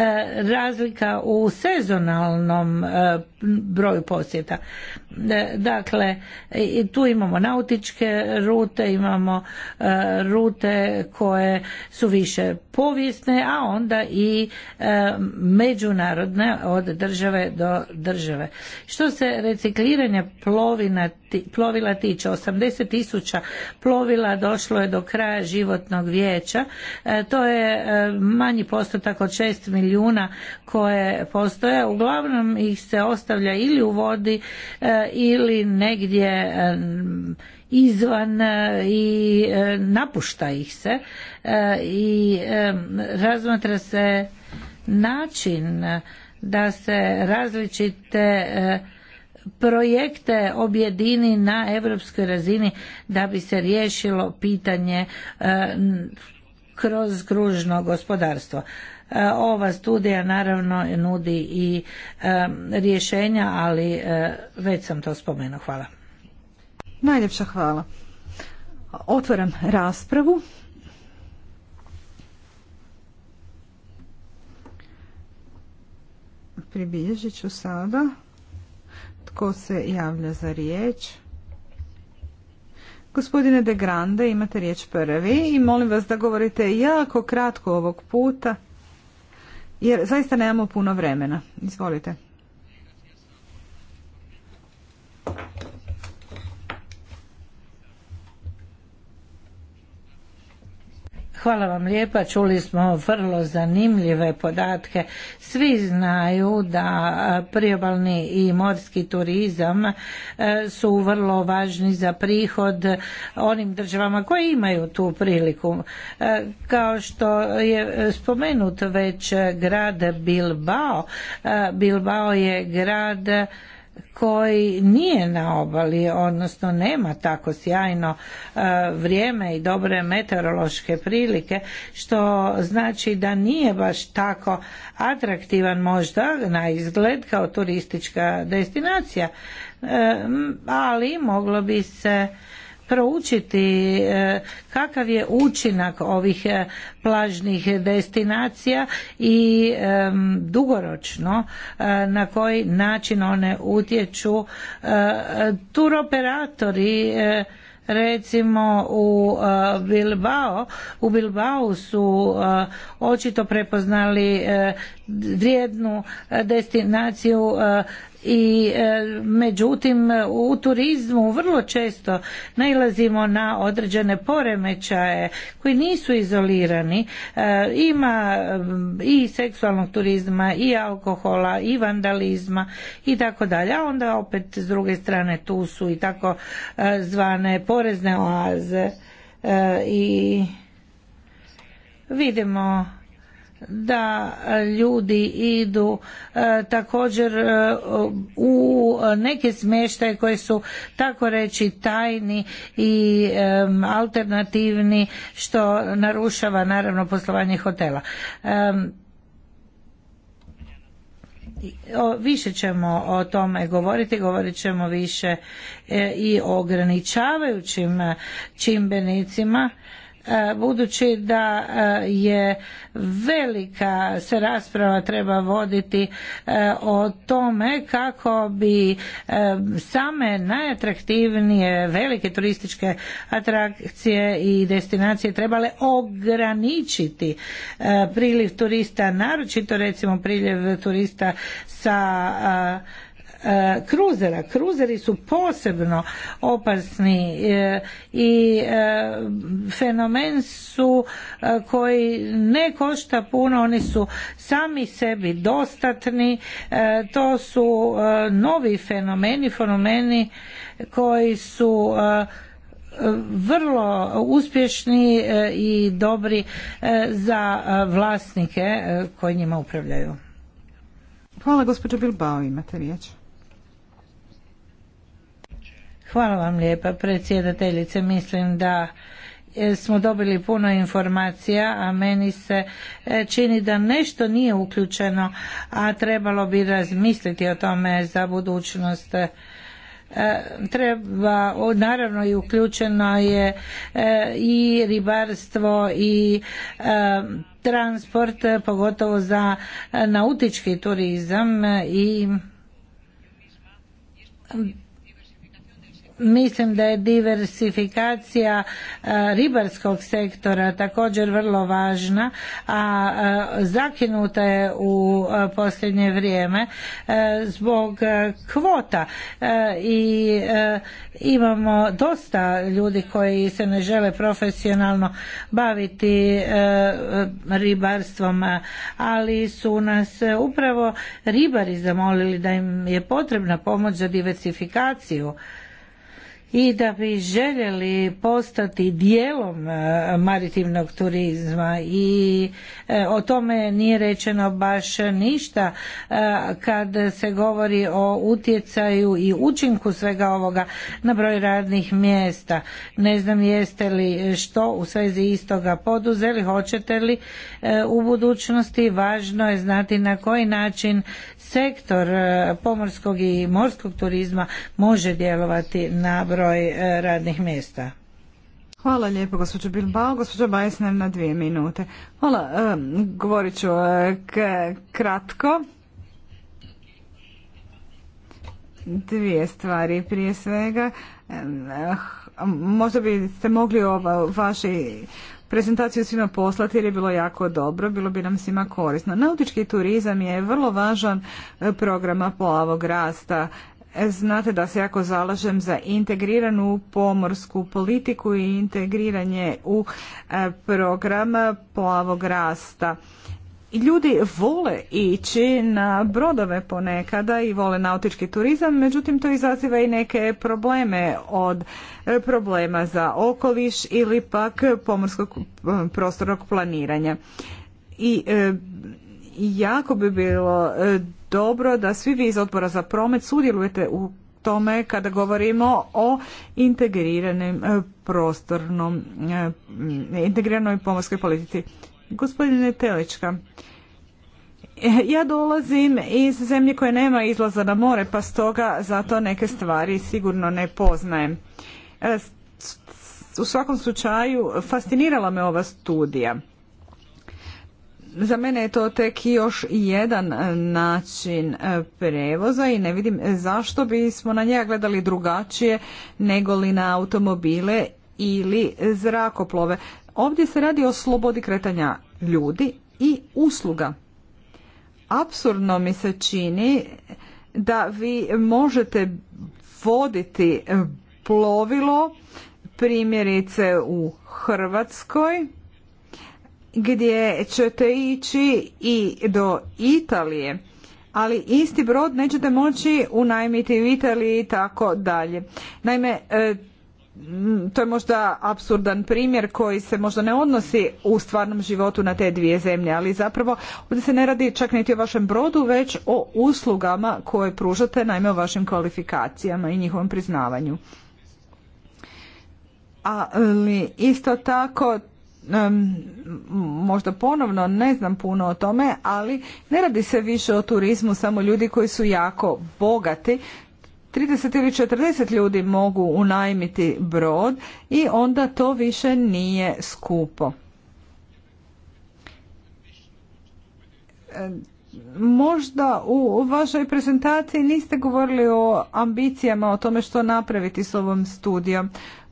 razlika u sezonalnom e, broju posjeta. Dakle, tu imamo nautičke rute, imamo rute koje su više povijesne, a onda i međunarodne od države do države. Što se recikliranja plovila tiče, 80 tisuća plovila došlo došlo je do kraja životnog vijeća. E, to je e, manji postotak od 6 milijuna koje postoje. Uglavnom ih se ostavlja ili u vodi e, ili negdje izvan i napušta ih se i razmatra se način da se različite projekte objedini na europskoj razini da bi se riješilo pitanje e, kroz kružno gospodarstvo. E, ova studija naravno nudi i e, rješenja, ali već sam to spomenuo. Hvala. Najljepša hvala. Otvaram raspravu. Pribilježit ću sada tko se javlja za riječ? Gospodine De Grande, imate riječ prvi i molim vas da govorite jako kratko ovog puta, jer zaista nemamo puno vremena. Izvolite. Hvala vam lijepa, čuli smo vrlo zanimljive podatke. Svi znaju da priobalni i morski turizam su vrlo važni za prihod onim državama koje imaju tu priliku. Kao što je spomenut već grad Bilbao, Bilbao je grad koji nije na obali, odnosno nema tako sjajno e, vrijeme i dobre meteorološke prilike, što znači da nije baš tako atraktivan možda na izgled kao turistička destinacija, e, ali moglo bi se proučiti e, kakav je učinak ovih e, plažnih destinacija i e, dugoročno na koji način one utječu turoperatori recimo u Bilbao u Bilbao su očito prepoznali vrijednu destinaciju i e, međutim u turizmu vrlo često nailazimo na određene poremećaje koji nisu izolirani e, ima i seksualnog turizma i alkohola i vandalizma i tako dalje a onda opet s druge strane tu su i tako e, zvane porezne oaze i vidimo da ljudi idu e, također e, u neke smještaje koji su tako reći tajni i e, alternativni što narušava naravno poslovanje hotela. više ćemo o tome govoriti, govorit ćemo više i o ograničavajućim čimbenicima E, budući da e, je velika se rasprava treba voditi e, o tome kako bi same najatraktivnije velike turističke atrakcije i destinacije trebale ograničiti priliv turista naročito recimo priljev turista sa E, kruzera. Kruzeri su posebno opasni e, i e, fenomen su koji ne košta puno, oni su sami sebi dostatni, to su novi fenomeni, fenomeni koji su vrlo uspješni i dobri za vlasnike koji njima upravljaju. Hvala gospođo Bilbao, imate riječ. Hvala vam lijepa predsjedateljice. Mislim da e, smo dobili puno informacija, a meni se e, čini da nešto nije uključeno, a trebalo bi razmisliti o tome za budućnost e, treba naravno i uključeno je i ribarstvo i transport pogotovo za nautički turizam i mislim da je diversifikacija e, ribarskog sektora također vrlo važna a e, zakinuta je u e, posljednje vrijeme zbog kvota i imamo dosta ljudi koji se ne žele profesionalno baviti ribarstvom ali su nas upravo ribari zamolili da im je potrebna pomoć za diversifikaciju i da bi željeli postati dijelom e, maritimnog turizma i e, o tome nije rečeno baš ništa e, kad se govori o utjecaju i učinku svega ovoga na broj radnih mjesta. Ne znam jeste li što u svezi istoga poduzeli, hoćete li u budućnosti, važno je znati na koji način sektor e, pomorskog i morskog turizma može djelovati na broj e, radnih mjesta. Hvala lijepo gospođo Bilbao. Gospođo Bajsner na dvije minute. Hvala, e, govorit ću kratko. Dvije stvari prije svega. Eh, možda biste mogli ova, vaši prezentaciju svima poslati jer je bilo jako dobro, bilo bi nam svima korisno. Nautički turizam je vrlo važan e, programa plavog rasta. E, znate da se jako zalažem za integriranu pomorsku politiku i integriranje u e, program plavog rasta. Ljudi vole ići na brodove ponekada i vole nautički turizam, međutim to izaziva i neke probleme od e, problema za okoliš ili pak pomorskog e, prostornog planiranja. I e, jako bi bilo dobro da svi vi iz odbora za promet sudjelujete u tome kada govorimo o integriranim prostornom integriranoj pomorskoj politici. Gospodine Telička, ja dolazim iz zemlje koje nema izlaza na more, pa stoga zato neke stvari sigurno ne poznajem. E, u svakom slučaju, fascinirala me ova studija. Za mene je to tek još jedan način e, prevoza i ne vidim zašto bismo na njega gledali drugačije nego li na automobile ili zrakoplove. Ovdje se radi o slobodi kretanja ljudi i usluga. Absurdno mi se čini da vi možete voditi plovilo primjerice u Hrvatskoj gdje ćete ići i do Italije ali isti brod nećete moći unajmiti u Italiji i tako dalje. Naime, Mm, to je možda apsurdan primjer koji se možda ne odnosi u stvarnom životu na te dvije zemlje, ali zapravo ovdje se ne radi čak niti o vašem brodu, već o uslugama koje pružate, naime o vašim kvalifikacijama i njihovom priznavanju. Ali isto tako možda ponovno ne znam puno o tome, ali ne radi se više o turizmu samo ljudi koji su jako bogati, 30 ili 40 ljudi mogu unajmiti brod i onda to više nije skupo. Možda u vašoj prezentaciji niste govorili o ambicijama, o tome što napraviti s ovom studijom.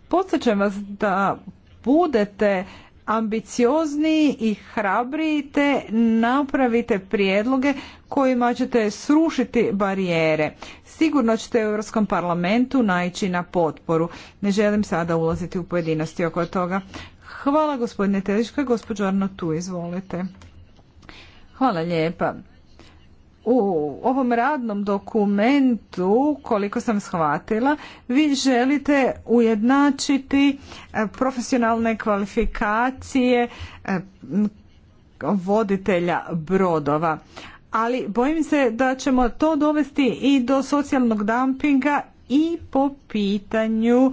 Podsjećam vas da budete ambiciozniji i hrabriji te napravite prijedloge kojima ćete srušiti barijere. Sigurno ćete u Europskom parlamentu naići na potporu. Ne želim sada ulaziti u pojedinosti oko toga. Hvala gospodine i gospođo Arno tu izvolite. Hvala lijepa u ovom radnom dokumentu, koliko sam shvatila, vi želite ujednačiti e, profesionalne kvalifikacije e, voditelja brodova. Ali bojim se da ćemo to dovesti i do socijalnog dumpinga i po pitanju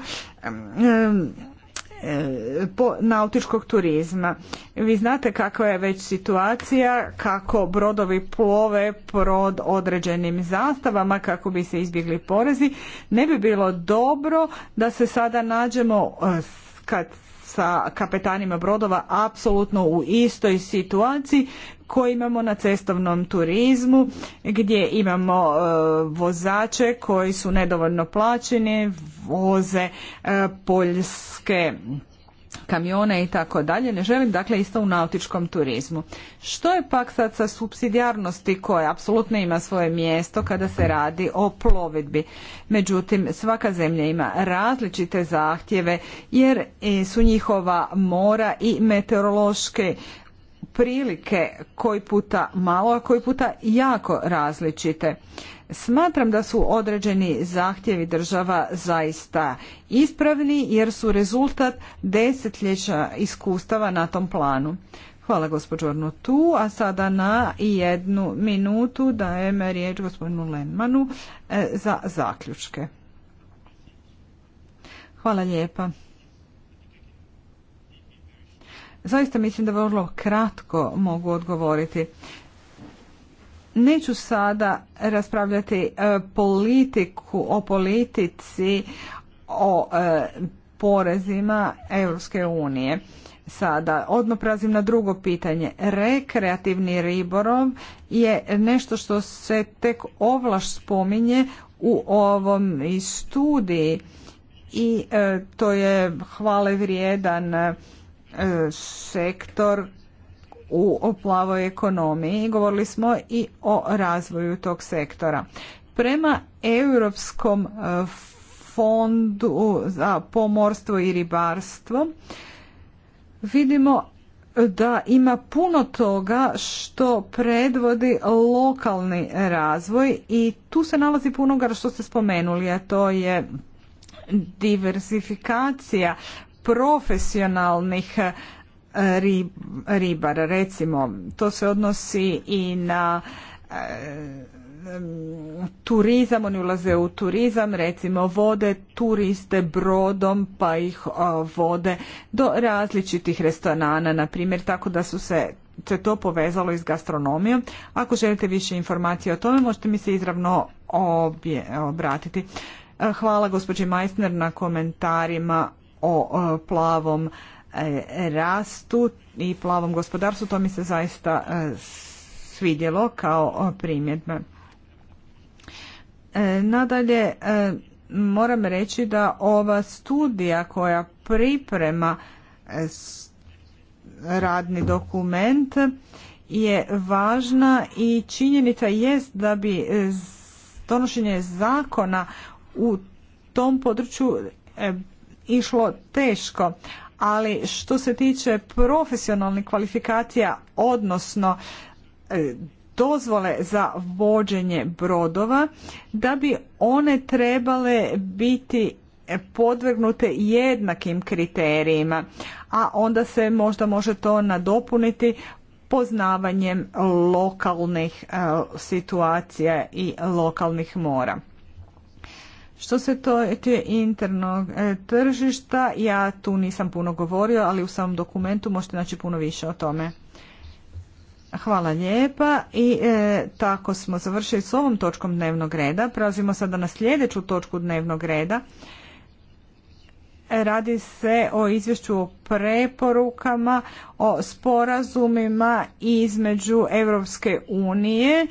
po nautičkog turizma. Vi znate kakva je već situacija, kako brodovi plove pod određenim zastavama kako bi se izbjegli porezi. Ne bi bilo dobro da se sada nađemo e, kad sa kapetanima brodova apsolutno u istoj situaciji koju imamo na cestovnom turizmu gdje imamo e, vozače koji su nedovoljno plaćeni, voze e, poljske kamione i tako dalje. Ne želim dakle isto u nautičkom turizmu. Što je pak sad sa subsidijarnosti koja apsolutno ima svoje mjesto kada se radi o plovidbi? Međutim, svaka zemlja ima različite zahtjeve jer e, su njihova mora i meteorološke prilike koji puta malo, a koji puta jako različite. Smatram da su određeni zahtjevi država zaista ispravni jer su rezultat desetljeća iskustava na tom planu. Hvala gospođo Tu, a sada na jednu minutu dajem riječ gospodinu Lenmanu e, za zaključke. Hvala lijepa. Zaista mislim da vrlo kratko mogu odgovoriti. Neću sada raspravljati e, politiku o politici o e, porezima Europske unije. Sada odmah prazim na drugo pitanje. Rekreativni riborov je nešto što se tek ovlaš spominje u ovom studiji i e, to je hvale vrijedan sektor u plavoj ekonomiji. Govorili smo i o razvoju tog sektora. Prema Europskom e, fondu za pomorstvo i ribarstvo vidimo da ima puno toga što predvodi lokalni razvoj i tu se nalazi puno što ste spomenuli, a to je diversifikacija profesionalnih ribara. Recimo, to se odnosi i na eh, turizam, oni ulaze u turizam, recimo vode turiste brodom pa ih vode do različitih restorana, na primjer, tako da su se se to povezalo i s gastronomijom. Ako želite više informacije o tome, možete mi se izravno obje, obratiti. Eh, hvala gospođi Majsner na komentarima o plavom E, rastu i plavom gospodarstvu, to mi se zaista e, svidjelo kao e, primjedba. Nadalje, moram reći da ova studija koja priprema radni dokument je važna i činjenica jest da bi donošenje zakona u tom području išlo teško, ali što se tiče profesionalnih kvalifikacija, odnosno e, dozvole za vođenje brodova, da bi one trebale biti podvrgnute jednakim kriterijima, a onda se možda može to nadopuniti poznavanjem lokalnih e, situacija i lokalnih mora. Što se to tiče internog e, tržišta, ja tu nisam puno govorio, ali u samom dokumentu možete naći puno više o tome. Hvala lijepa i e, tako smo završili s ovom točkom dnevnog reda. Prelazimo sada na sljedeću točku dnevnog reda. Radi se o izvješću o preporukama, o sporazumima između Europske unije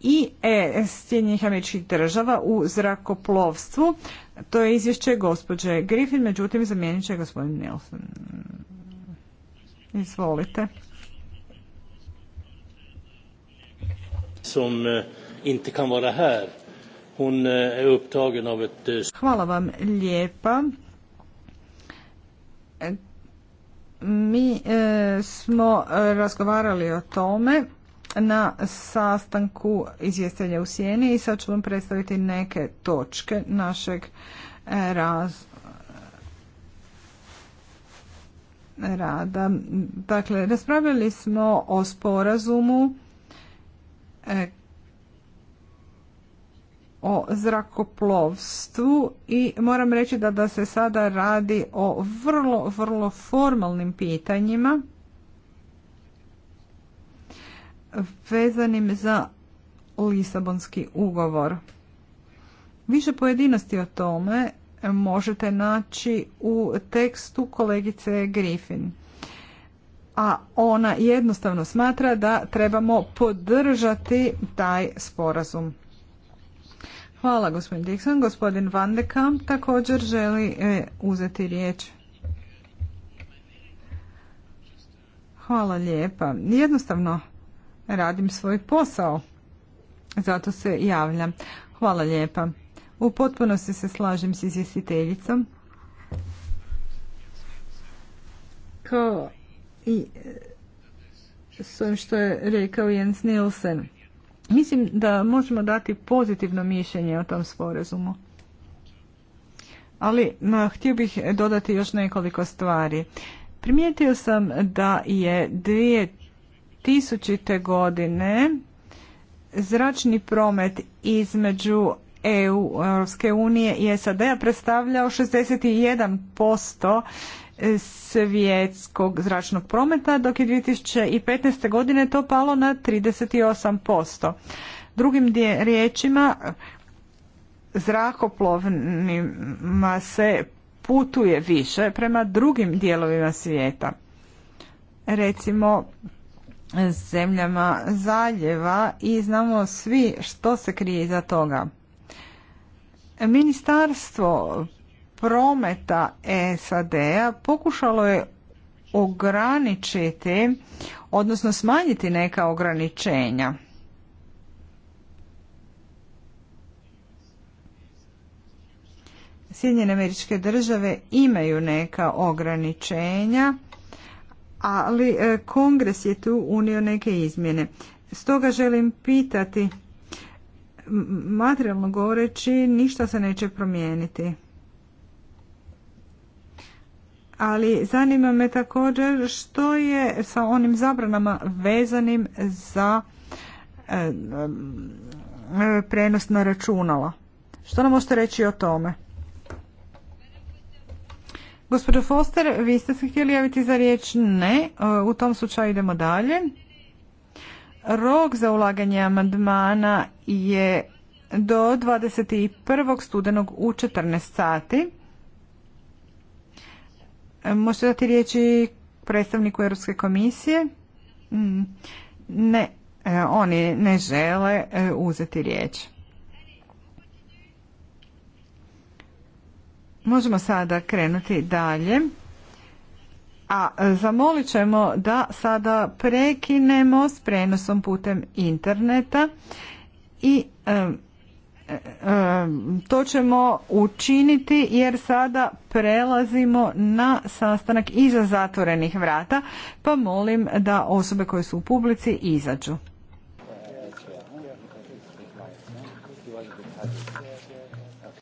i e Sjedinjenih američkih država u zrakoplovstvu. To je izvješće gospođe Griffin, međutim zamijenit će gospodin Nelson. Izvolite. Som eh, inte kan vara här. Hon eh, är upptagen av ett... Eh, Hvala vam lijepa. Mi smo razgovarali o tome na sastanku izvjestelja u Sijeni i sad ću vam predstaviti neke točke našeg eh, rada. Dakle, raspravljali smo o sporazumu eh, o zrakoplovstvu i moram reći da, da se sada radi o vrlo, vrlo formalnim pitanjima vezanim za Lisabonski ugovor. Više pojedinosti o tome možete naći u tekstu kolegice Griffin. A ona jednostavno smatra da trebamo podržati taj sporazum. Hvala gospodin Dixon. Gospodin Van de Kamp također želi e, uzeti riječ. Hvala lijepa. Jednostavno radim svoj posao. Zato se javljam. Hvala lijepa. U potpunosti se slažem s izvjestiteljicom. Kao i e, s ovim što je rekao Jens Nielsen. Mislim da možemo dati pozitivno mišljenje o tom sporazumu. Ali no, htio bih dodati još nekoliko stvari. Primijetio sam da je dvije 2000. godine zračni promet između EU, Europske unije i SAD-a predstavljao 61% e, svjetskog zračnog prometa, dok je 2015. godine to palo na 38%. Drugim riječima, zrakoplovnima se putuje više prema drugim dijelovima svijeta. Recimo, zemljama zaljeva i znamo svi što se krije iza toga. Ministarstvo prometa SAD-a pokušalo je ograničiti, odnosno smanjiti neka ograničenja. Sjedinjene američke države imaju neka ograničenja ali e, kongres je tu unio neke izmjene. Stoga želim pitati, materijalno govoreći, ništa se neće promijeniti. Ali zanima me također što je sa onim zabranama vezanim za e, e, prenos na računala. Što nam možete reći o tome? Gospođo Foster, vi ste se htjeli javiti za riječ? Ne. U tom slučaju idemo dalje. Rok za ulaganje amandmana je do 21. studenog u 14 sati. Možete dati riječi predstavniku Europske komisije? Mm. Ne, e, oni ne žele e, uzeti riječ. Možemo sada krenuti dalje. A e, zamolit ćemo da sada prekinemo s prenosom putem interneta i e, e, to ćemo učiniti jer sada prelazimo na sastanak iza zatvorenih vrata pa molim da osobe koje su u publici izađu.